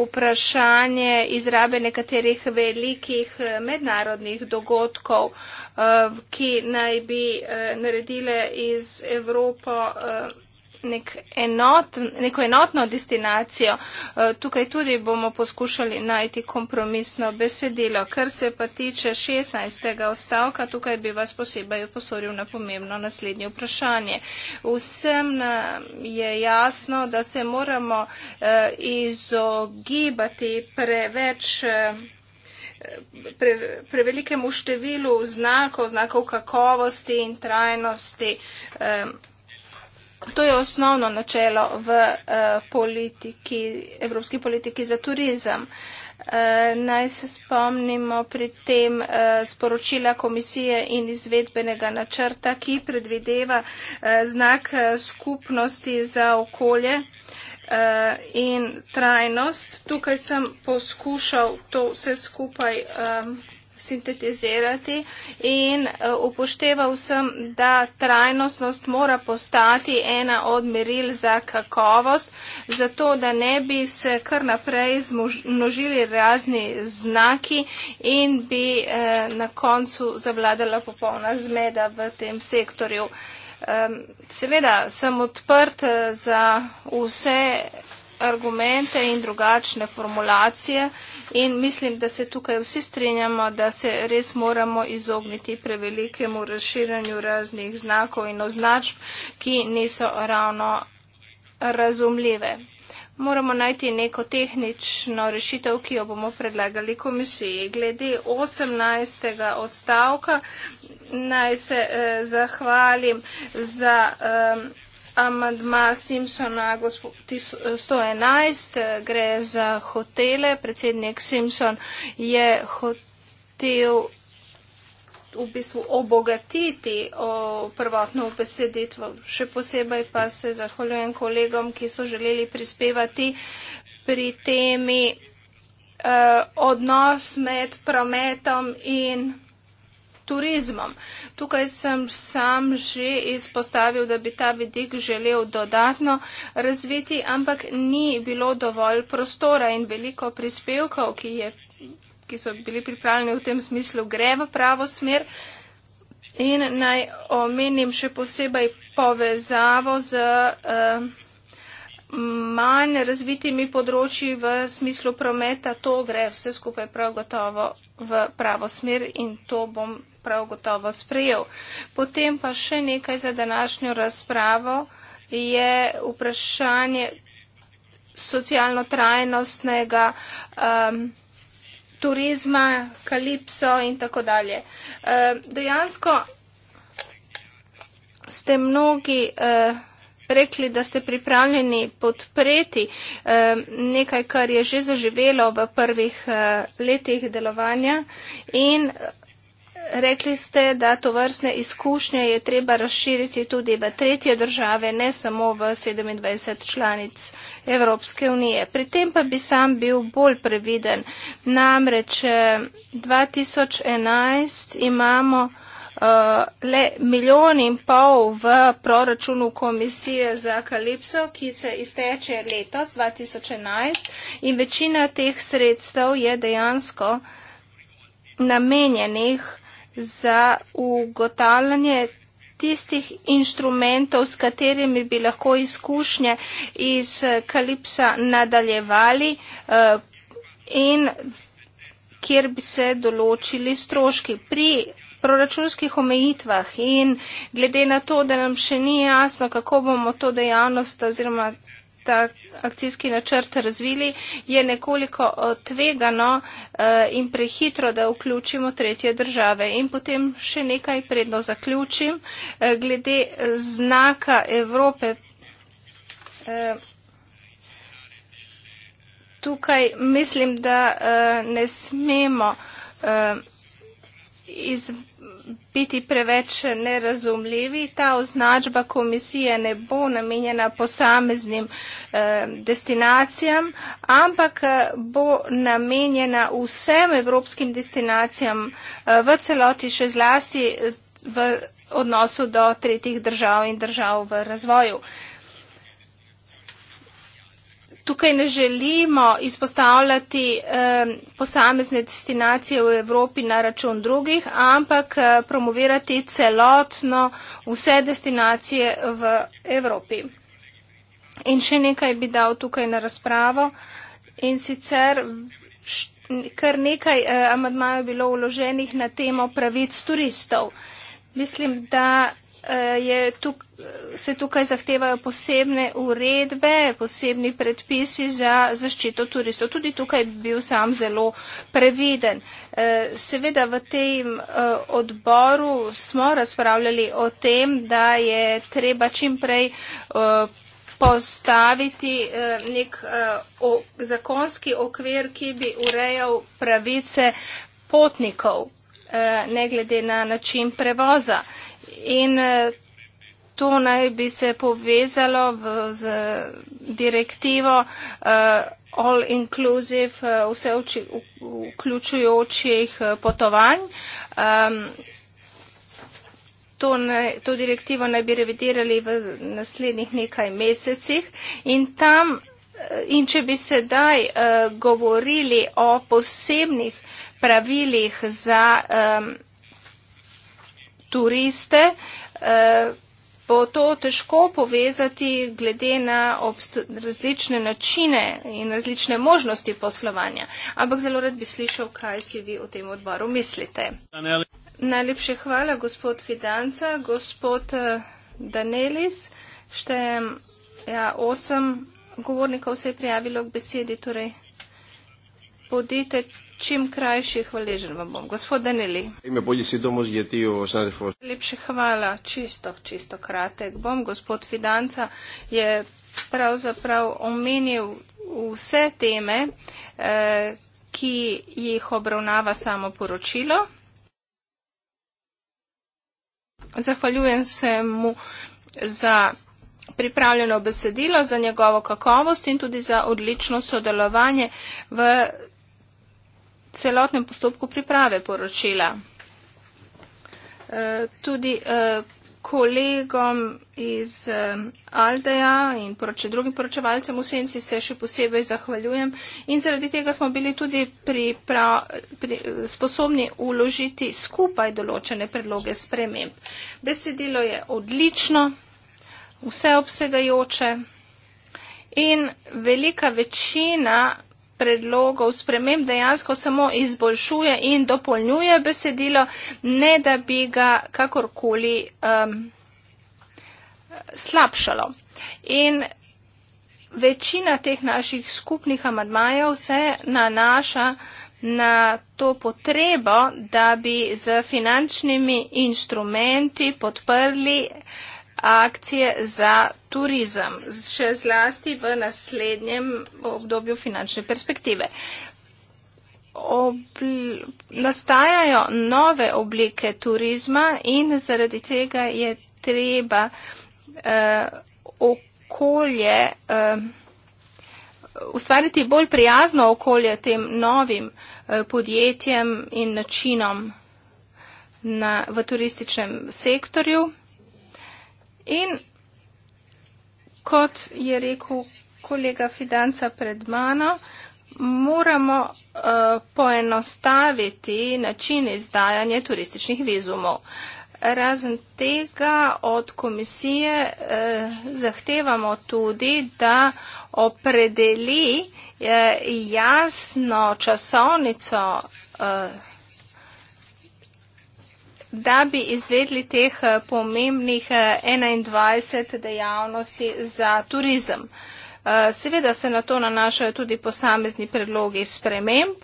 vprašanje izrabe nekaterih velikih eh, mednarodnih dogodkov, uh, ki naj bi uh, naredile iz Evropo. Uh, nek enot, neko enotno destinacijo. Eh, tukaj tudi bomo poskušali najti kompromisno besedilo. Kar se pa tiče 16. odstavka, tukaj bi vas posebej posoril na pomembno naslednje vprašanje. Vsem je jasno, da se moramo eh, izogibati preveč eh, prevelikemu pre številu znakov, znakov kakovosti in trajnosti. Eh, To je osnovno načelo v uh, politiki, evropski politiki za turizem. Uh, naj se spomnimo pri tem uh, sporočila komisije in izvedbenega načrta, ki predvideva uh, znak uh, skupnosti za okolje uh, in trajnost. Tukaj sem poskušal to vse skupaj. Um, sintetizirati in eh, upošteva vsem, da trajnostnost mora postati ena od meril za kakovost, zato da ne bi se kar naprej množili razni znaki in bi eh, na koncu zavladala popolna zmeda v tem sektorju. Seveda sem odprt eh, za vse argumente in drugačne formulacije. In mislim, da se tukaj vsi strinjamo, da se res moramo izogniti prevelikemu razširanju raznih znakov in označb, ki niso ravno razumljive. Moramo najti neko tehnično rešitev, ki jo bomo predlagali komisiji. Glede 18. odstavka naj se eh, zahvalim za. Eh, amadma Simpsona gospo, tis, 111 eh, gre za hotele. Predsednik Simpson je hotel v bistvu obogatiti o prvotno besedstvo. Še posebej pa se zahvaljujem kolegom, ki so želeli prispevati pri temi eh, odnos med prometom in turizmom. Tukaj sem sam že izpostavil, da bi ta vidik želel dodatno razviti, ampak ni bilo dovolj prostora in veliko prispevkov, ki, je, ki so bili pripravljeni v tem smislu, gre v pravo smer. In naj omenim še posebej povezavo z eh, manj razvitimi področji v smislu prometa, to gre vse skupaj prav gotovo v pravo smer in to bom prav gotovo sprejel. Potem pa še nekaj za današnjo razpravo je vprašanje socialno trajnostnega um, turizma, kalipso in tako dalje. Um, dejansko ste mnogi uh, rekli, da ste pripravljeni podpreti um, nekaj, kar je že zaživelo v prvih uh, letih delovanja in uh, rekli ste, da to vrstne izkušnje je treba razširiti tudi v tretje države, ne samo v 27 članic Evropske unije. Pri tem pa bi sam bil bolj previden. Namreč 2011 eh, imamo uh, le milijon in pol v proračunu komisije za kalipso, ki se izteče letos 2011 in večina teh sredstev je dejansko namenjenih uh, za ugotavljanje tistih inštrumentov, s katerimi bi lahko izkušnje iz kalipsa nadaljevali eh, in kjer bi se določili stroški. Pri proračunskih omejitvah in glede na to, da nam še ni jasno, kako bomo to dejavnost oziroma ta akcijski načrt razvili, je nekoliko eh, tvegano eh, in prehitro, da vključimo tretje države. In potem še nekaj predno zaključim. Eh, glede znaka Evrope. Tukaj mislim, da ne smemo iz biti preveč nerazumljivi. Ta označba komisije ne bo namenjena posameznim eh, destinacijam, ampak eh, bo namenjena vsem evropskim destinacijam eh, v celoti, še zlasti eh, v odnosu do tretjih držav in držav v razvoju. Eh, tukaj ne želimo izpostavljati eh, posamezne destinacije v Evropi na račun drugih, ampak eh, promovirati celotno vse destinacije v Evropi. In še nekaj bi dal tukaj na razpravo. In sicer št, kar nekaj eh, amadmajev bilo uloženih na temo pravic turistov. Mislim, da Eh, tuk, se tukaj zahtevajo posebne uredbe, posebni predpisi za zaščito turistov. Tudi tukaj bi bil sam zelo previden. Eh, seveda v tem eh, odboru smo razpravljali o tem, da je treba čimprej postaviti nek zakonski okvir, ki bi urejal pravice potnikov ne glede na način prevoza. Uh, in eh, to naj bi se povezalo v, z direktivo uh, all inclusive, eh, vse uči, vključujočih potovanj. Um, To, ne, to direktivo naj bi revidirali v naslednjih nekaj mesecih in, tam, in če bi sedaj uh, govorili o posebnih pravilih za um, turiste, eh, bo to težko povezati glede na različne načine in različne možnosti poslovanja. Ampak zelo rad bi slišal, kaj si vi o tem odboru mislite. Najlepše hvala, gospod Fidanca, gospod eh, Danelis. Štejem ja, osem govornikov se je prijavilo k besedi, torej bodite čim krajši hvaležen vam bom. Gospod Danili. Ime bodi si domo zjeti v Sanrifo. Lepše hvala, čisto, čisto kratek bom. Gospod Fidanca je pravzaprav omenil vse teme, eh, ki jih obravnava samo poročilo. Zahvaljujem se mu za pripravljeno besedilo, za njegovo kakovost in tudi za odlično sodelovanje v celotnem postopku priprave poročila. E, tudi e, kolegom iz e, Aldeja in poroče, drugim poročevalcem v Senci se še posebej zahvaljujem in zaradi tega smo bili tudi pri pra, pri, sposobni uložiti skupaj določene predloge sprememb. Besedilo je odlično, vseobsegajoče in velika večina predlogov sprememb dejansko samo izboljšuje in dopolnjuje besedilo, ne da bi ga kakorkoli um, slabšalo. In večina teh naših skupnih amadmajev se nanaša na to potrebo, da bi z finančnimi inštrumenti podprli uh, akcije za turizem, še zlasti v naslednjem obdobju finančne perspektive. Obl nastajajo nove oblike turizma in zaradi tega je treba eh, okolje, eh, ustvariti bolj prijazno okolje tem novim eh, podjetjem in načinom na, v turističnem sektorju. In kot je rekel kolega Fidanca pred mano, moramo uh, poenostaviti način izdajanja turističnih vizumov. Razen tega od komisije eh, zahtevamo tudi, da opredeli eh, jasno časovnico eh, da bi izvedli teh eh, pomembnih 21 eh, dejavnosti za turizem. Eh, seveda se na to nanašajo tudi posamezni predlogi sprememb.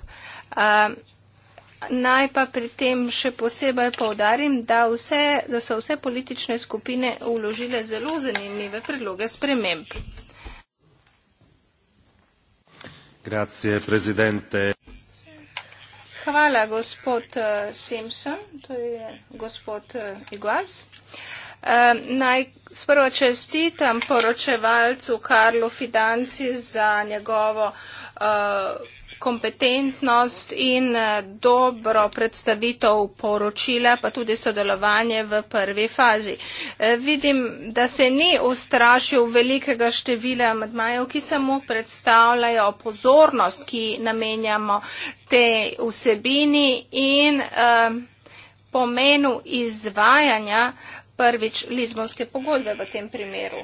Naj pa pri tem še posebej povdarim, da, vse, da so vse politične skupine uložile zelo zanimive predloge sprememb. Grazie, presidente. Hvala, gospod eh, Simpson, to je gospod eh, Iguaz. Eh, naj sprva čestitam poročevalcu Karlu Fidanci za njegovo kompetentnost in eh, dobro predstavitev poročila, pa tudi sodelovanje v prvi fazi. Eh, vidim, da se ni ustrašil velikega števila amadmajev, ki samo predstavljajo pozornost, ki namenjamo tej vsebini in um, pomenu izvajanja prvič Lizbonske pogodbe v tem primeru.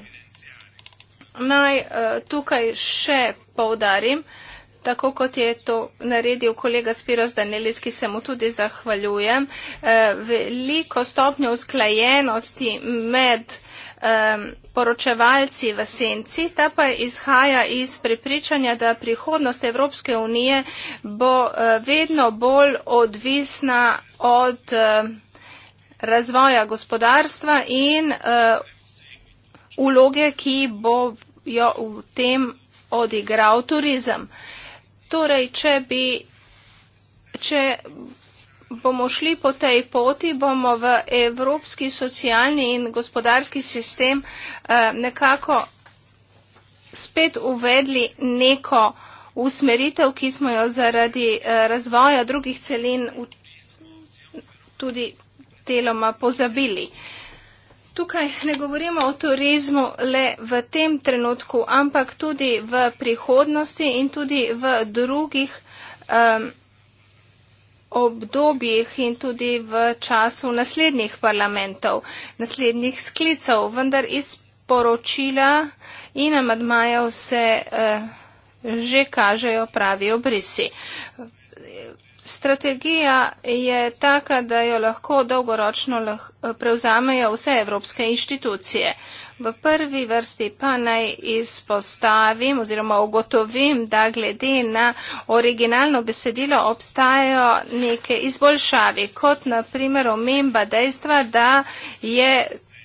Naj uh, tukaj še poudarim, uh, tako kot je to naredil kolega Spiros Danelis, ki se mu tudi zahvaljujem, eh, veliko stopnjo usklajenosti med poročevalci v senci, ta pa izhaja iz prepričanja, da prihodnost Evropske unije bo eh, vedno bolj odvisna od eh, razvoja gospodarstva in uh, uloge, ki bo jo v tem odigral turizem. Uh, Torej, če, bi, če bomo šli po tej poti, bomo v evropski socialni in gospodarski sistem eh, nekako spet uvedli neko usmeritev, ki smo jo zaradi eh, razvoja drugih celin tudi deloma pozabili tukaj ne govorimo o turizmu le v tem trenutku, ampak tudi v prihodnosti in tudi v drugih um, obdobjih in tudi v času naslednjih parlamentov, naslednjih sklicev. Vendar iz poročila in amadmajev se uh, že kažejo pravi obrisi. Strategija je taka, da jo lahko dolgoročno lahko prevzamejo vse evropske inštitucije. V prvi vrsti pa naj izpostavim oziroma ugotovim, da glede na originalno besedilo obstajajo neke izboljšave, kot naprimer omemba dejstva, da je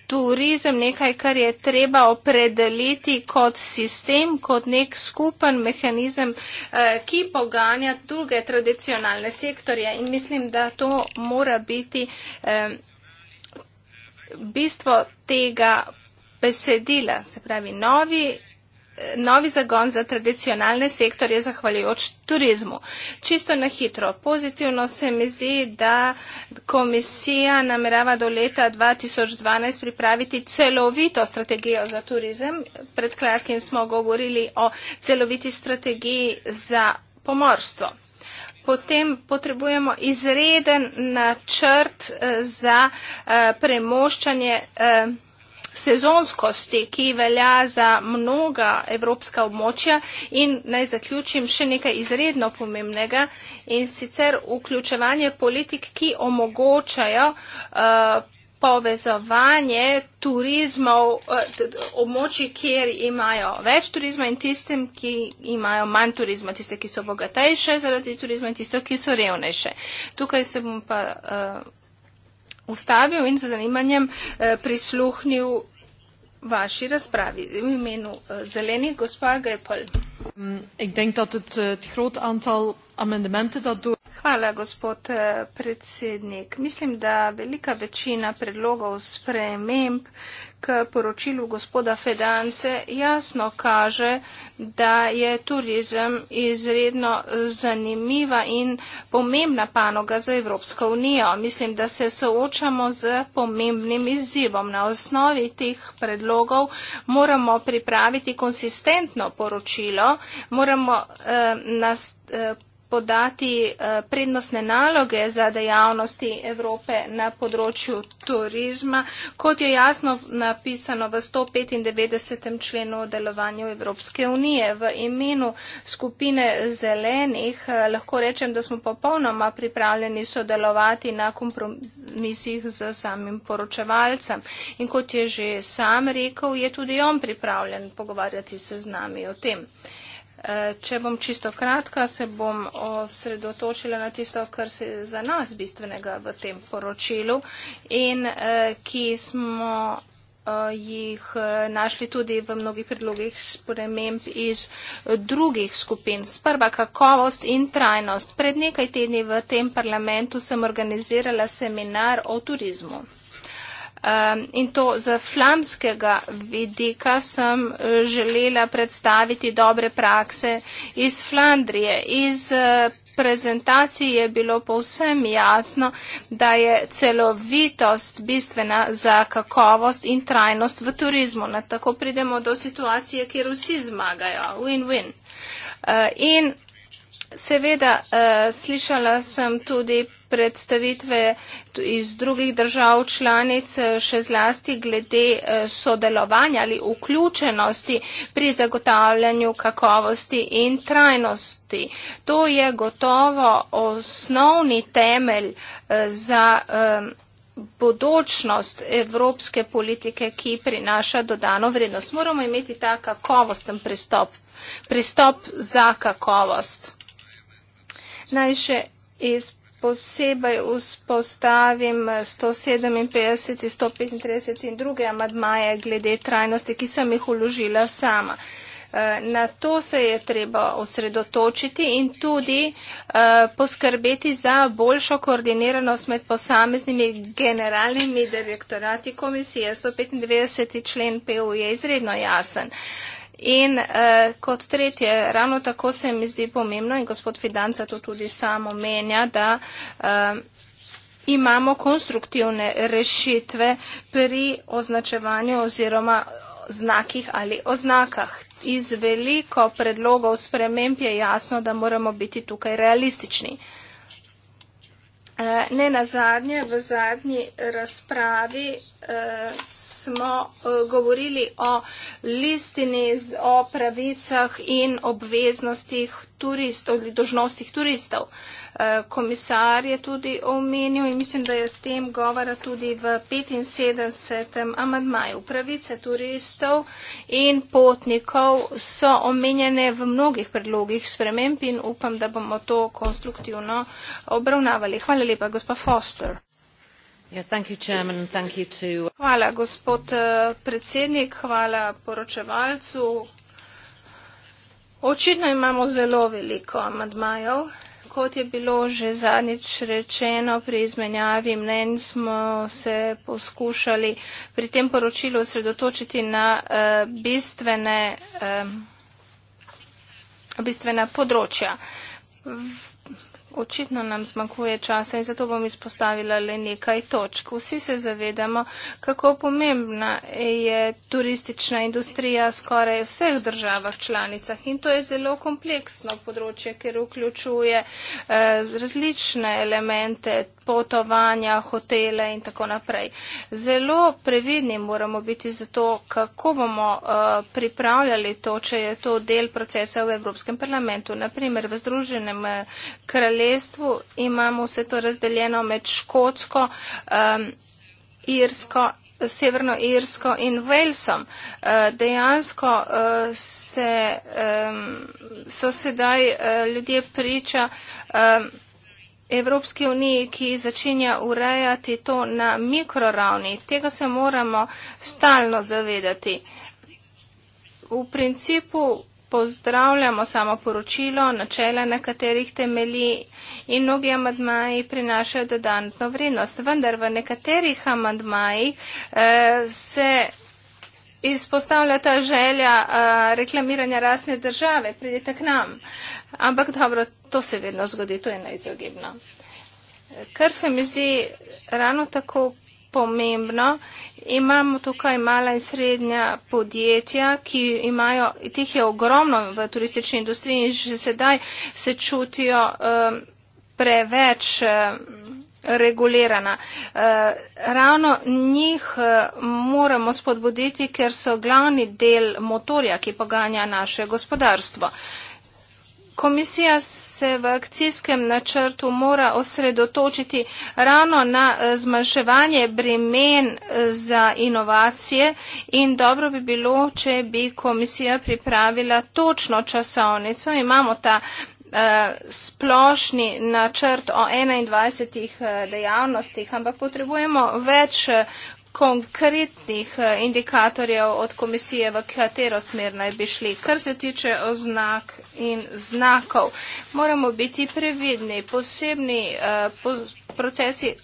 turizem nekaj, kar je treba opredeliti kot sistem, kot nek skupen mehanizem, eh, ki poganja druge tradicionalne sektorje. In mislim, da to mora biti eh, bistvo tega besedila, se pravi novi novi zagon za tradicionalne sektorje zahvaljujoč turizmu. Čisto na hitro. Pozitivno se mi zdi, da komisija namerava do leta 2012 pripraviti celovito strategijo za turizem. Pred kratkim smo govorili o celoviti strategiji za pomorstvo. Potem potrebujemo izreden načrt eh, za eh, premoščanje eh, sezonskosti, ki velja za mnoga evropska območja in naj zaključim še nekaj izredno pomembnega in sicer vključevanje politik, ki omogočajo uh, povezovanje turizmov, eh, območji, kjer imajo več turizma in tistim, ki imajo manj turizma, tiste, ki so bogatejše zaradi turizma in tiste, ki so revnejše. Tukaj se bom pa. Uh, ustavil in z zanimanjem eh, prisluhnil vaši razpravi v imenu eh, zelenih, gospa Grepol. Mm, eh, Hvala, gospod predsednik. Mislim, da velika večina predlogov sprememb, k poročilu gospoda Fedance jasno kaže, da je turizem izredno zanimiva in pomembna panoga za Evropsko unijo. Mislim, da se soočamo z pomembnim izzivom. Na osnovi teh predlogov moramo pripraviti konsistentno poročilo, moramo eh, nastaviti eh, podati eh, prednostne naloge za dejavnosti Evrope na področju turizma, kot je jasno napisano v 195. členu o delovanju Evropske unije. V imenu skupine zelenih eh, lahko rečem, da smo popolnoma pripravljeni sodelovati na kompromisih z samim poročevalcem. In kot je že sam rekel, je tudi on pripravljen pogovarjati se z nami o tem. Eh, če bom čisto kratka, se bom osredotočila na tisto, kar se za nas bistvenega v tem poročilu in eh, ki smo eh, jih našli tudi v mnogih predlogih sprememb iz drugih skupin. Sprva kakovost in trajnost. Pred nekaj tedni v tem parlamentu sem organizirala seminar o turizmu. Um, in to z flamskega vidika sem eh, želela predstaviti dobre prakse iz Flandrije. Iz uh, eh, prezentacije je bilo povsem jasno, da je celovitost bistvena za kakovost in trajnost v turizmu. Na tako pridemo do situacije, kjer vsi zmagajo. Win-win. Uh, in Seveda, uh, slišala sem tudi predstavitve iz drugih držav članic, eh, še zlasti glede eh, sodelovanja ali vključenosti pri zagotavljanju kakovosti in trajnosti. To je gotovo osnovni temelj za bodočnost evropske politike, ki prinaša dodano vrednost. Moramo imeti ta kakovosten pristop, pristop za kakovost. Naj še iz posebej vzpostavim 157 in 135 in druge amadmaje glede trajnosti, ki sem jih uložila sama. Eh, na to se je treba osredotočiti in tudi eh, poskrbeti za boljšo koordiniranost med posameznimi generalnimi direktorati komisije. 195 člen PU je izredno jasen. In eh, kot tretje, ravno tako se mi zdi pomembno in gospod Fidanca to tudi samo menja, da eh, imamo konstruktivne rešitve pri označevanju oziroma znakih ali oznakah. Iz veliko predlogov sprememb je jasno, da moramo biti tukaj realistični. Eh, Eh, ne na zadnje, v zadnji razpravi eh, smo eh, govorili o listini, o pravicah in obveznostih turistov ali dožnostih turistov. Eh, komisar je tudi omenil in mislim, da je v tem govora tudi v 75. amadmaju. Pravice turistov in potnikov so omenjene v mnogih predlogih sprememb in upam, da bomo to konstruktivno obravnavali. Hvala lepa, gospa Foster. Yeah, thank you, chairman, thank you to... Hvala, gospod eh, predsednik, hvala poročevalcu, Očitno imamo zelo veliko amadmajev. Kot je bilo že zadnjič rečeno, pri izmenjavi mnen smo se poskušali pri tem poročilu osredotočiti na uh, bistvene, uh, bistvena področja. Očitno nam zmanjkuje časa in zato bom izpostavila le nekaj točk. Vsi se zavedamo, kako pomembna je turistična industrija skoraj v vseh državah članicah in to je zelo kompleksno področje, ker vključuje eh, različne elemente potovanja, hotele in tako naprej. Zelo previdni moramo biti za to, kako bomo uh, pripravljali to, če je to del procesa v Evropskem parlamentu. Naprimer, v Združenem eh, kraljestvu imamo vse to razdeljeno med Škotsko, um, Irsko, Severno Irsko in Walesom. Uh, dejansko uh, se, um, so sedaj uh, ljudje priča. Um, Evropske unije, ki začenja urejati to na mikroravni. Tega se moramo stalno zavedati. V principu pozdravljamo samo poročilo, načela, na katerih temelji in mnogi amadmaji prinašajo dodatno vrednost. Vendar v nekaterih amadmaji eh, se izpostavlja ta želja uh, reklamiranja rasne države, pridite k nam. Ampak dobro, to se vedno zgodi, to je neizogibno. Kar se mi zdi ravno tako pomembno, imamo tukaj mala in srednja podjetja, ki imajo, teh je ogromno v turistični industriji in že sedaj se čutijo um, preveč. Um, regulirana. Eh, ravno njih eh, moramo spodbuditi, ker so glavni del motorja, ki poganja naše gospodarstvo. Komisija se v akcijskem načrtu mora osredotočiti ravno na eh, zmanjševanje bremen za inovacije in dobro bi bilo, če bi komisija pripravila točno časovnico. Imamo ta uh, splošni načrt o 21 eh, dejavnostih, ampak potrebujemo več eh, konkretnih eh, indikatorjev od komisije, v katero smer naj bi šli. Kar se tiče oznak in znakov, moramo biti previdni. Posebni uh, po procesi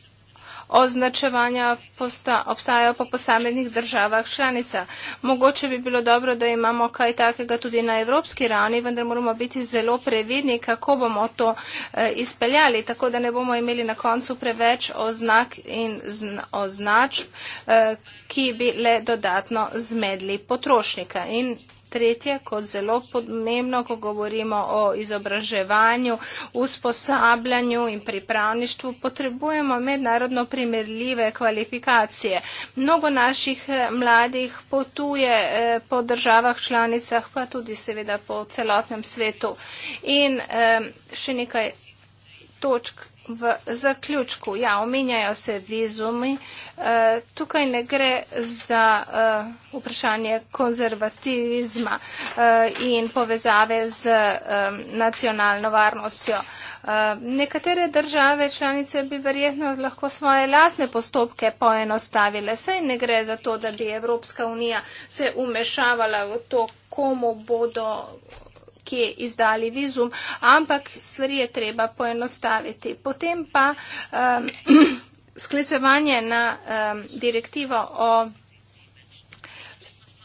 označevanja posta, obstajajo po posameznih državah članica. Mogoče bi bilo dobro, da imamo kaj takega tudi na evropski ravni, vendar moramo biti zelo previdni, kako bomo to eh, izpeljali, tako da ne bomo imeli na koncu preveč oznak in zn, označb, eh, ki bi le dodatno zmedli potrošnika. In Tretje, kot zelo pomembno, ko govorimo o izobraževanju, usposabljanju in pripravništvu, potrebujemo mednarodno primerljive kvalifikacije. Mnogo naših eh, mladih potuje eh, po državah članicah, pa tudi seveda po celotnem svetu. In eh, še nekaj točk v zaključku. Ja, omenjajo se vizumi. E, tukaj ne gre za e, vprašanje konzervativizma e, in povezave z e, nacionalno varnostjo. E, nekatere države članice bi verjetno lahko svoje lasne postopke poenostavile. Saj ne gre za to, da bi Evropska unija se umešavala v to, komu bodo kje izdali vizum, ampak stvari je treba poenostaviti. Potem pa um, [CLEARS THROAT] sklicevanje na um, direktivo o.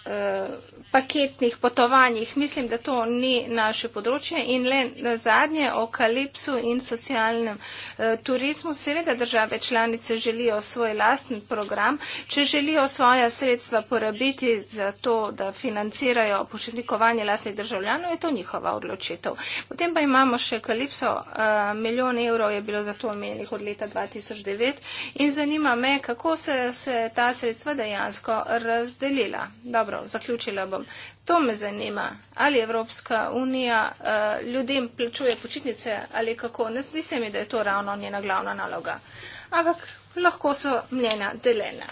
Uh, paketnih potovanjih. Mislim, da to ni naše področje in le na zadnje o kalipsu in socialnem eh, turizmu. Seveda države članice želijo svoj lasten program, če želijo svoja sredstva porabiti za to, da financirajo početnikovanje lastnih državljanov, je to njihova odločitev. Potem pa imamo še kalipso, eh, milijon evrov je bilo za to omenjenih od leta 2009 in zanima me, kako se, se ta sredstva dejansko razdelila. Dobro, zaključila bom. To me zanima, ali Evropska unija uh, ljudem plačuje počitnice ali kako. Ne zdi se mi, da je to ravno njena glavna naloga. Ampak lahko so mnenja delene.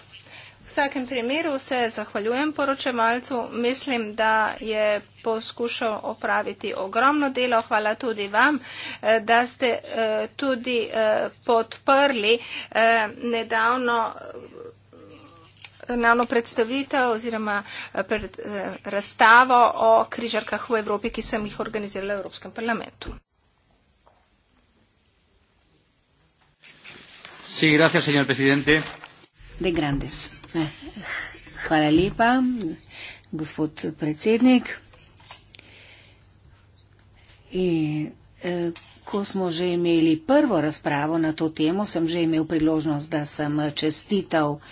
V vsakem primeru se zahvaljujem poročevalcu. Mislim, da je poskušal opraviti ogromno delo. Hvala tudi vam, eh, da ste eh, tudi podprli nedavno ravno predstavitev oziroma eh, pred, eh, razstavo o križarkah v Evropi, ki sem jih organizirala v Evropskem parlamentu. Sí, gracias, señor presidente. De grandes. Eh, hvala lepa, gospod predsednik. E, ko smo že imeli prvo razpravo na to temo, sem že imel priložnost, da sem čestital uh,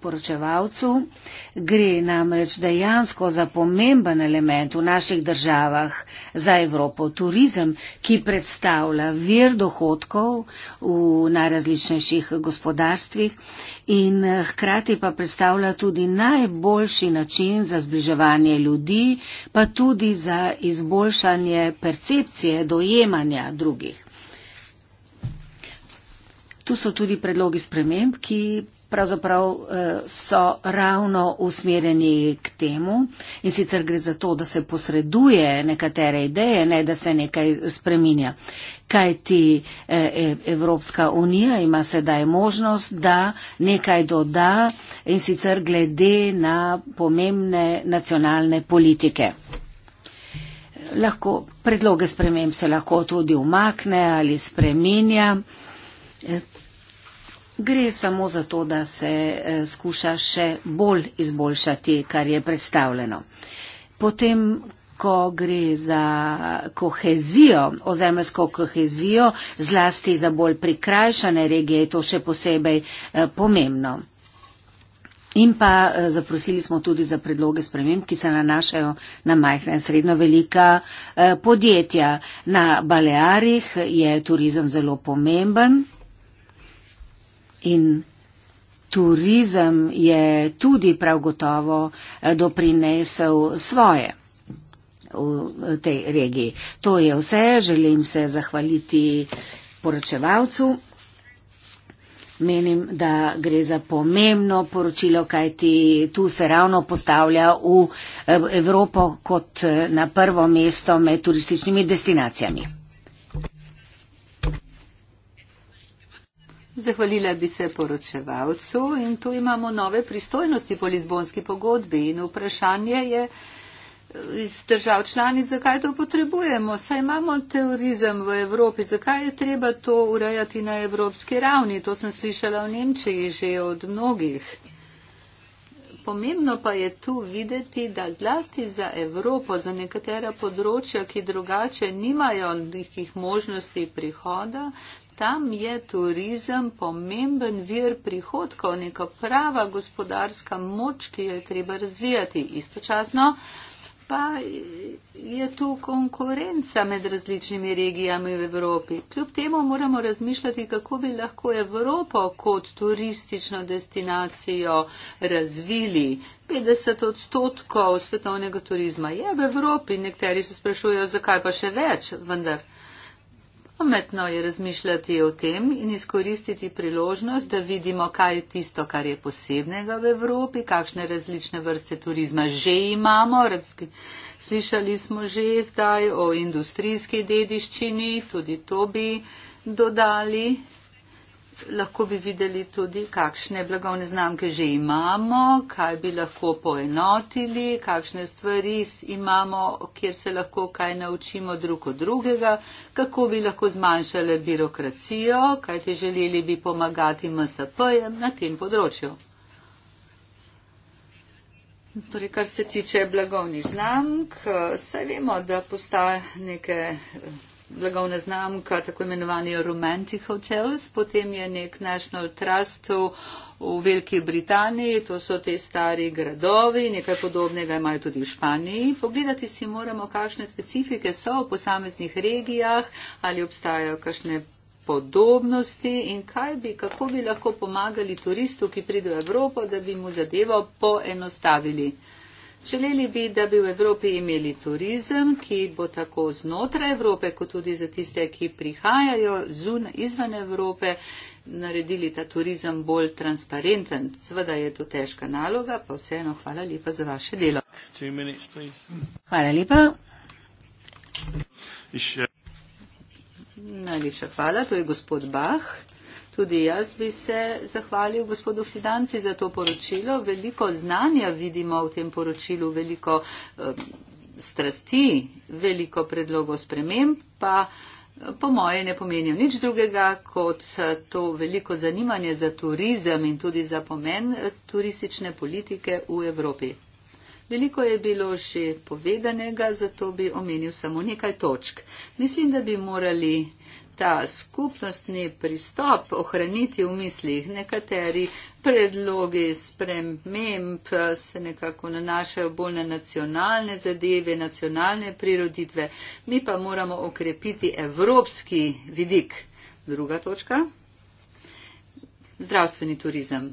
poročevalcu. Gre namreč dejansko za pomemben element v naših državah za Evropo. Turizem, ki predstavlja vir dohodkov v najrazličnejših gospodarstvih in hkrati pa predstavlja tudi najboljši način za zbliževanje ljudi, pa tudi za izboljšanje percepcije, dojemanja drugih. Tu so tudi predlogi sprememb, ki pravzaprav eh, so ravno usmerjeni k temu in sicer gre za to, da se posreduje nekatere ideje, ne da se nekaj spreminja. Kajti eh, e, Evropska unija ima sedaj možnost, da nekaj doda in sicer glede na pomembne nacionalne politike. Lahko, predloge sprememb se lahko tudi umakne ali spreminja. Gre samo za to, da se eh, skuša še bolj izboljšati, kar je predstavljeno. Potem, ko gre za kohezijo, ozemelsko kohezijo, zlasti za bolj prikrajšane regije, je to še posebej eh, pomembno. In pa eh, zaprosili smo tudi za predloge spremem, ki se nanašajo na majhna in srednjo velika podjetja. Na Balearih je turizem zelo pomemben. In turizem je tudi prav gotovo eh, doprinesel svoje v eh, tej regiji. To je vse. Želim se zahvaliti poročevalcu. Menim, da gre za pomembno poročilo, kajti tu se ravno postavlja v eh, Evropo kot na prvo mesto med turističnimi destinacijami. Zahvalila bi se poročevalcu in tu imamo nove pristojnosti po Lizbonski pogodbi in vprašanje je eh, iz držav članic, zakaj to potrebujemo. Saj imamo terorizem v Evropi, zakaj je treba to urejati na evropski ravni. To sem slišala v Nemčiji že od mnogih. Pomembno pa je tu videti, da zlasti za Evropo, za nekatera področja, ki drugače nimajo nekih možnosti prihoda, tam je turizem pomemben vir prihodkov, neka prava gospodarska moč, ki jo je treba razvijati. Istočasno pa je tu konkurenca med različnimi regijami v Evropi. Kljub temu moramo razmišljati, kako bi lahko Evropo kot turistično destinacijo razvili. 50 odstotkov svetovnega turizma je v Evropi. Nekateri se sprašujejo, zakaj pa še več, vendar. Pametno je razmišljati o tem in izkoristiti priložnost, da vidimo, kaj je tisto, kar je posebnega v Evropi, kakšne različne vrste turizma že imamo. Raz, slišali smo že zdaj o industrijski dediščini, tudi to bi dodali lahko bi videli tudi, kakšne blagovne znamke že imamo, kaj bi lahko poenotili, kakšne stvari imamo, kjer se lahko kaj naučimo drug od drugega, kako bi lahko zmanjšali birokracijo, kaj ti želeli bi pomagati MSP-jem na tem področju. Torej, kar se tiče blagovnih znamk, saj vemo, da postaja neke blagovna znamka, tako imenovani Romantic Hotels, potem je nek National Trust v, v Veliki Britaniji, to so te stari gradovi, nekaj podobnega imajo tudi v Španiji. Pogledati si moramo, kakšne specifike so v posameznih regijah, ali obstajajo kakšne podobnosti in kaj bi, kako bi lahko pomagali turistu, ki pride v Evropo, da bi mu zadevo poenostavili. Želeli bi, da bi v Evropi imeli turizem, ki bo tako znotraj Evrope, kot tudi za tiste, ki prihajajo zun, izven Evrope, naredili ta turizem bolj transparenten. Sveda je to težka naloga, pa vseeno hvala lepa za vaše delo. Minutes, hvala lepa. Najlepša hvala, to je gospod Bach. Tudi jaz bi se zahvalil gospodu Fidanci za to poročilo. Veliko znanja vidimo v tem poročilu, veliko eh, strasti, veliko predlogov sprememb, pa eh, po moje ne pomenijo nič drugega kot eh, to veliko zanimanje za turizem in tudi za pomen eh, turistične politike v Evropi. Veliko je bilo še povedanega, zato bi omenil samo nekaj točk. Mislim, da bi morali ta skupnostni pristop ohraniti v mislih. Nekateri predlogi sprememb se nekako nanašajo bolj na nacionalne zadeve, nacionalne priroditve. Mi pa moramo okrepiti evropski vidik. Druga točka. Zdravstveni turizem.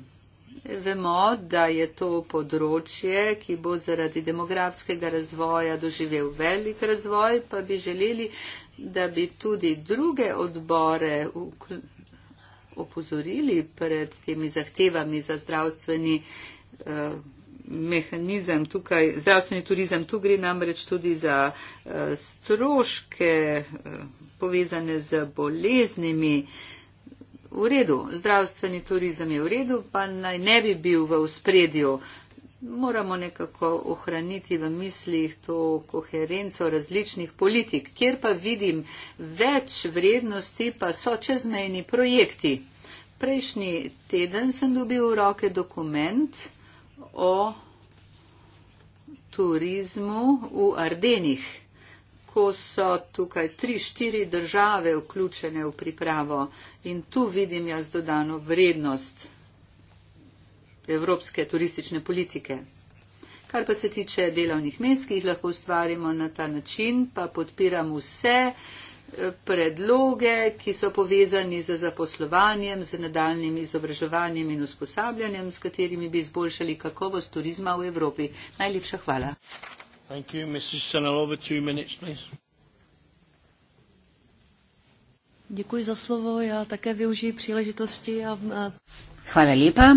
Vemo, da je to področje, ki bo zaradi demografskega razvoja doživel velik razvoj, pa bi želeli, da bi tudi druge odbore opozorili pred temi zahtevami za zdravstveni eh, mehanizem tukaj, zdravstveni turizem, tu gre namreč tudi za eh, stroške eh, povezane z boleznimi. V redu, zdravstveni turizem je v redu, pa naj ne bi bil v uspredju moramo nekako ohraniti v mislih to koherenco različnih politik, kjer pa vidim več vrednosti, pa so čezmejni projekti. Prejšnji teden sem dobil v roke dokument o turizmu v Ardenih, ko so tukaj tri, štiri države vključene v pripravo in tu vidim jaz dodano vrednost evropske turistične politike. Kar pa se tiče delovnih mest, ki jih lahko ustvarimo na ta način, pa podpiram vse eh, predloge, ki so povezani z zaposlovanjem, z nadaljnim izobraževanjem in usposabljanjem, s katerimi bi izboljšali kakovost turizma v Evropi. Najlepša hvala. Hvala lepa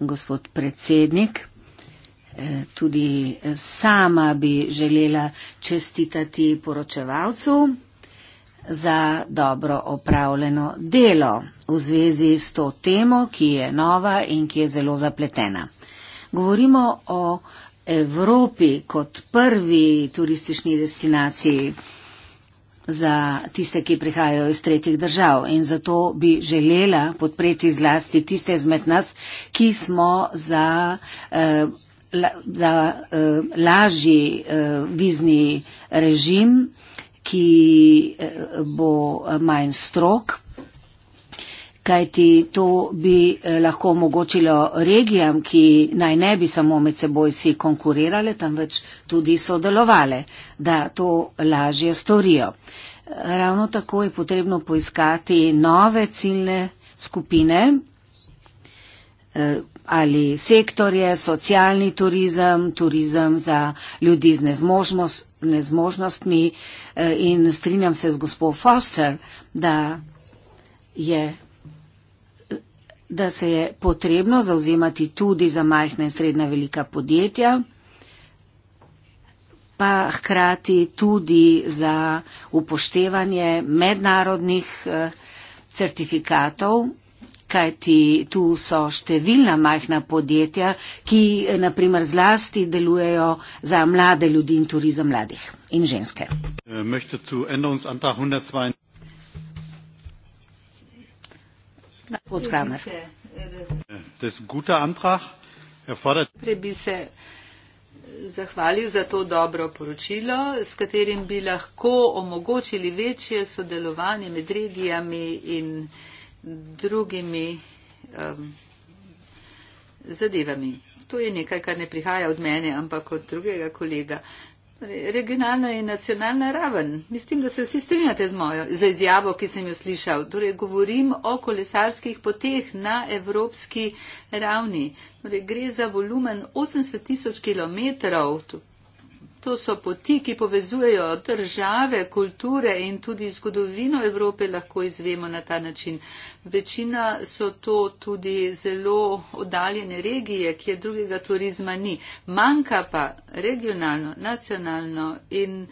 gospod predsednik. Eh, tudi sama bi želela čestitati poročevalcu za dobro opravljeno delo v zvezi s to temo, ki je nova in ki je zelo zapletena. Govorimo o Evropi kot prvi turistični destinaciji za tiste, ki prihajajo iz tretjih držav in zato bi želela podpreti zlasti tiste izmed nas, ki smo za, eh, la, za eh, lažji eh, vizni režim, ki eh, bo manj strok, kajti to bi eh, lahko omogočilo regijam, ki naj ne bi samo med seboj si konkurirale, temveč tudi sodelovale, da to lažje storijo. Ravno tako je potrebno poiskati nove ciljne skupine eh, ali sektorje, socialni turizem, turizem za ljudi z nezmožnost, nezmožnostmi eh, in strinjam se z gospod Foster, da je da se je potrebno zauzemati tudi za majhna in srednja velika podjetja, pa hkrati tudi za upoštevanje mednarodnih eh, certifikatov, kajti tu so številna majhna podjetja, ki eh, naprimer zlasti delujejo za mlade ljudi in turizem mladih in ženske. E, podkramer. Ja, Prej bi se zahvalil za to dobro poročilo, s katerim bi lahko omogočili večje sodelovanje med regijami in drugimi um, zadevami. To je nekaj, kar ne prihaja od mene, ampak od drugega kolega. Regionalna in nacionalna raven. Mislim, da se vsi strinjate z mojo z izjavo, ki sem jo slišal. Torej, govorim o kolesarskih poteh na evropski ravni. Torej, gre za volumen 80 tisoč kilometrov, to To so poti, ki povezujejo države, kulture in tudi zgodovino Evrope, lahko izvemo na ta način. Večina so to tudi zelo oddaljene regije, kjer drugega turizma ni. Manjka pa regionalno, nacionalno in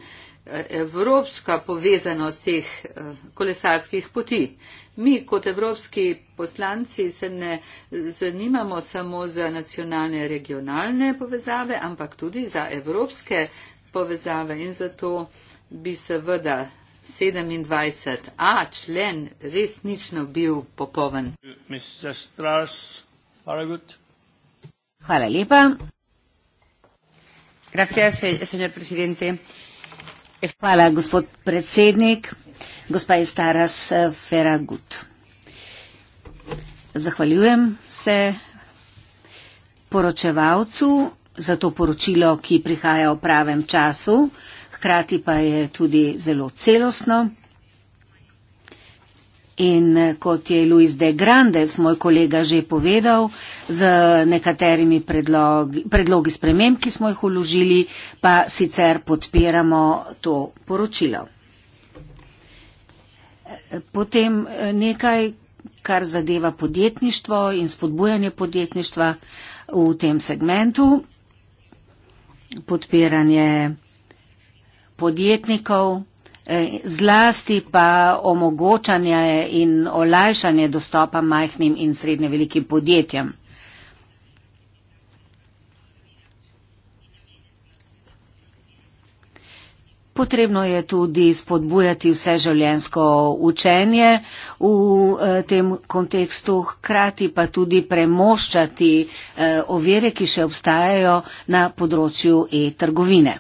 eh, evropska povezanost teh eh, kolesarskih poti. Mi kot evropski poslanci se ne zanimamo samo za nacionalne regionalne povezave, ampak tudi za evropske povezave in zato bi seveda 27a člen resnično bil popoven. Hvala lepa. Gracias, eh, señor presidente. Hvala, gospod predsednik gospa Istaras Feragut. Eh, Zahvaljujem se poročevalcu za to poročilo, ki prihaja v pravem času, hkrati pa je tudi zelo celostno. In eh, kot je Luis de Grandes, moj kolega, že povedal, z nekaterimi predlogi, predlogi sprememb, ki smo jih uložili, pa sicer podpiramo to poročilo. Potem eh, nekaj, kar zadeva podjetništvo in spodbujanje podjetništva v tem segmentu, podpiranje podjetnikov, eh, zlasti pa omogočanje in olajšanje dostopa majhnim in srednje velikim podjetjem. Potrebno je tudi spodbujati vseživljensko učenje v eh, tem kontekstu, hkrati pa tudi premoščati eh, ovire, ki še obstajajo na področju e-trgovine.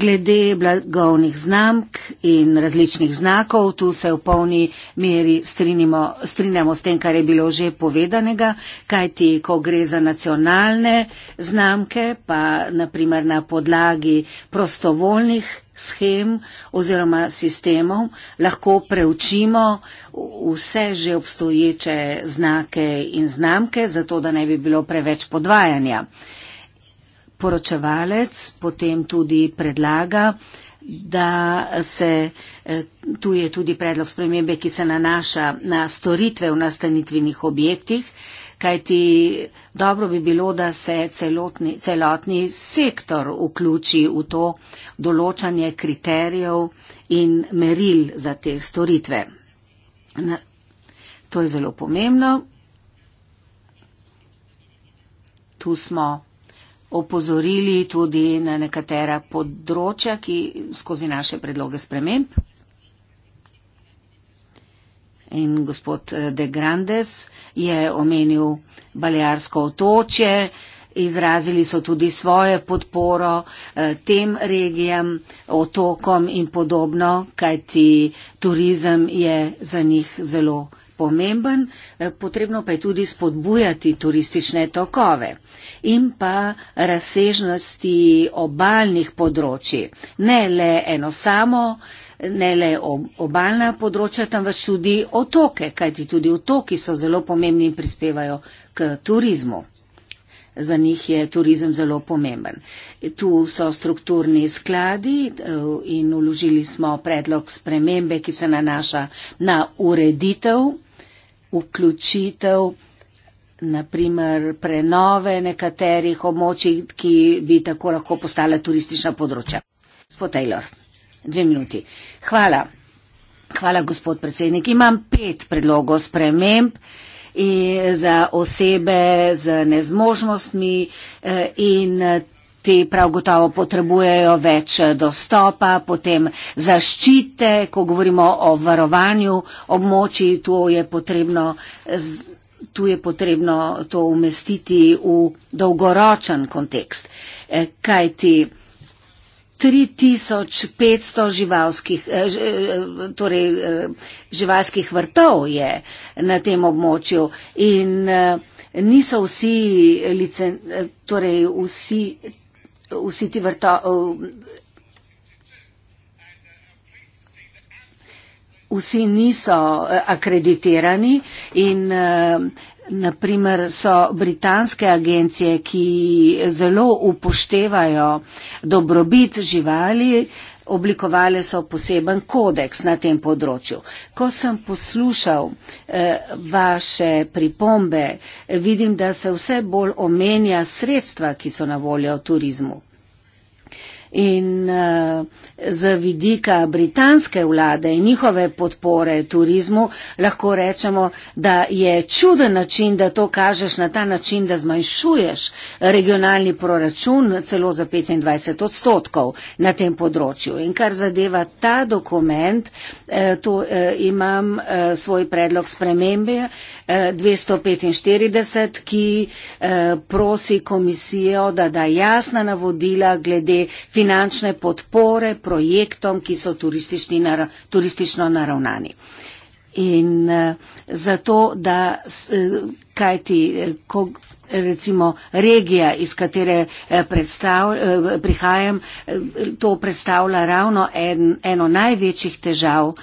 Glede blagovnih znamk in različnih znakov, tu se v polni meri strinimo, strinjamo s tem, kar je bilo že povedanega, kajti ko gre za nacionalne znamke, pa naprimer na podlagi prostovoljnih schem oziroma sistemov, lahko preučimo vse že obstoječe znake in znamke, zato da ne bi bilo preveč podvajanja poročevalec potem tudi predlaga, da se, eh, tu je tudi predlog spremembe, ki se nanaša na storitve v nastanitvenih objektih, kajti dobro bi bilo, da se celotni, celotni sektor vključi v to določanje kriterijev in meril za te storitve. Na, to je zelo pomembno. Tu smo opozorili tudi na nekatera področja, ki skozi naše predloge sprememb. In gospod eh, De Grandes je omenil Balearsko otočje, izrazili so tudi svoje podporo eh, tem regijam, otokom in podobno, kajti turizem je za njih zelo pomemben pomemben, eh, potrebno pa je tudi spodbujati turistične tokove in pa razsežnosti obaljnih področji. Ne le eno samo, ne le obaljna področja, temveč tudi otoke, kajti tudi otoki so zelo pomembni in prispevajo k turizmu. Za njih je turizem zelo pomemben. Tu so strukturni skladi eh, in uložili smo predlog spremembe, ki se nanaša na ureditev vključitev, naprimer prenove nekaterih območij, ki bi tako lahko postala turistična področja. Gospod Taylor, dve minuti. Hvala. Hvala, gospod predsednik. Imam pet predlogov sprememb eh, za osebe z nezmožnostmi eh, in ti prav gotovo potrebujejo več eh, dostopa, potem zaščite, ko govorimo o varovanju območij, tu je potrebno. Z, Tu je potrebno to umestiti v dolgoročen kontekst, kaj ti 3500 živalskih, eh, eh, torej, živalskih vrtov je na tem območju in niso vsi, licen, torej vsi vsi ti vrta, eh, vsi niso eh, akreditirani in eh, naprimer so britanske agencije, ki zelo upoštevajo dobrobit živali, oblikovali so poseben kodeks na tem področju. Ko sem poslušal eh, vaše pripombe, vidim, da se vse bolj omenja sredstva, ki so na voljo turizmu. In eh, z vidika britanske vlade in njihove podpore turizmu lahko rečemo, da je čuden način, da to kažeš na ta način, da zmanjšuješ regionalni proračun celo za 25 odstotkov na tem področju. In kar zadeva ta dokument, eh, tu eh, imam svoj predlog spremembe 245, ki prosi komisijo, da da jasna navodila glede finančnega finančne podpore projektom, ki so nar turistično naravnani. In uh, zato, da eh, kaj ti, eh, ko recimo regija, iz katere prihajam, to predstavlja ravno en, eno največjih težav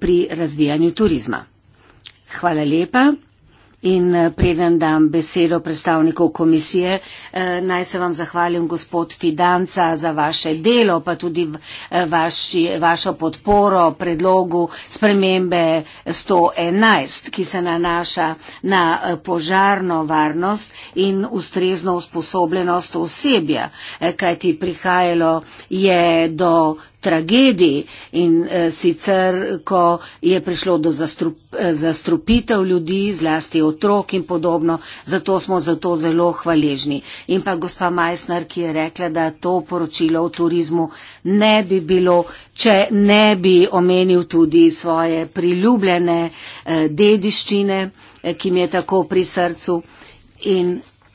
pri razvijanju turizma. Hvala lepa. In eh, preden dam besedo predstavnikov komisije, eh, naj se vam zahvalim, gospod Fidanca, za vaše delo, pa tudi eh, vaši, vašo podporo predlogu spremembe 111, ki se nanaša na požarno varnost in ustrezno usposobljenost osebja, kajti prihajalo je do tragediji in eh, sicer, ko je prišlo do zastrup, eh, zastrupitev ljudi, zlasti otrok in podobno, zato smo zato zelo hvaležni. In pa gospa Majsner, ki je rekla, da to poročilo o turizmu ne bi bilo, če ne bi omenil tudi svoje priljubljene eh, dediščine, ki mi je tako pri srcu. In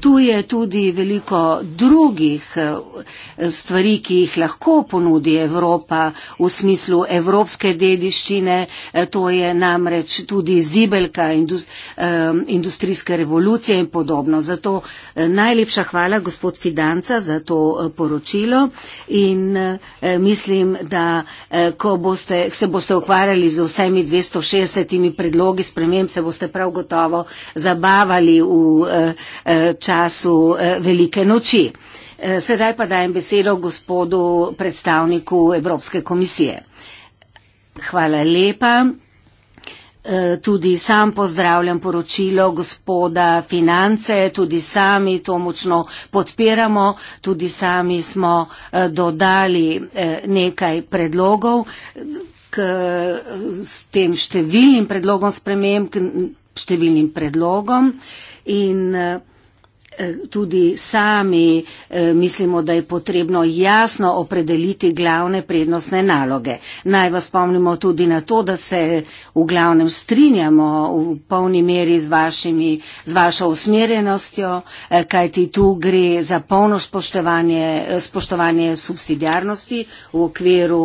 Tu je tudi veliko drugih eh, stvari, ki jih lahko ponudi Evropa v smislu evropske dediščine. Eh, to je namreč tudi zibelka eh, industrijske revolucije in podobno. Zato najlepša hvala gospod Fidanca za to poročilo in mislim, da ko boste, se boste ukvarjali z vsemi 260 predlogi sprememb, se boste prav gotovo zabavali v Eh, eh, času eh, velike noči. Sedaj pa dajem besedo gospodu predstavniku Evropske komisije. Hvala lepa. Tudi sam pozdravljam poročilo gospoda finance, tudi sami to močno podpiramo, tudi sami smo dodali nekaj predlogov k, s tem številnim predlogom sprememb, številnim predlogom. In uh, Eh, tudi sami eh, mislimo, da je potrebno jasno opredeliti glavne prednostne naloge. Naj vas spomnimo tudi na to, da se v glavnem strinjamo v polni meri z, vašimi, z vašo usmerjenostjo, eh, kajti tu gre za polno spoštovanje, spoštovanje subsidiarnosti v okviru,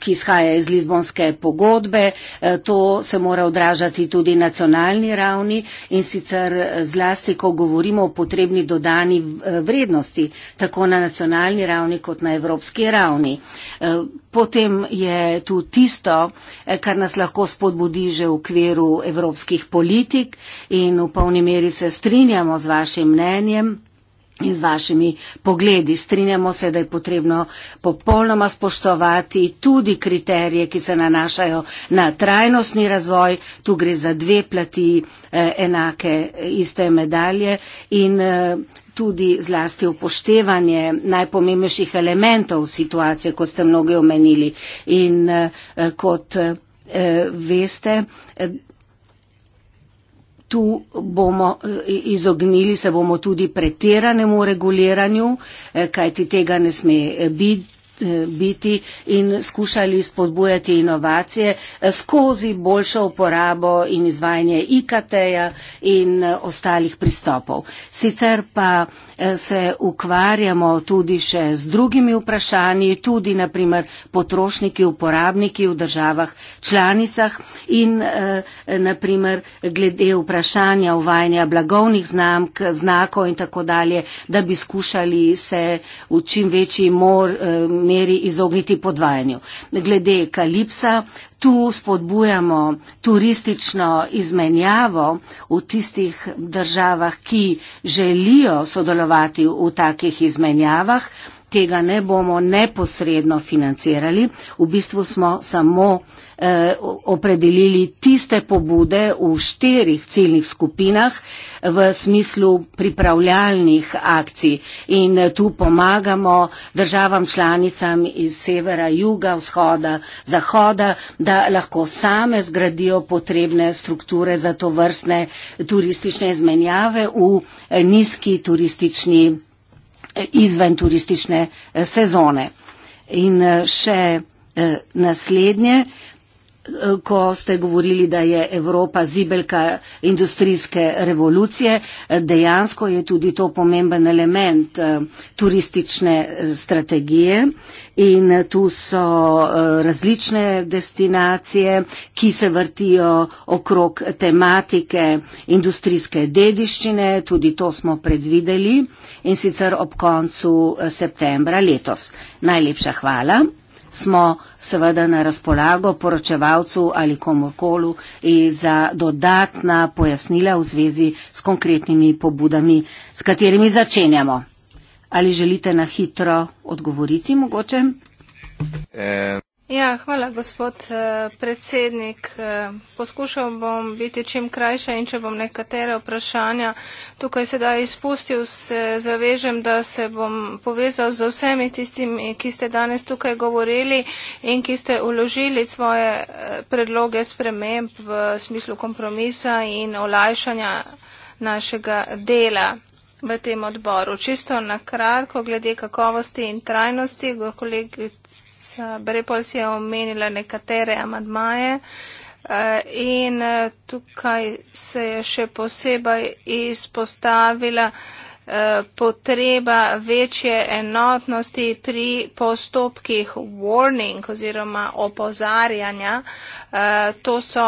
ki izhaja iz Lizbonske pogodbe. To se mora odražati tudi na nacionalni ravni in sicer zlasti, ko govorimo govorimo o potrebni dodani eh, vrednosti, tako na nacionalni ravni kot na evropski ravni. Eh, potem je tu tisto, eh, kar nas lahko spodbudi že v okviru evropskih politik in v polni meri se strinjamo z vašim mnenjem in z vašimi pogledi. Strinjamo se, da je potrebno popolnoma spoštovati tudi kriterije, ki se nanašajo na trajnostni razvoj. Tu gre za dve plati eh, enake eh, iste medalje in eh, tudi zlasti upoštevanje najpomembnejših elementov situacije, kot ste mnogi omenili. In eh, kot eh, veste, eh, tu bomo eh, izognili, se bomo tudi pretiranemu reguliranju, eh, kajti tega ne sme eh, biti biti in skušali spodbujati inovacije eh, skozi boljšo uporabo in izvajanje IKT-ja in eh, ostalih pristopov. Sicer pa eh, se ukvarjamo tudi še z drugimi vprašanji, tudi naprimer potrošniki, uporabniki v državah članicah in naprimer glede vprašanja uvajanja blagovnih znamk, znakov in tako dalje, da bi skušali se v čim večji mor meri izogniti podvajanju. Glede Kalipsa, tu spodbujamo turistično izmenjavo v tistih državah, ki želijo sodelovati v takih izmenjavah tega ne bomo neposredno financirali. V bistvu smo samo eh, opredelili tiste pobude v štirih ciljnih skupinah v smislu pripravljalnih akcij. In eh, tu pomagamo državam članicam iz severa, juga, vzhoda, zahoda, da lahko same zgradijo potrebne strukture za to vrstne turistične izmenjave v eh, nizki turistični izven turistične eh, sezone. In eh, še eh, naslednje, ko ste govorili, da je Evropa zibelka industrijske revolucije, dejansko je tudi to pomemben element eh, turistične eh, strategije in eh, tu so različne destinacije, ki se vrtijo okrog tematike industrijske dediščine, tudi to smo predvideli in sicer ob koncu septembra letos. Najlepša hvala smo seveda na razpolago poročevalcu ali komorkolu za dodatna pojasnila v zvezi s konkretnimi pobudami, s katerimi začenjamo. Ali želite na hitro odgovoriti mogoče? And eh, Ja, hvala, gospod eh, predsednik. Eh, poskušal bom biti čim krajša in če bom nekatere vprašanja tukaj sedaj izpustil, se zavežem, da se bom povezal z vsemi tistimi, ki ste danes tukaj govorili in ki ste uložili svoje eh, predloge sprememb v smislu kompromisa in olajšanja našega dela v tem odboru. Čisto na kratko, glede kakovosti in trajnosti, kolegi. Brepol si je omenila nekatere amadmaje eh, in eh, tukaj se je še posebej izpostavila eh, potreba večje enotnosti pri postopkih warning oziroma opozarjanja. To so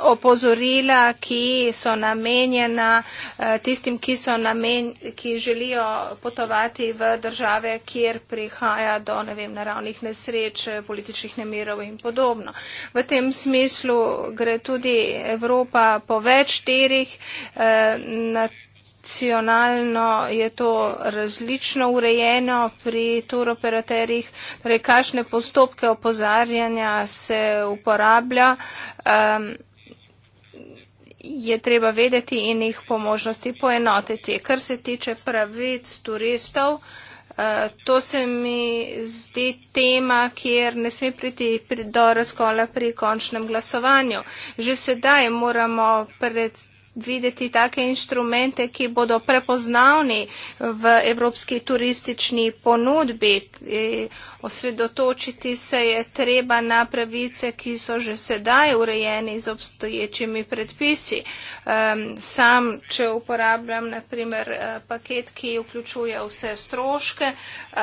opozorila, ki so namenjena eh, tistim, ki, so namen, ki želijo potovati v države, kjer prihaja do ne vem, naravnih nesreč, političnih nemirov in podobno. V tem smislu gre tudi Evropa po več terih. Eh, nacionalno je to različno urejeno pri turoperaterjih, torej kašne postopke opozarjanja se uporablja. Um, je treba vedeti in jih po možnosti poenotiti. Kar se tiče pravic turistov, eh, to se mi zdi tema, kjer ne sme priti do razkola pri končnem glasovanju. Že sedaj moramo pred videti take inštrumente, ki bodo prepoznavni v evropski turistični ponudbi. Eh, Osredotočiti se je treba na pravice, ki so že sedaj urejeni z obstoječimi predpisi. Um, sam, če uporabljam naprimer eh, paket, ki vključuje vse stroške uh,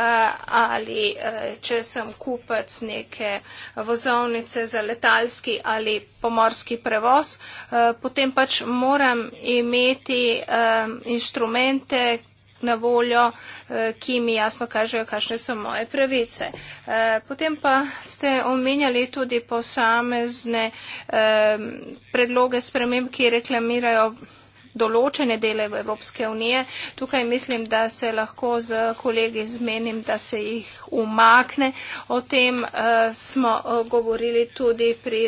ali uh, če sem kupec neke vozovnice za letalski ali pomorski prevoz, uh, potem pač moram imeti uh, inštrumente, na voljo, eh, ki mi jasno kažejo, kakšne so moje pravice. Eh, potem pa ste omenjali tudi posamezne eh, predloge sprememb, ki reklamirajo določene dele Evropske unije. Tukaj mislim, da se lahko z kolegi zmenim, da se jih umakne. O tem uh, smo uh, govorili tudi pri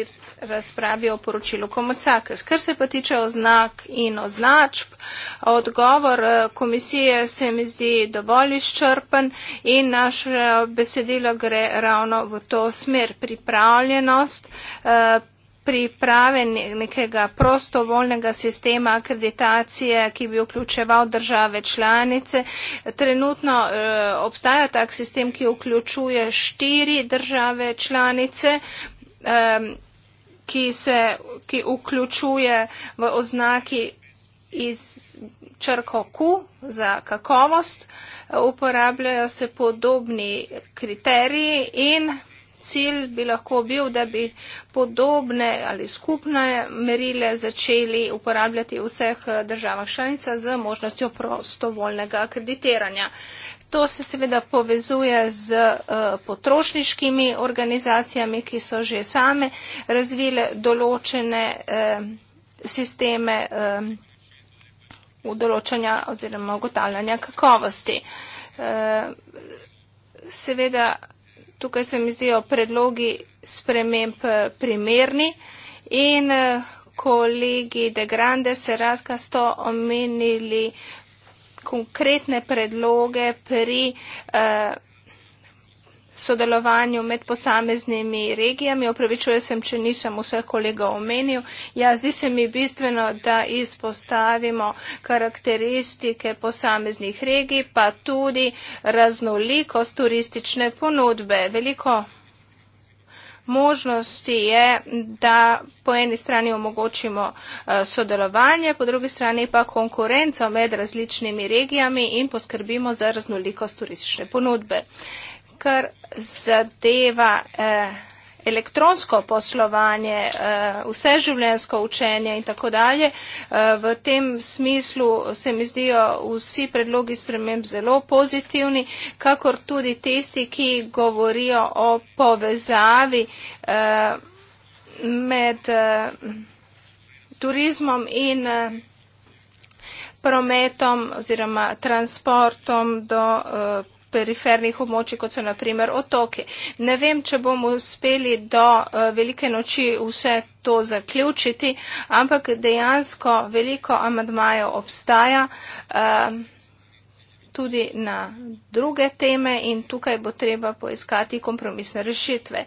razpravi o poročilu Komocake. Kar se pa tiče oznak in označb, odgovor uh, komisije se mi zdi dovolj izčrpen in naše besedilo gre ravno v to smer. Pripravljenost. Uh, priprave nekega prostovoljnega sistema akreditacije, ki bi vključeval države članice. Trenutno eh, obstaja tak sistem, ki vključuje štiri države članice. Um, ki se ki vključuje v oznaki iz črko Q za kakovost, uporabljajo se podobni kriteriji in cilj bi lahko bil, da bi podobne ali skupne merile začeli uporabljati v vseh eh, državah članica z možnostjo prostovoljnega akreditiranja. To se seveda povezuje z eh, potrošniškimi organizacijami, ki so že same razvile določene eh, sisteme udoločanja oziroma ugotavljanja kakovosti. Seveda tukaj se mi zdijo predlogi sprememb eh, primerni in eh, kolegi De Grande se razkasto omenili konkretne predloge pri eh, sodelovanju med posameznimi regijami. Opravičujem se, če nisem vseh kolegov omenil. Ja, zdi se mi bistveno, da izpostavimo karakteristike posameznih regij, pa tudi raznolikost turistične ponudbe. Veliko možnosti je, da po eni strani omogočimo eh, sodelovanje, po drugi strani pa konkurenco med različnimi regijami in poskrbimo za raznolikost turistične ponudbe kar zadeva eh, elektronsko poslovanje, eh, vseživljensko učenje in tako dalje. Eh, v tem smislu se mi zdijo vsi predlogi sprememb zelo pozitivni, kakor tudi tisti, ki govorijo o povezavi med turizmom in prometom oziroma transportom do perifernih območij, kot so naprimer otoki. Ne vem, če bomo uspeli do eh, velike noči vse to zaključiti, ampak dejansko veliko amadmajev obstaja eh, tudi na druge teme in tukaj bo treba poiskati kompromisne rešitve.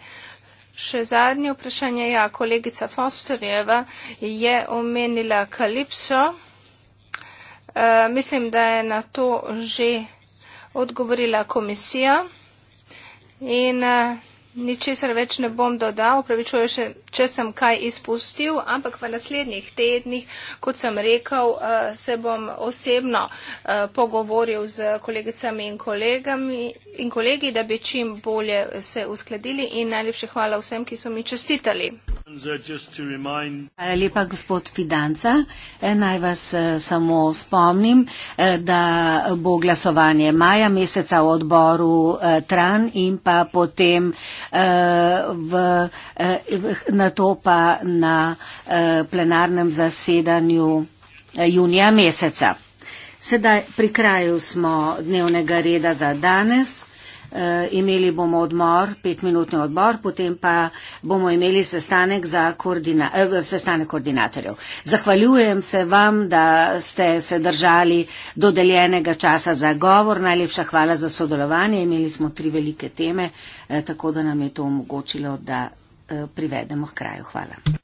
Še zadnje vprašanje, ja, kolegica Fosterjeva je omenila Kalipso. E, mislim, da je na to že odgovorila komisija in eh, ničesar več ne bom dodal, pravičujem še, če sem kaj izpustil, ampak v naslednjih tednih, kot sem rekel, eh, se bom osebno eh, pogovoril z kolegicami in kolegami in kolegi, da bi čim bolje se uskladili in najlepše hvala vsem, ki so mi čestitali. Hvala lepa, gospod Fidanca. Eh, naj vas eh, samo spomnim, eh, da bo glasovanje maja meseca v odboru Tran in pa potem v, na to pa na plenarnem zasedanju junija meseca. Sedaj pri kraju smo dnevnega reda za danes. E, imeli bomo odmor, petminutni odmor, potem pa bomo imeli sestanek, koordina, eh, sestanek koordinatorjev. Zahvaljujem se vam, da ste se držali dodeljenega časa za govor. Najlepša hvala za sodelovanje. Imeli smo tri velike teme, eh, tako da nam je to omogočilo, da eh, privedemo k kraju. Hvala.